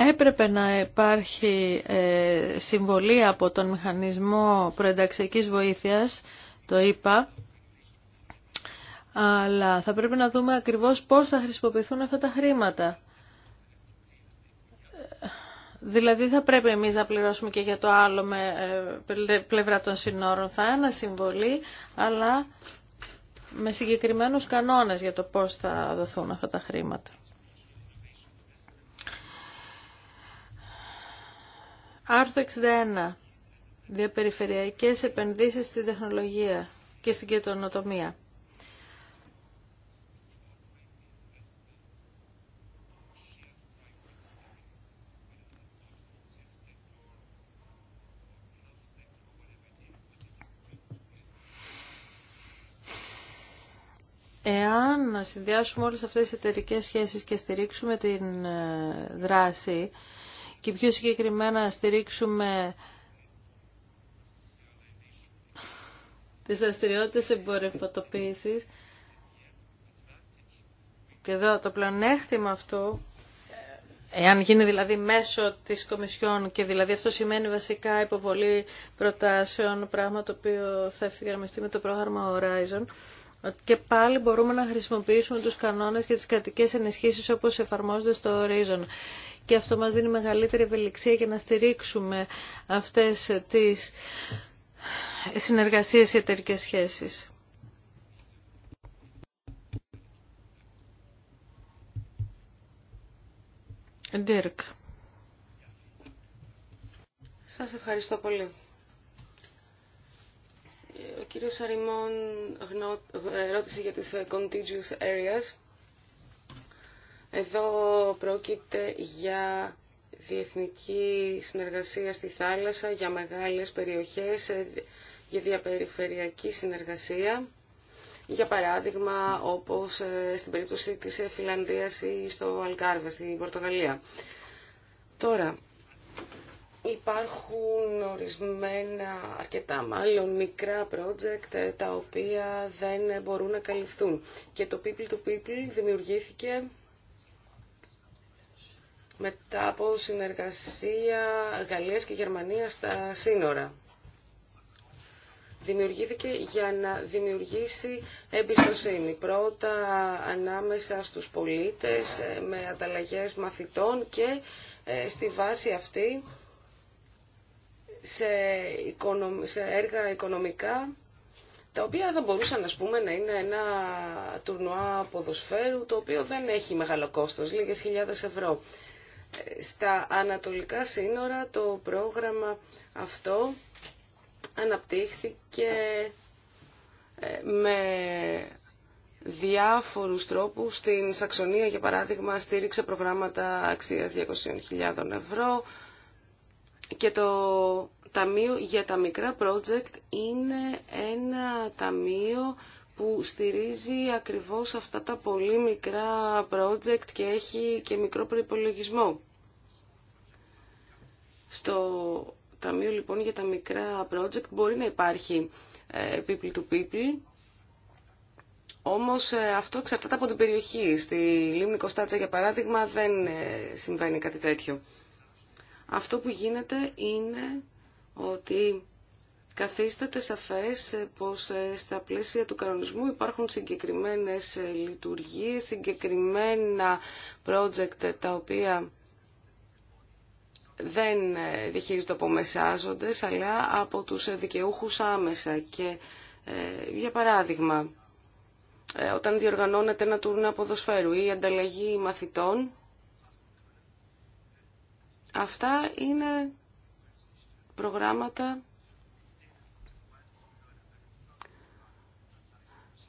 Έπρεπε να υπάρχει ε, συμβολή από τον μηχανισμό προενταξιακής βοήθειας, το είπα, αλλά θα πρέπει να δούμε ακριβώς πώς θα χρησιμοποιηθούν αυτά τα χρήματα. Δηλαδή θα πρέπει εμείς να πληρώσουμε και για το άλλο με ε, πλευρά των συνόρων. Θα είναι συμβολή, αλλά με συγκεκριμένους κανόνες για το πώς θα δοθούν αυτά τα χρήματα. Άρθρο 61. Διαπεριφερειακές επενδύσεις στην τεχνολογία και στην καιτονοτομία. Εάν να συνδυάσουμε όλες αυτές τις εταιρικές σχέσεις και στηρίξουμε την ε, δράση και πιο συγκεκριμένα να στηρίξουμε τις δραστηριότητε εμπορευματοποίησης. Και εδώ το πλεονέκτημα αυτό, εάν γίνει δηλαδή μέσω της Κομισιόν και δηλαδή αυτό σημαίνει βασικά υποβολή προτάσεων, πράγμα το οποίο θα ευθυγραμμιστεί με το πρόγραμμα Horizon, και πάλι μπορούμε να χρησιμοποιήσουμε τους κανόνες και τις κρατικές ενισχύσεις όπως εφαρμόζονται στο Horizon και αυτό μας δίνει μεγαλύτερη ευελιξία για να στηρίξουμε αυτές τις συνεργασίες και εταιρικές σχέσεις. Dirk. Σας ευχαριστώ πολύ. Ο κύριος Σαριμών ε, ρώτησε για τις ε, contiguous areas. Εδώ πρόκειται για διεθνική συνεργασία στη θάλασσα, για μεγάλες περιοχές, ε, για διαπεριφερειακή συνεργασία. Για παράδειγμα, όπως ε, στην περίπτωση της ε, Φιλανδίας ή στο Αλκάρβα, στην Πορτογαλία. Τώρα, υπάρχουν ορισμένα αρκετά μάλλον μικρά project τα οποία δεν μπορούν να καλυφθούν. Και το People to People δημιουργήθηκε μετά από συνεργασία Γαλλίας και Γερμανίας στα σύνορα. Δημιουργήθηκε για να δημιουργήσει εμπιστοσύνη πρώτα ανάμεσα στους πολίτες ε, με ανταλλαγές μαθητών και ε, στη βάση αυτή σε έργα οικονομικά τα οποία θα μπορούσαν ας πούμε, να είναι ένα τουρνουά ποδοσφαίρου το οποίο δεν έχει μεγάλο κόστος, λίγες χιλιάδες ευρώ. Στα ανατολικά σύνορα το πρόγραμμα αυτό αναπτύχθηκε ε, με διάφορους τρόπους. Στην Σαξονία, για παράδειγμα, στήριξε προγράμματα αξίας 200.000 ευρώ και το Ταμείο για τα μικρά project είναι ένα ταμείο που στηρίζει ακριβώς αυτά τα πολύ μικρά project και έχει και μικρό προϋπολογισμό. Στο Ταμείο λοιπόν για τα μικρά project μπορεί να υπάρχει ε, people του people, όμως ε, αυτό εξαρτάται από την περιοχή. Στη Λίμνη Κωνστάτσα, για παράδειγμα δεν ε, συμβαίνει κάτι τέτοιο. Αυτό που γίνεται είναι ότι καθίσταται σαφές ε, πως ε, στα πλαίσια του κανονισμού υπάρχουν συγκεκριμένες ε, λειτουργίες, συγκεκριμένα project τα οποία δεν διαχειρίζονται από μεσάζοντες, αλλά από τους δικαιούχους άμεσα. Και, για παράδειγμα, όταν διοργανώνεται ένα τουρνά ποδοσφαίρου ή ανταλλαγή μαθητών, αυτά είναι προγράμματα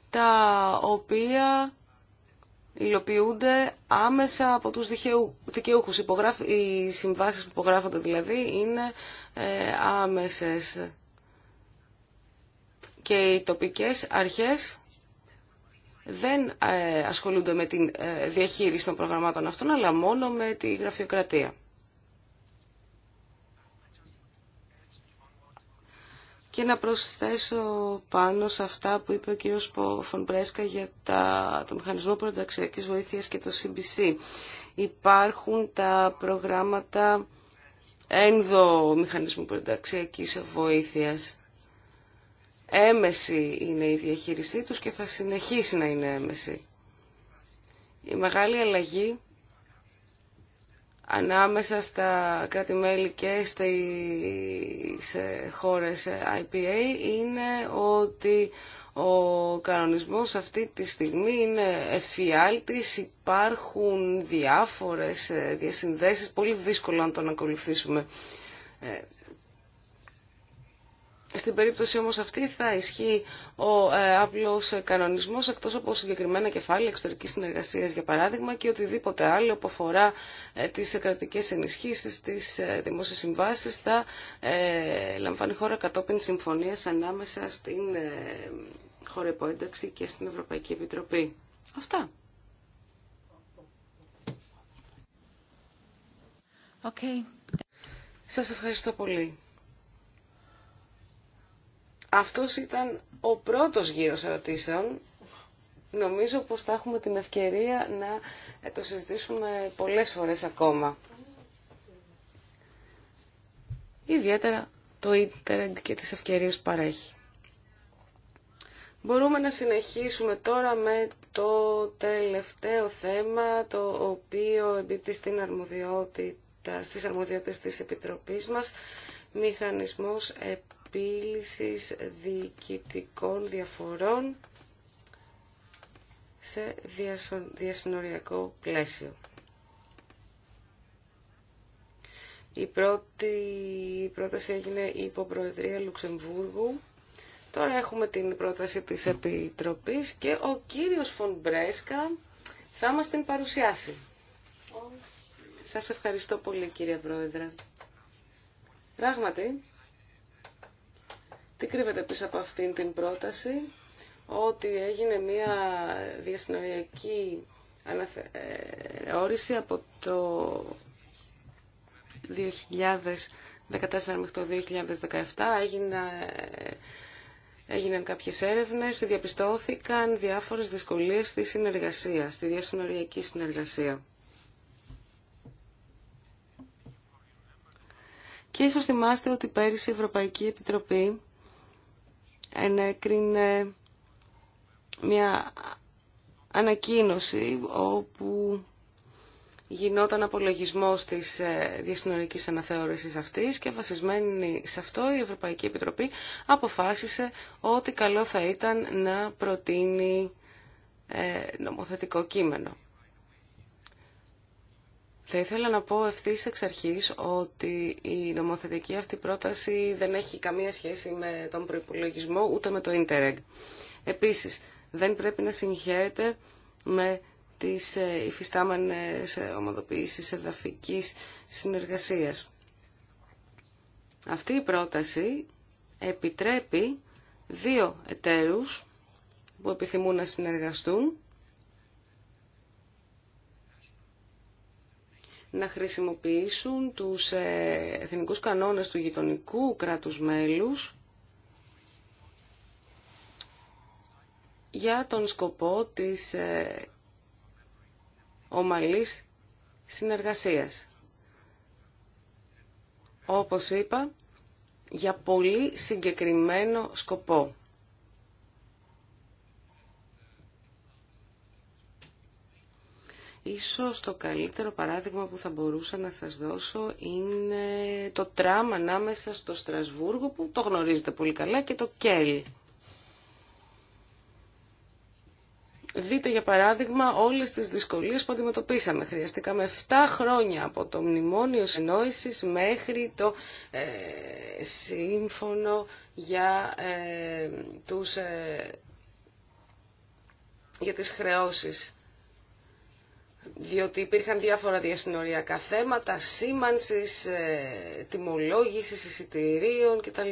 τα οποία υλοποιούνται άμεσα από τους δικαιούχους. Οι συμβάσεις που υπογράφονται δηλαδή είναι ε, άμεσες. Και οι τοπικές αρχές δεν ε, ασχολούνται με τη ε, διαχείριση των προγραμμάτων αυτών, αλλά μόνο με τη γραφειοκρατία. Και να προσθέσω πάνω σε αυτά που είπε ο κύριος Φονπρέσκα για τα, το Μηχανισμό Προνταξιακής Βοήθειας και το CBC. Υπάρχουν τα προγράμματα ένδο Μηχανισμού Προνταξιακής Βοήθειας. Έμεση είναι η διαχείρισή τους και θα συνεχίσει να είναι έμεση. Η μεγάλη αλλαγή ανάμεσα στα κράτη-μέλη και στις χώρες ε, IPA είναι ότι ο κανονισμός αυτή τη στιγμή είναι εφιάλτης, υπάρχουν διάφορες ε, διασυνδέσεις, πολύ δύσκολο να τον ακολουθήσουμε ε, στην περίπτωση όμως αυτή θα ισχύει ο ε, απλός κανονισμός εκτός από συγκεκριμένα κεφάλαια εξωτερικής συνεργασίας για παράδειγμα και οτιδήποτε άλλο που αφορά ε, τις κρατικές ενισχύσεις, τις ε, δημόσιες συμβάσεις θα ε, λαμβάνει χώρα κατόπιν συμφωνίας ανάμεσα στην ε, υποένταξη και στην Ευρωπαϊκή Επιτροπή. Αυτά. Okay. Σας ευχαριστώ πολύ. Αυτός ήταν ο πρώτος γύρος ερωτήσεων. Νομίζω πως θα έχουμε την ευκαιρία να ε, το συζητήσουμε πολλές φορές ακόμα. Ιδιαίτερα το ίντερνετ και τις ευκαιρίες που παρέχει. Μπορούμε να συνεχίσουμε τώρα με το τελευταίο θέμα, το οποίο εμπίπτει στην αρμοδιότητα, στις αρμοδιότητες της Επιτροπής μας, μηχανισμός επίλυσης διοικητικών διαφορών σε διασυνοριακό πλαίσιο. Η πρώτη πρόταση έγινε υπό Προεδρία Λουξεμβούργου. Τώρα έχουμε την πρόταση της Επιτροπής και ο κύριος Φονμπρέσκα θα μας την παρουσιάσει. Σας ευχαριστώ πολύ κύριε Πρόεδρε. Πράγματι, τι κρύβεται πίσω από αυτήν την πρόταση, ότι έγινε μια διασυνοριακή όριση ε, από το 2014 μέχρι το 2017. Έγινε, έγιναν κάποιες έρευνες, διαπιστώθηκαν διάφορες δυσκολίες στη συνεργασία, στη διασυνοριακή συνεργασία. Και ίσως θυμάστε ότι πέρυσι η Ευρωπαϊκή Επιτροπή ενέκρινε μια ανακοίνωση όπου γινόταν απολογισμός της ε, διασυνορικής αναθεώρησης αυτής και βασισμένη σε αυτό η Ευρωπαϊκή Επιτροπή αποφάσισε ότι καλό θα ήταν να προτείνει ε, νομοθετικό κείμενο. Θα ήθελα να πω ευθύ εξ αρχή ότι η νομοθετική αυτή πρόταση δεν έχει καμία σχέση με τον προπολογισμό ούτε με το Interreg. Επίσης, δεν πρέπει να συγχαίρεται με τις ε, υφιστάμενες ε, ομοδοποιήσεις εδαφική συνεργασία. Αυτή η πρόταση επιτρέπει δύο εταίρους που επιθυμούν να συνεργαστούν να χρησιμοποιήσουν τους ε, εθνικούς κανόνες του γειτονικού κράτους μέλους για τον σκοπό της ε, ομαλής συνεργασίας. Όπως είπα, για πολύ συγκεκριμένο σκοπό. Ίσως το καλύτερο παράδειγμα που θα μπορούσα να σας δώσω είναι το τραμ ανάμεσα στο Στρασβούργο που το γνωρίζετε πολύ καλά και το Κέλ. Δείτε για παράδειγμα όλες τις δυσκολίες που αντιμετωπίσαμε. Χρειαστήκαμε 7 χρόνια από το μνημόνιο συνόησης μέχρι το ε, σύμφωνο για, ε, τους, ε, για τις χρεώσεις διότι υπήρχαν διάφορα διασυνοριακά θέματα, σήμανσης, ε, τιμολόγησης εισιτηρίων κτλ.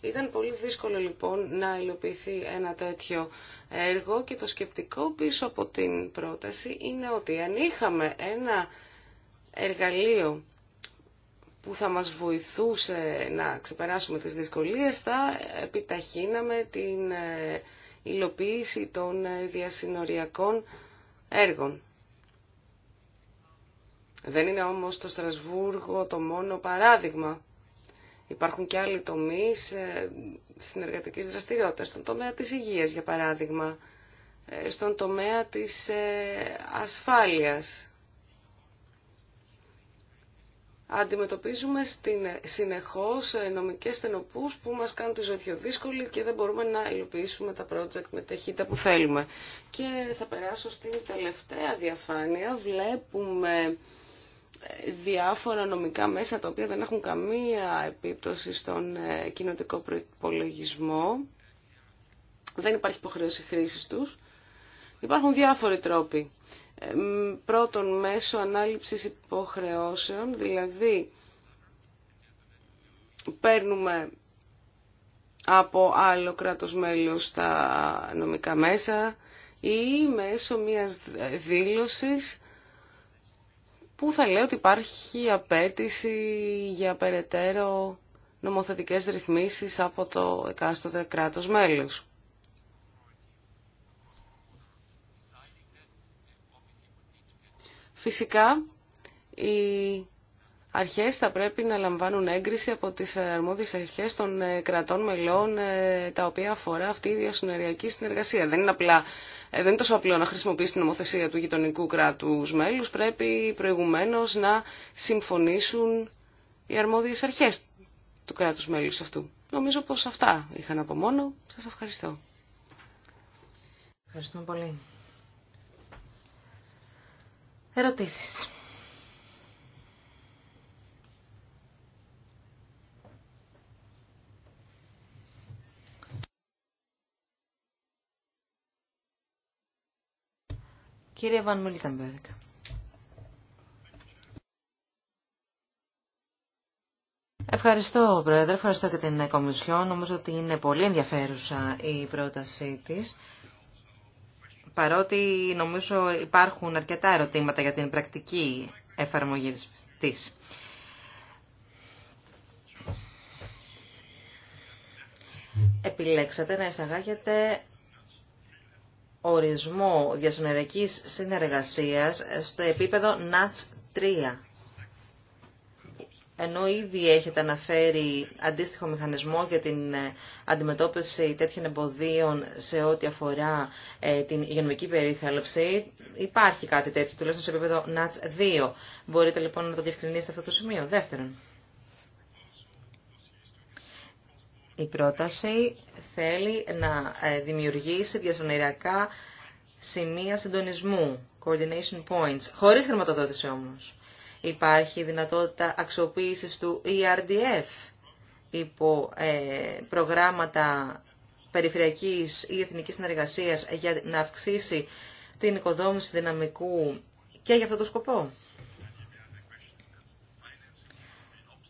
Ήταν πολύ δύσκολο λοιπόν να υλοποιηθεί ένα τέτοιο έργο και το σκεπτικό πίσω από την πρόταση είναι ότι αν είχαμε ένα εργαλείο που θα μας βοηθούσε να ξεπεράσουμε τις δυσκολίες θα επιταχύναμε την ε, υλοποίηση των ε, διασυνοριακών έργων. Δεν είναι όμως το Στρασβούργο το μόνο παράδειγμα. Υπάρχουν και άλλοι τομείς ε, συνεργατικής δραστηριότητας, στον τομέα της υγείας για παράδειγμα, ε, στον τομέα της ε, ασφάλειας. Αντιμετωπίζουμε στην, συνεχώς νομικές στενοπούς που μας κάνουν τη ζωή πιο δύσκολη και δεν μπορούμε να υλοποιήσουμε τα project με ταχύτητα που θέλουμε. Και θα περάσω στην τελευταία διαφάνεια. Βλέπουμε διάφορα νομικά μέσα τα οποία δεν έχουν καμία επίπτωση στον ε, κοινοτικό προπολογισμό. Δεν υπάρχει υποχρέωση χρήσης τους. Υπάρχουν διάφοροι τρόποι. Ε, πρώτον, μέσω ανάληψης υποχρεώσεων, δηλαδή παίρνουμε από άλλο κράτος μέλος τα νομικά μέσα ή μέσω μιας δήλωσης που θα λέω ότι υπάρχει απέτηση για περαιτέρω νομοθετικές ρυθμίσεις από το εκάστοτε κράτος μέλος. Φυσικά, οι αρχές θα πρέπει να λαμβάνουν έγκριση από τις αρμόδιες αρχές των κρατών μελών ε, τα οποία αφορά αυτή η διασυνοριακή συνεργασία. Δεν είναι απλά ε, δεν είναι τόσο απλό να χρησιμοποιήσει την νομοθεσία του γειτονικού κράτους μέλους. Πρέπει προηγουμένω να συμφωνήσουν οι αρμόδιε αρχέ του κράτους μέλους αυτού. Νομίζω πως αυτά είχα από μόνο. Σας ευχαριστώ. Ευχαριστούμε πολύ. Ερωτήσεις. Κύριε Βαν Ευχαριστώ, Πρόεδρε. Ευχαριστώ και την Κομισιό. Νομίζω ότι είναι πολύ ενδιαφέρουσα η πρότασή της. Παρότι νομίζω υπάρχουν αρκετά ερωτήματα για την πρακτική εφαρμογή της. Επιλέξατε να εισαγάγετε ορισμό διασυνοριακής συνεργασίας στο επίπεδο ΝΑΤΣ 3. Ενώ ήδη έχετε αναφέρει αντίστοιχο μηχανισμό για την ε, αντιμετώπιση τέτοιων εμποδίων σε ό,τι αφορά ε, την υγειονομική περίθαλψη, υπάρχει κάτι τέτοιο, τουλάχιστον σε επίπεδο ΝΑΤΣ 2. Μπορείτε λοιπόν να το διευκρινίσετε αυτό το σημείο. Δεύτερον, η πρόταση θέλει να ε, δημιουργήσει διασυνοριακά σημεία συντονισμού, coordination points, χωρίς χρηματοδότηση όμως. Υπάρχει δυνατότητα αξιοποίησης του ERDF υπό ε, προγράμματα περιφερειακής ή εθνικής συνεργασίας για να αυξήσει την οικοδόμηση δυναμικού και για αυτό το σκοπό.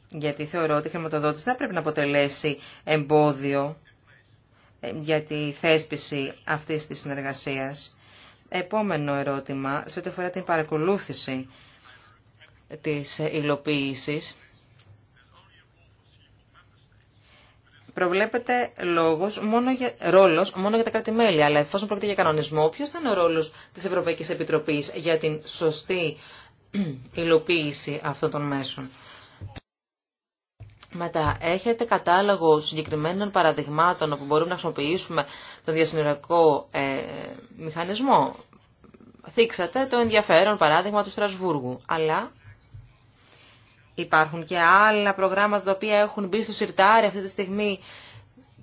Γιατί θεωρώ ότι η χρηματοδότηση δεν πρέπει να αποτελέσει εμπόδιο ε, για τη θέσπιση αυτής της συνεργασίας. Επόμενο ερώτημα, σε ό,τι αφορά την παρακολούθηση της υλοποίησης, προβλέπεται λόγος, μόνο για, ρόλος μόνο για τα κράτη-μέλη, αλλά εφόσον πρόκειται για κανονισμό, ποιος θα είναι ο ρόλος της Ευρωπαϊκής Επιτροπής για την σωστή υλοποίηση αυτών των μέσων. Μετά, έχετε κατάλογο συγκεκριμένων παραδειγμάτων όπου μπορούμε να χρησιμοποιήσουμε τον διασυνοριακό ε, μηχανισμό. Θίξατε το ενδιαφέρον παράδειγμα του Στρασβούργου, αλλά υπάρχουν και άλλα προγράμματα τα οποία έχουν μπει στο σιρτάρι αυτή τη στιγμή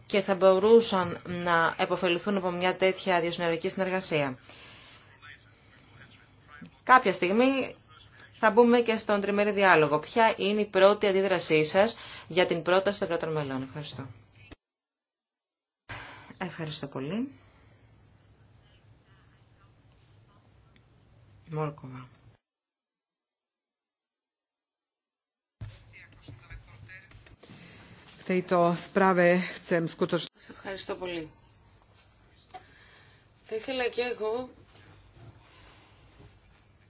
και θα μπορούσαν να επωφεληθούν από μια τέτοια διασυνοριακή συνεργασία. Κάποια στιγμή θα μπούμε και στον τριμερή διάλογο. Ποια είναι η πρώτη αντίδρασή σα για την πρόταση των κρατών μελών. Ευχαριστώ. Ευχαριστώ πολύ. Μόρκοβα. ευχαριστώ πολύ. Θα ήθελα και εγώ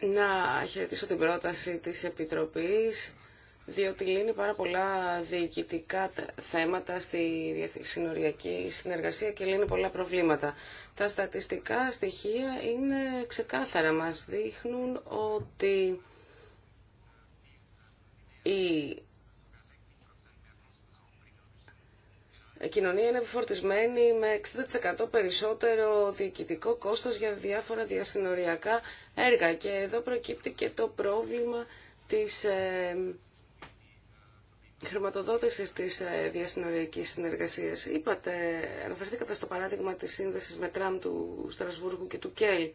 να χαιρετήσω την πρόταση της Επιτροπής, διότι λύνει πάρα πολλά διοικητικά θέματα στη συνοριακή συνεργασία και λύνει πολλά προβλήματα. Τα στατιστικά στοιχεία είναι ξεκάθαρα. Μας δείχνουν ότι η κοινωνία είναι επιφορτισμένη με 60% περισσότερο διοικητικό κόστος για διάφορα διασυνοριακά έργα. Και εδώ προκύπτει και το πρόβλημα της ε, χρηματοδότησης της ε, διασυνοριακής συνεργασίας. Είπατε, αναφερθήκατε στο παράδειγμα της σύνδεσης με τραμ του Στρασβούργου και του Κέλ.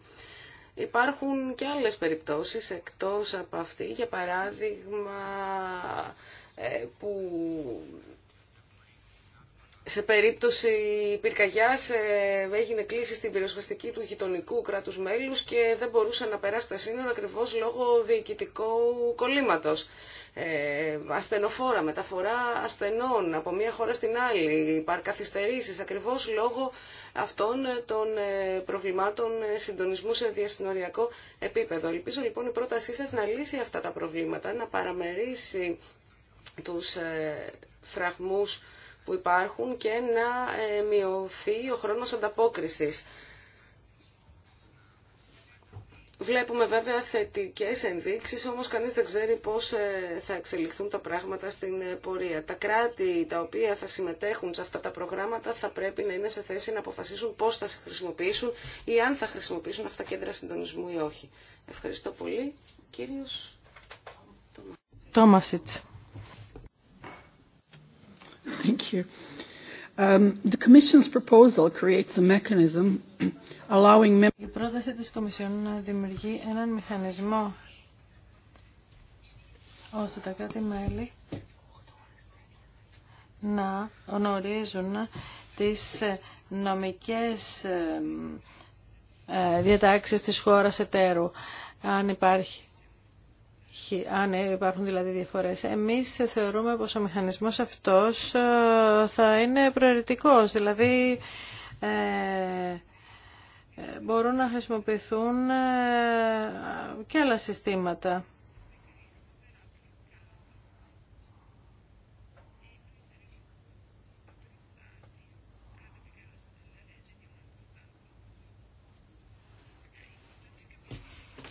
Υπάρχουν και άλλες περιπτώσεις εκτός από αυτή, για παράδειγμα ε, που σε περίπτωση πυρκαγιάς ε, έγινε κλίση στην πυροσβεστική του γειτονικού κράτους μέλους και δεν μπορούσε να περάσει τα σύνορα ακριβώ λόγω διοικητικού κολλήματο. Ε, ασθενοφόρα, μεταφορά ασθενών από μία χώρα στην άλλη, παρκαθυστερήσεις, ακριβώ λόγω αυτών ε, των ε, προβλημάτων συντονισμού σε διασυνοριακό επίπεδο. Ελπίζω λοιπόν η πρότασή σα να λύσει αυτά τα προβλήματα, να παραμερίσει τους φραγμούς που υπάρχουν και να ε, μειωθεί ο χρόνος ανταπόκρισης. Βλέπουμε βέβαια θετικές ενδείξεις, όμως κανείς δεν ξέρει πώς ε, θα εξελιχθούν τα πράγματα στην ε, πορεία. Τα κράτη τα οποία θα συμμετέχουν σε αυτά τα προγράμματα θα πρέπει να είναι σε θέση να αποφασίσουν πώς θα χρησιμοποιήσουν ή αν θα χρησιμοποιήσουν αυτά κέντρα συντονισμού ή όχι. Ευχαριστώ πολύ. Κύριος η πρόταση της Κομισιόν δημιουργεί έναν μηχανισμό ώστε τα κράτη-μέλη να γνωρίζουν τις ε, νομικές ε, ε, διατάξεις της χώρας εταίρου, αν υπάρχει αν υπάρχουν δηλαδή διαφορές. Εμείς θεωρούμε πως ο μηχανισμός αυτός ε, θα είναι προαιρετικός, δηλαδή ε, ε, μπορούν να χρησιμοποιηθούν και άλλα συστήματα.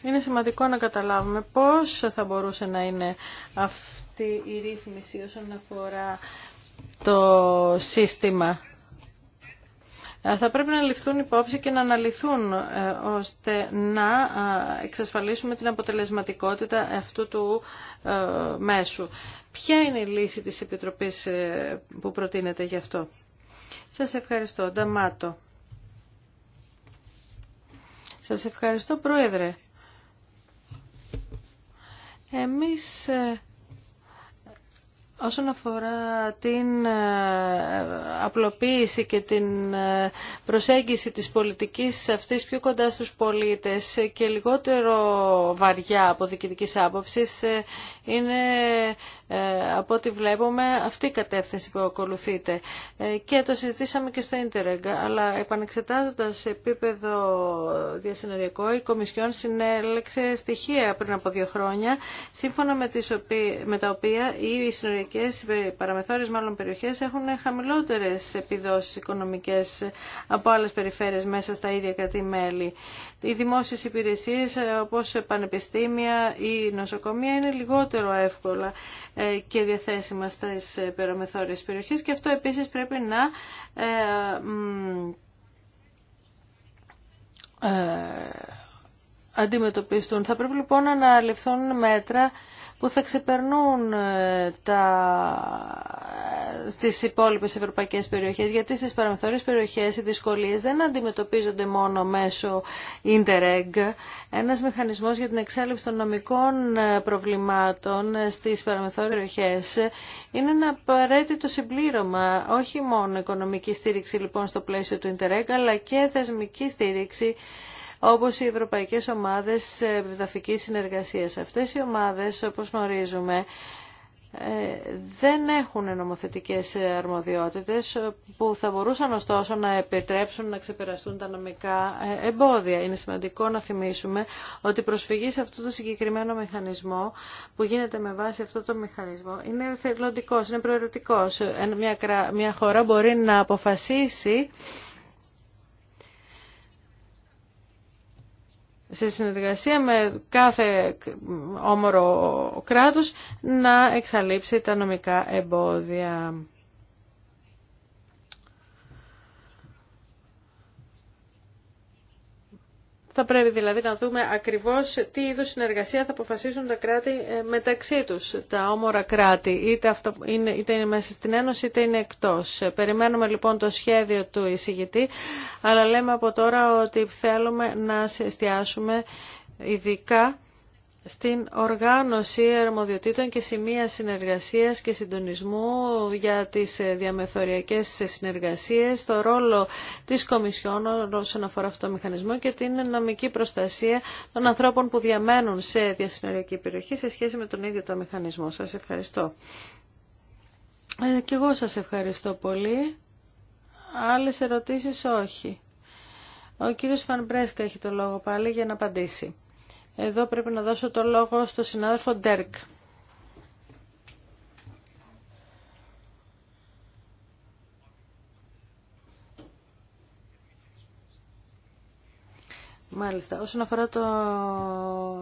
Είναι σημαντικό να καταλάβουμε πώς θα μπορούσε να είναι αυτή η ρύθμιση όσον αφορά το σύστημα. Ε, θα πρέπει να ληφθούν υπόψη και να αναλυθούν ε, ώστε να ε, εξασφαλίσουμε την αποτελεσματικότητα αυτού του μέσου. Ποια είναι η λύση της Επιτροπής που προτείνεται γι' αυτό. Σας ευχαριστώ. Νταμάτο. Σας ευχαριστώ Πρόεδρε. Εμείς ε, Όσον αφορά την ε, απλοποίηση και την ε, προσέγγιση της πολιτικής αυτής πιο κοντά στους πολίτες και λιγότερο βαριά από διοικητικής άποψης είναι ε, από ό,τι βλέπουμε αυτή η κατεύθυνση που ακολουθείτε. Ε, και το συζητήσαμε και στο Ιντερεγκ, αλλά επανεξετάζοντας σε επίπεδο διασυνοριακό, η Κομισιόν συνέλεξε στοιχεία πριν από δύο χρόνια, σύμφωνα με, τις με τα οποία οι συνοριακές παραμεθόριες μάλλον περιοχές έχουν χαμηλότερες επιδόσεις οικονομικές από άλλες περιφέρειες μέσα στα ίδια κρατή-μέλη. Οι δημόσιες υπηρεσίες όπως πανεπιστήμια ή νοσοκομεία είναι λιγότερο εύκολα ε, ε, και διαθέσιμα στις ε, περομεθόριες περιοχές και αυτό επίσης πρέπει να ε, αντιμετωπιστούν. Θα πρέπει λοιπόν να αναλυφθούν μέτρα που θα ξεπερνούν τα στις υπόλοιπες ευρωπαϊκές περιοχές, γιατί στις παραμεθόριες περιοχές οι δυσκολίες δεν αντιμετωπίζονται μόνο μέσω Interreg. Ένας μηχανισμός για την εξάλληψη των νομικών ε, προβλημάτων ε, στις παραμεθόριες περιοχές είναι ένα απαραίτητο συμπλήρωμα, όχι μόνο οικονομική στήριξη λοιπόν στο πλαίσιο του Interreg, αλλά και θεσμική στήριξη όπως οι ευρωπαϊκές ομάδες επιδαφικής συνεργασίας. Αυτές οι ομάδες, όπως γνωρίζουμε, ε, δεν έχουν νομοθετικές αρμοδιότητες που θα μπορούσαν ωστόσο να επιτρέψουν να ξεπεραστούν τα νομικά ε, εμπόδια. Είναι σημαντικό να θυμίσουμε ότι η προσφυγή σε αυτό το συγκεκριμένο μηχανισμό που γίνεται με βάση αυτό το μηχανισμό είναι θελοντικός, είναι προαιρετικός. Ε, μια χώρα μπορεί να αποφασίσει σε συνεργασία με κάθε όμορο κράτος να εξαλείψει τα νομικά εμπόδια. Θα πρέπει δηλαδή να δούμε ακριβώς τι είδους συνεργασία θα αποφασίσουν τα κράτη ε, μεταξύ τους, τα όμορα κράτη, είτε, αυτό, είναι, είτε είναι μέσα στην Ένωση είτε είναι εκτός. Περιμένουμε λοιπόν το σχέδιο του εισηγητή, αλλά λέμε από τώρα ότι θέλουμε να εστιάσουμε ειδικά στην οργάνωση αρμοδιοτήτων και σημεία συνεργασίας και συντονισμού για τις ε, διαμεθοριακές συνεργασίες, το ρόλο της Κομισιόν όσον αφορά αυτό το μηχανισμό και την νομική προστασία των ανθρώπων που διαμένουν σε διασυνοριακή περιοχή σε σχέση με τον ίδιο το μηχανισμό. Σας ευχαριστώ. Ε, και εγώ σας ευχαριστώ πολύ. Άλλες ερωτήσεις όχι. Ο κύριος Φανμπρέσκα έχει το λόγο πάλι για να απαντήσει. Εδώ πρέπει να δώσω το λόγο στο συνάδελφο Ντέρκ. Μάλιστα. Όσον αφορά το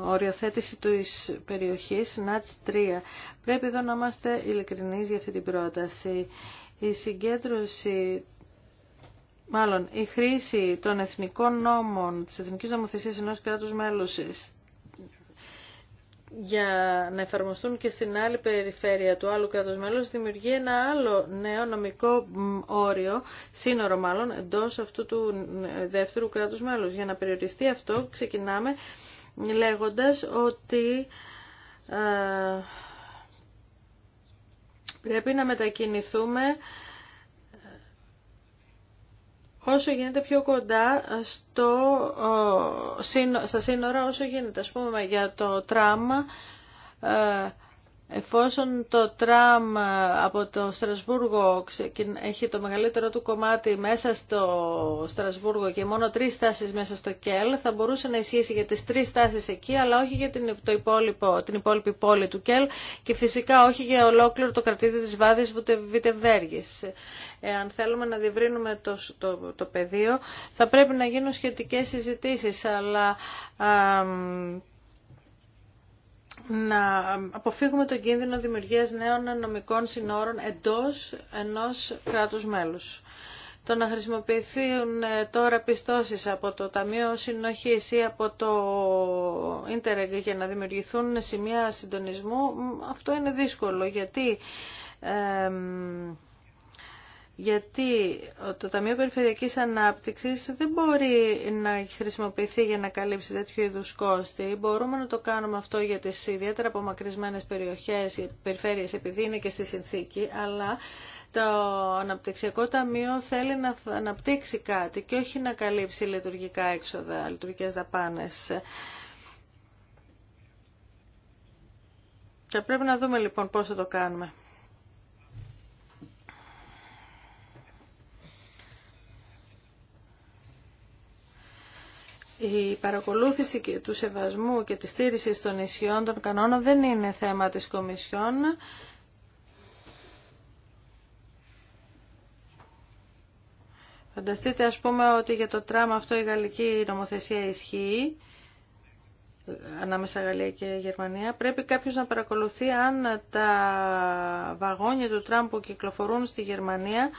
οριοθέτηση της περιοχής, ΝΑΤΣ 3, πρέπει εδώ να είμαστε ειλικρινείς για αυτή την πρόταση. Η συγκέντρωση Μάλλον, η χρήση των εθνικών νόμων, της εθνικής νομοθεσίας ενός κράτους μέλους για να εφαρμοστούν και στην άλλη περιφέρεια του άλλου κράτους μέλους δημιουργεί ένα άλλο νέο νομικό όριο, σύνορο μάλλον, εντός αυτού του δεύτερου κράτους μέλους. Για να περιοριστεί αυτό ξεκινάμε λέγοντας ότι ε, πρέπει να μετακινηθούμε όσο γίνεται πιο κοντά στο, στα σύνορα όσο γίνεται. Ας πούμε για το τράμα ε, Εφόσον το τραμ ε, από το Στρασβούργο έχει το μεγαλύτερο του κομμάτι μέσα στο Στρασβούργο και μόνο τρεις στάσεις μέσα στο Κέλ, θα μπορούσε να ισχύσει για τις τρεις στάσεις εκεί, αλλά όχι για την, το υπόλοιπο, την υπόλοιπη πόλη του Κέλ και φυσικά όχι για ολόκληρο το κρατήριο της Βάδης Βουτεβέργης. Αν θέλουμε να διευρύνουμε το, το, το πεδίο, θα πρέπει να γίνουν σχετικές συζητήσεις, αλλά να αποφύγουμε τον κίνδυνο δημιουργίας νέων νομικών συνόρων εντός ενός κράτους μέλους. Το να χρησιμοποιηθούν ε, τώρα πιστώσεις από το Ταμείο Συνοχής ή από το Ίντερεγκ για να δημιουργηθούν σημεία συντονισμού, αυτό είναι δύσκολο γιατί... Ε, γιατί το Ταμείο Περιφερειακής Ανάπτυξης δεν μπορεί να χρησιμοποιηθεί για να καλύψει τέτοιου είδου κόστη. Μπορούμε να το κάνουμε αυτό για τις ιδιαίτερα απομακρυσμένες περιοχές, οι περιφέρειες, επειδή είναι και στη συνθήκη, αλλά το Αναπτυξιακό Ταμείο θέλει να αναπτύξει κάτι και όχι να καλύψει λειτουργικά έξοδα, λειτουργικές δαπάνες. Θα πρέπει να δούμε λοιπόν πώς θα το κάνουμε. Η παρακολούθηση του σεβασμού και της στήριση των ισχυών των κανόνων δεν είναι θέμα της Κομισιόν. Φανταστείτε ας πούμε ότι για το τράμα αυτό η γαλλική νομοθεσία ισχύει ανάμεσα Γαλλία και Γερμανία, πρέπει κάποιος να παρακολουθεί αν τα βαγόνια του τραμ που κυκλοφορούν στη Γερμανία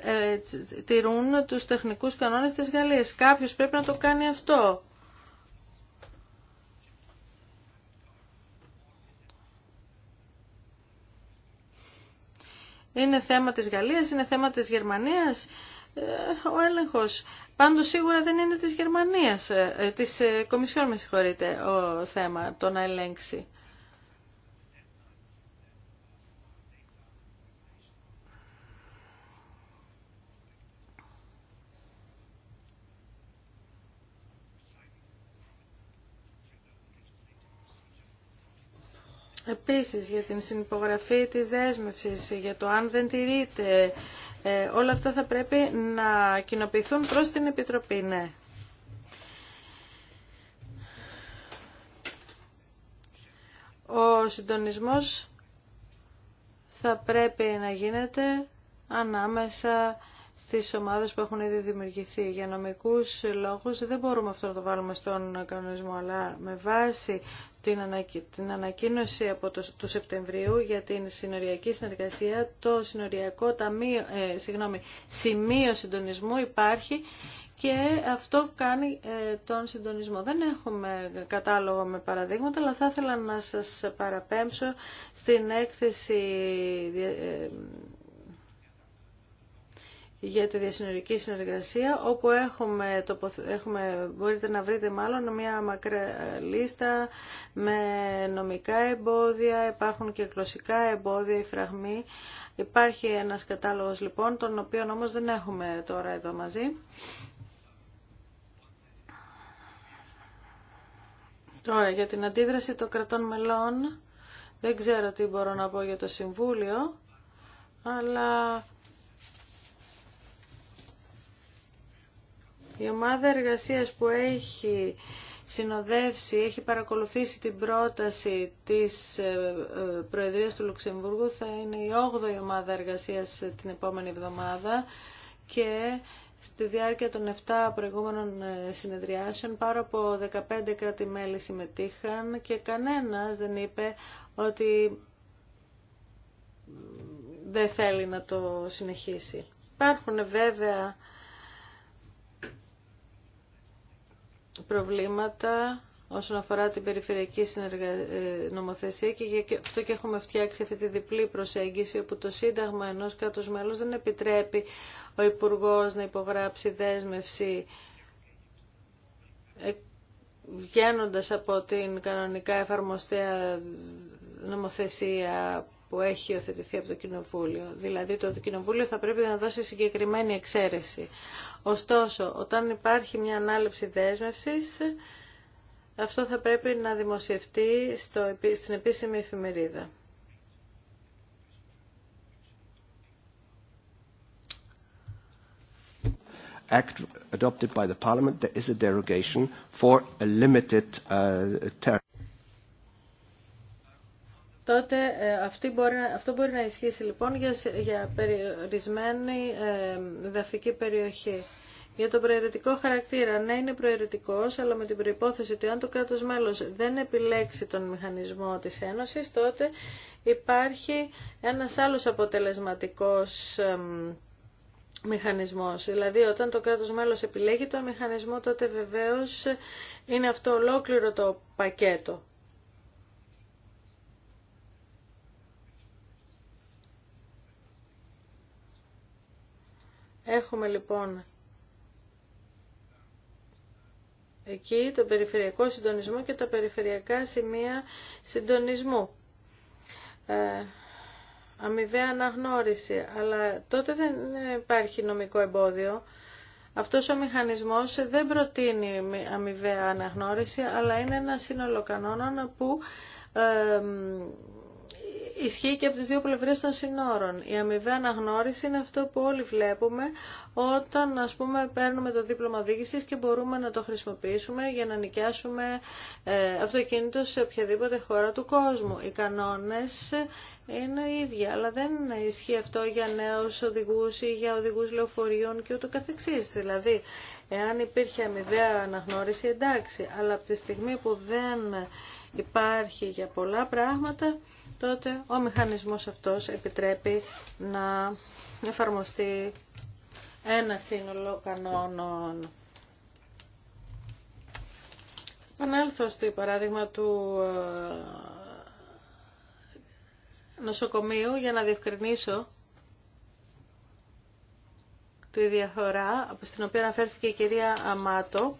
ε, τηρούν τους τεχνικούς κανόνες της Γαλλίας. Κάποιος πρέπει να το κάνει αυτό. Είναι θέμα της Γαλλίας, είναι θέμα της Γερμανίας, ε, ο έλεγχος. Πάντως σίγουρα δεν είναι της Γερμανίας, ε, της Κομισιόν με συγχωρείτε, ο θέμα το να ελέγξει. Επίσης για την συνυπογραφή της δέσμευσης, για το αν δεν τηρείται, ε, όλα αυτά θα πρέπει να κοινοποιηθούν προς την Επιτροπή, ναι. Ο συντονισμός θα πρέπει να γίνεται ανάμεσα στις ομάδες που έχουν ήδη δημιουργηθεί. Για νομικούς λόγους δεν μπορούμε αυτό να το βάλουμε στον κανονισμό, αλλά με βάση την, ανακοίνωση από το, του Σεπτεμβρίου για την συνοριακή συνεργασία, το συνοριακό ταμείο, ε, συγγνώμη, σημείο συντονισμού υπάρχει και αυτό κάνει ε, τον συντονισμό. Δεν έχουμε κατάλογο με παραδείγματα, αλλά θα ήθελα να σας παραπέμψω στην έκθεση ε, για τη διασυνορική συνεργασία, όπου έχουμε, έχουμε, μπορείτε να βρείτε μάλλον μια μακρά λίστα με νομικά εμπόδια, υπάρχουν και γλωσσικά εμπόδια, Η φραγμοί. Υπάρχει ένας κατάλογος λοιπόν, τον οποίο όμως δεν έχουμε τώρα εδώ μαζί. Τώρα, για την αντίδραση των κρατών μελών, δεν ξέρω τι μπορώ να πω για το Συμβούλιο, αλλά Η ομάδα εργασίας που έχει συνοδεύσει, έχει παρακολουθήσει την πρόταση της ε, ε, Προεδρίας του Λουξεμβούργου θα είναι η 8η ομάδα εργασίας ε, την επόμενη εβδομάδα και στη διάρκεια των 7 προηγούμενων συνεδριάσεων πάρα από 15 κράτη-μέλη συμμετείχαν και κανένας δεν είπε ότι δεν θέλει να το συνεχίσει. Υπάρχουν βέβαια προβλήματα όσον αφορά την περιφερειακή ε, νομοθεσία και γι' αυτό και έχουμε φτιάξει αυτή τη διπλή προσέγγιση όπου το Σύνταγμα ενός κράτους μέλους δεν επιτρέπει ο Υπουργός να υπογράψει δέσμευση ε, βγαίνοντα από την κανονικά εφαρμοστέα νομοθεσία που έχει υιοθετηθεί από το Κοινοβούλιο. Δηλαδή το Κοινοβούλιο θα πρέπει να δώσει συγκεκριμένη εξαίρεση. Ωστόσο, όταν υπάρχει μια ανάληψη δέσμευσης, αυτό θα πρέπει να δημοσιευτεί στο, στην επίσημη εφημερίδα. Act adopted by the Parliament, there is a derogation for a limited uh, term τότε ε, αυτή αυτό μπορεί να ισχύσει λοιπόν για, για περιορισμένη ε, δαφική περιοχή. Για τον προαιρετικό χαρακτήρα, ναι είναι προαιρετικός, αλλά με την προϋπόθεση ότι αν το κράτος μέλος δεν επιλέξει τον μηχανισμό της Ένωσης, τότε υπάρχει ένας άλλος αποτελεσματικός μηχανισμός. Δηλαδή όταν το κράτος μέλος επιλέγει τον μηχανισμό, τότε βεβαίως είναι αυτό ολόκληρο το πακέτο. Έχουμε λοιπόν εκεί το περιφερειακό συντονισμό και τα περιφερειακά σημεία συντονισμού. Ε, αμοιβαία αναγνώριση, αλλά τότε δεν υπάρχει νομικό εμπόδιο. Αυτός ο μηχανισμός δεν προτείνει αμοιβαία αναγνώριση, αλλά είναι ένα σύνολο κανόνων που ε, ισχύει και από τις δύο πλευρές των συνόρων. Η αμοιβαία αναγνώριση είναι αυτό που όλοι βλέπουμε όταν ας πούμε παίρνουμε το δίπλωμα οδήγηση και μπορούμε να το χρησιμοποιήσουμε για να νοικιάσουμε ε, αυτοκίνητο σε οποιαδήποτε χώρα του κόσμου. Οι κανόνες είναι οι ίδιοι, αλλά δεν ισχύει αυτό για νέους οδηγούς ή για οδηγούς λεωφορείων και ούτω καθεξής. Δηλαδή, εάν υπήρχε αμοιβαία αναγνώριση, εντάξει, αλλά από τη στιγμή που δεν υπάρχει για πολλά πράγματα, τότε ο μηχανισμός αυτός επιτρέπει να εφαρμοστεί ένα σύνολο κανόνων. Επανέλθω στο παράδειγμα του ε, νοσοκομείου για να διευκρινίσω τη διαφορά στην οποία αναφέρθηκε η κυρία Αμάτο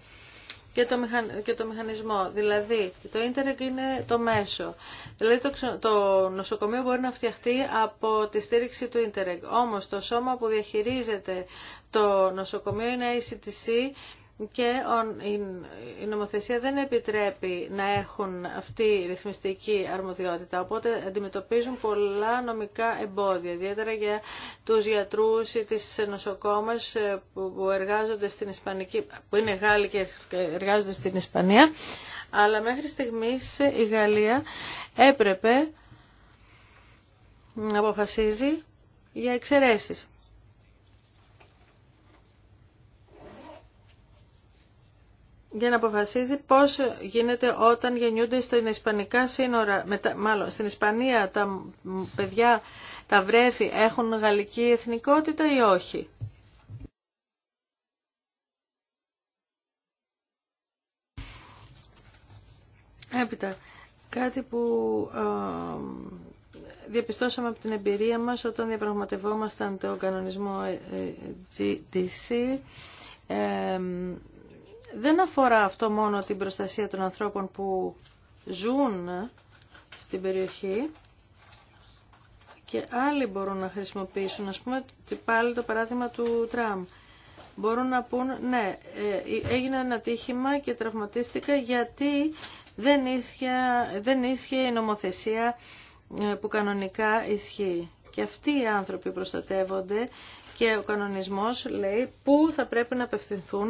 και το, μηχαν... το μηχανισμό. Δηλαδή, το ίντερνετ είναι το μέσο. Δηλαδή, το, το νοσοκομείο μπορεί να φτιαχτεί από τη στήριξη του ίντερνετ. Όμως, το σώμα που διαχειρίζεται το νοσοκομείο είναι ACTC και η νομοθεσία δεν επιτρέπει να έχουν αυτή η ρυθμιστική αρμοδιότητα. Οπότε αντιμετωπίζουν πολλά νομικά εμπόδια, ιδιαίτερα για τους γιατρούς ή τις νοσοκόμες ε, που, εργάζονται στην Ισπανική, που είναι Γάλλοι και εργάζονται στην Ισπανία. Αλλά μέχρι στιγμής η Γαλλία έπρεπε να αποφασίζει για εξαιρέσεις. για να αποφασίζει πώς γίνεται όταν γεννιούνται στην Ισπανικά σύνορα, μάλλον στην Ισπανία τα παιδιά, τα βρέφη έχουν γαλλική εθνικότητα ή όχι. Έπειτα, κάτι που ε, διαπιστώσαμε από την εμπειρία μας όταν διαπραγματευόμασταν το κανονισμό ε, ε, GDC, δεν αφορά αυτό μόνο την προστασία των ανθρώπων που ζουν στην περιοχή και άλλοι μπορούν να χρησιμοποιήσουν, ας πούμε πάλι το παράδειγμα του τραμ. Μπορούν να πούν, ναι, ε, ε, έγινε ένα τύχημα και τραυματίστηκα γιατί δεν ίσχυε, δεν η νομοθεσία ε, που κανονικά ισχύει. Και αυτοί οι άνθρωποι προστατεύονται και ο κανονισμός λέει πού θα πρέπει να απευθυνθούν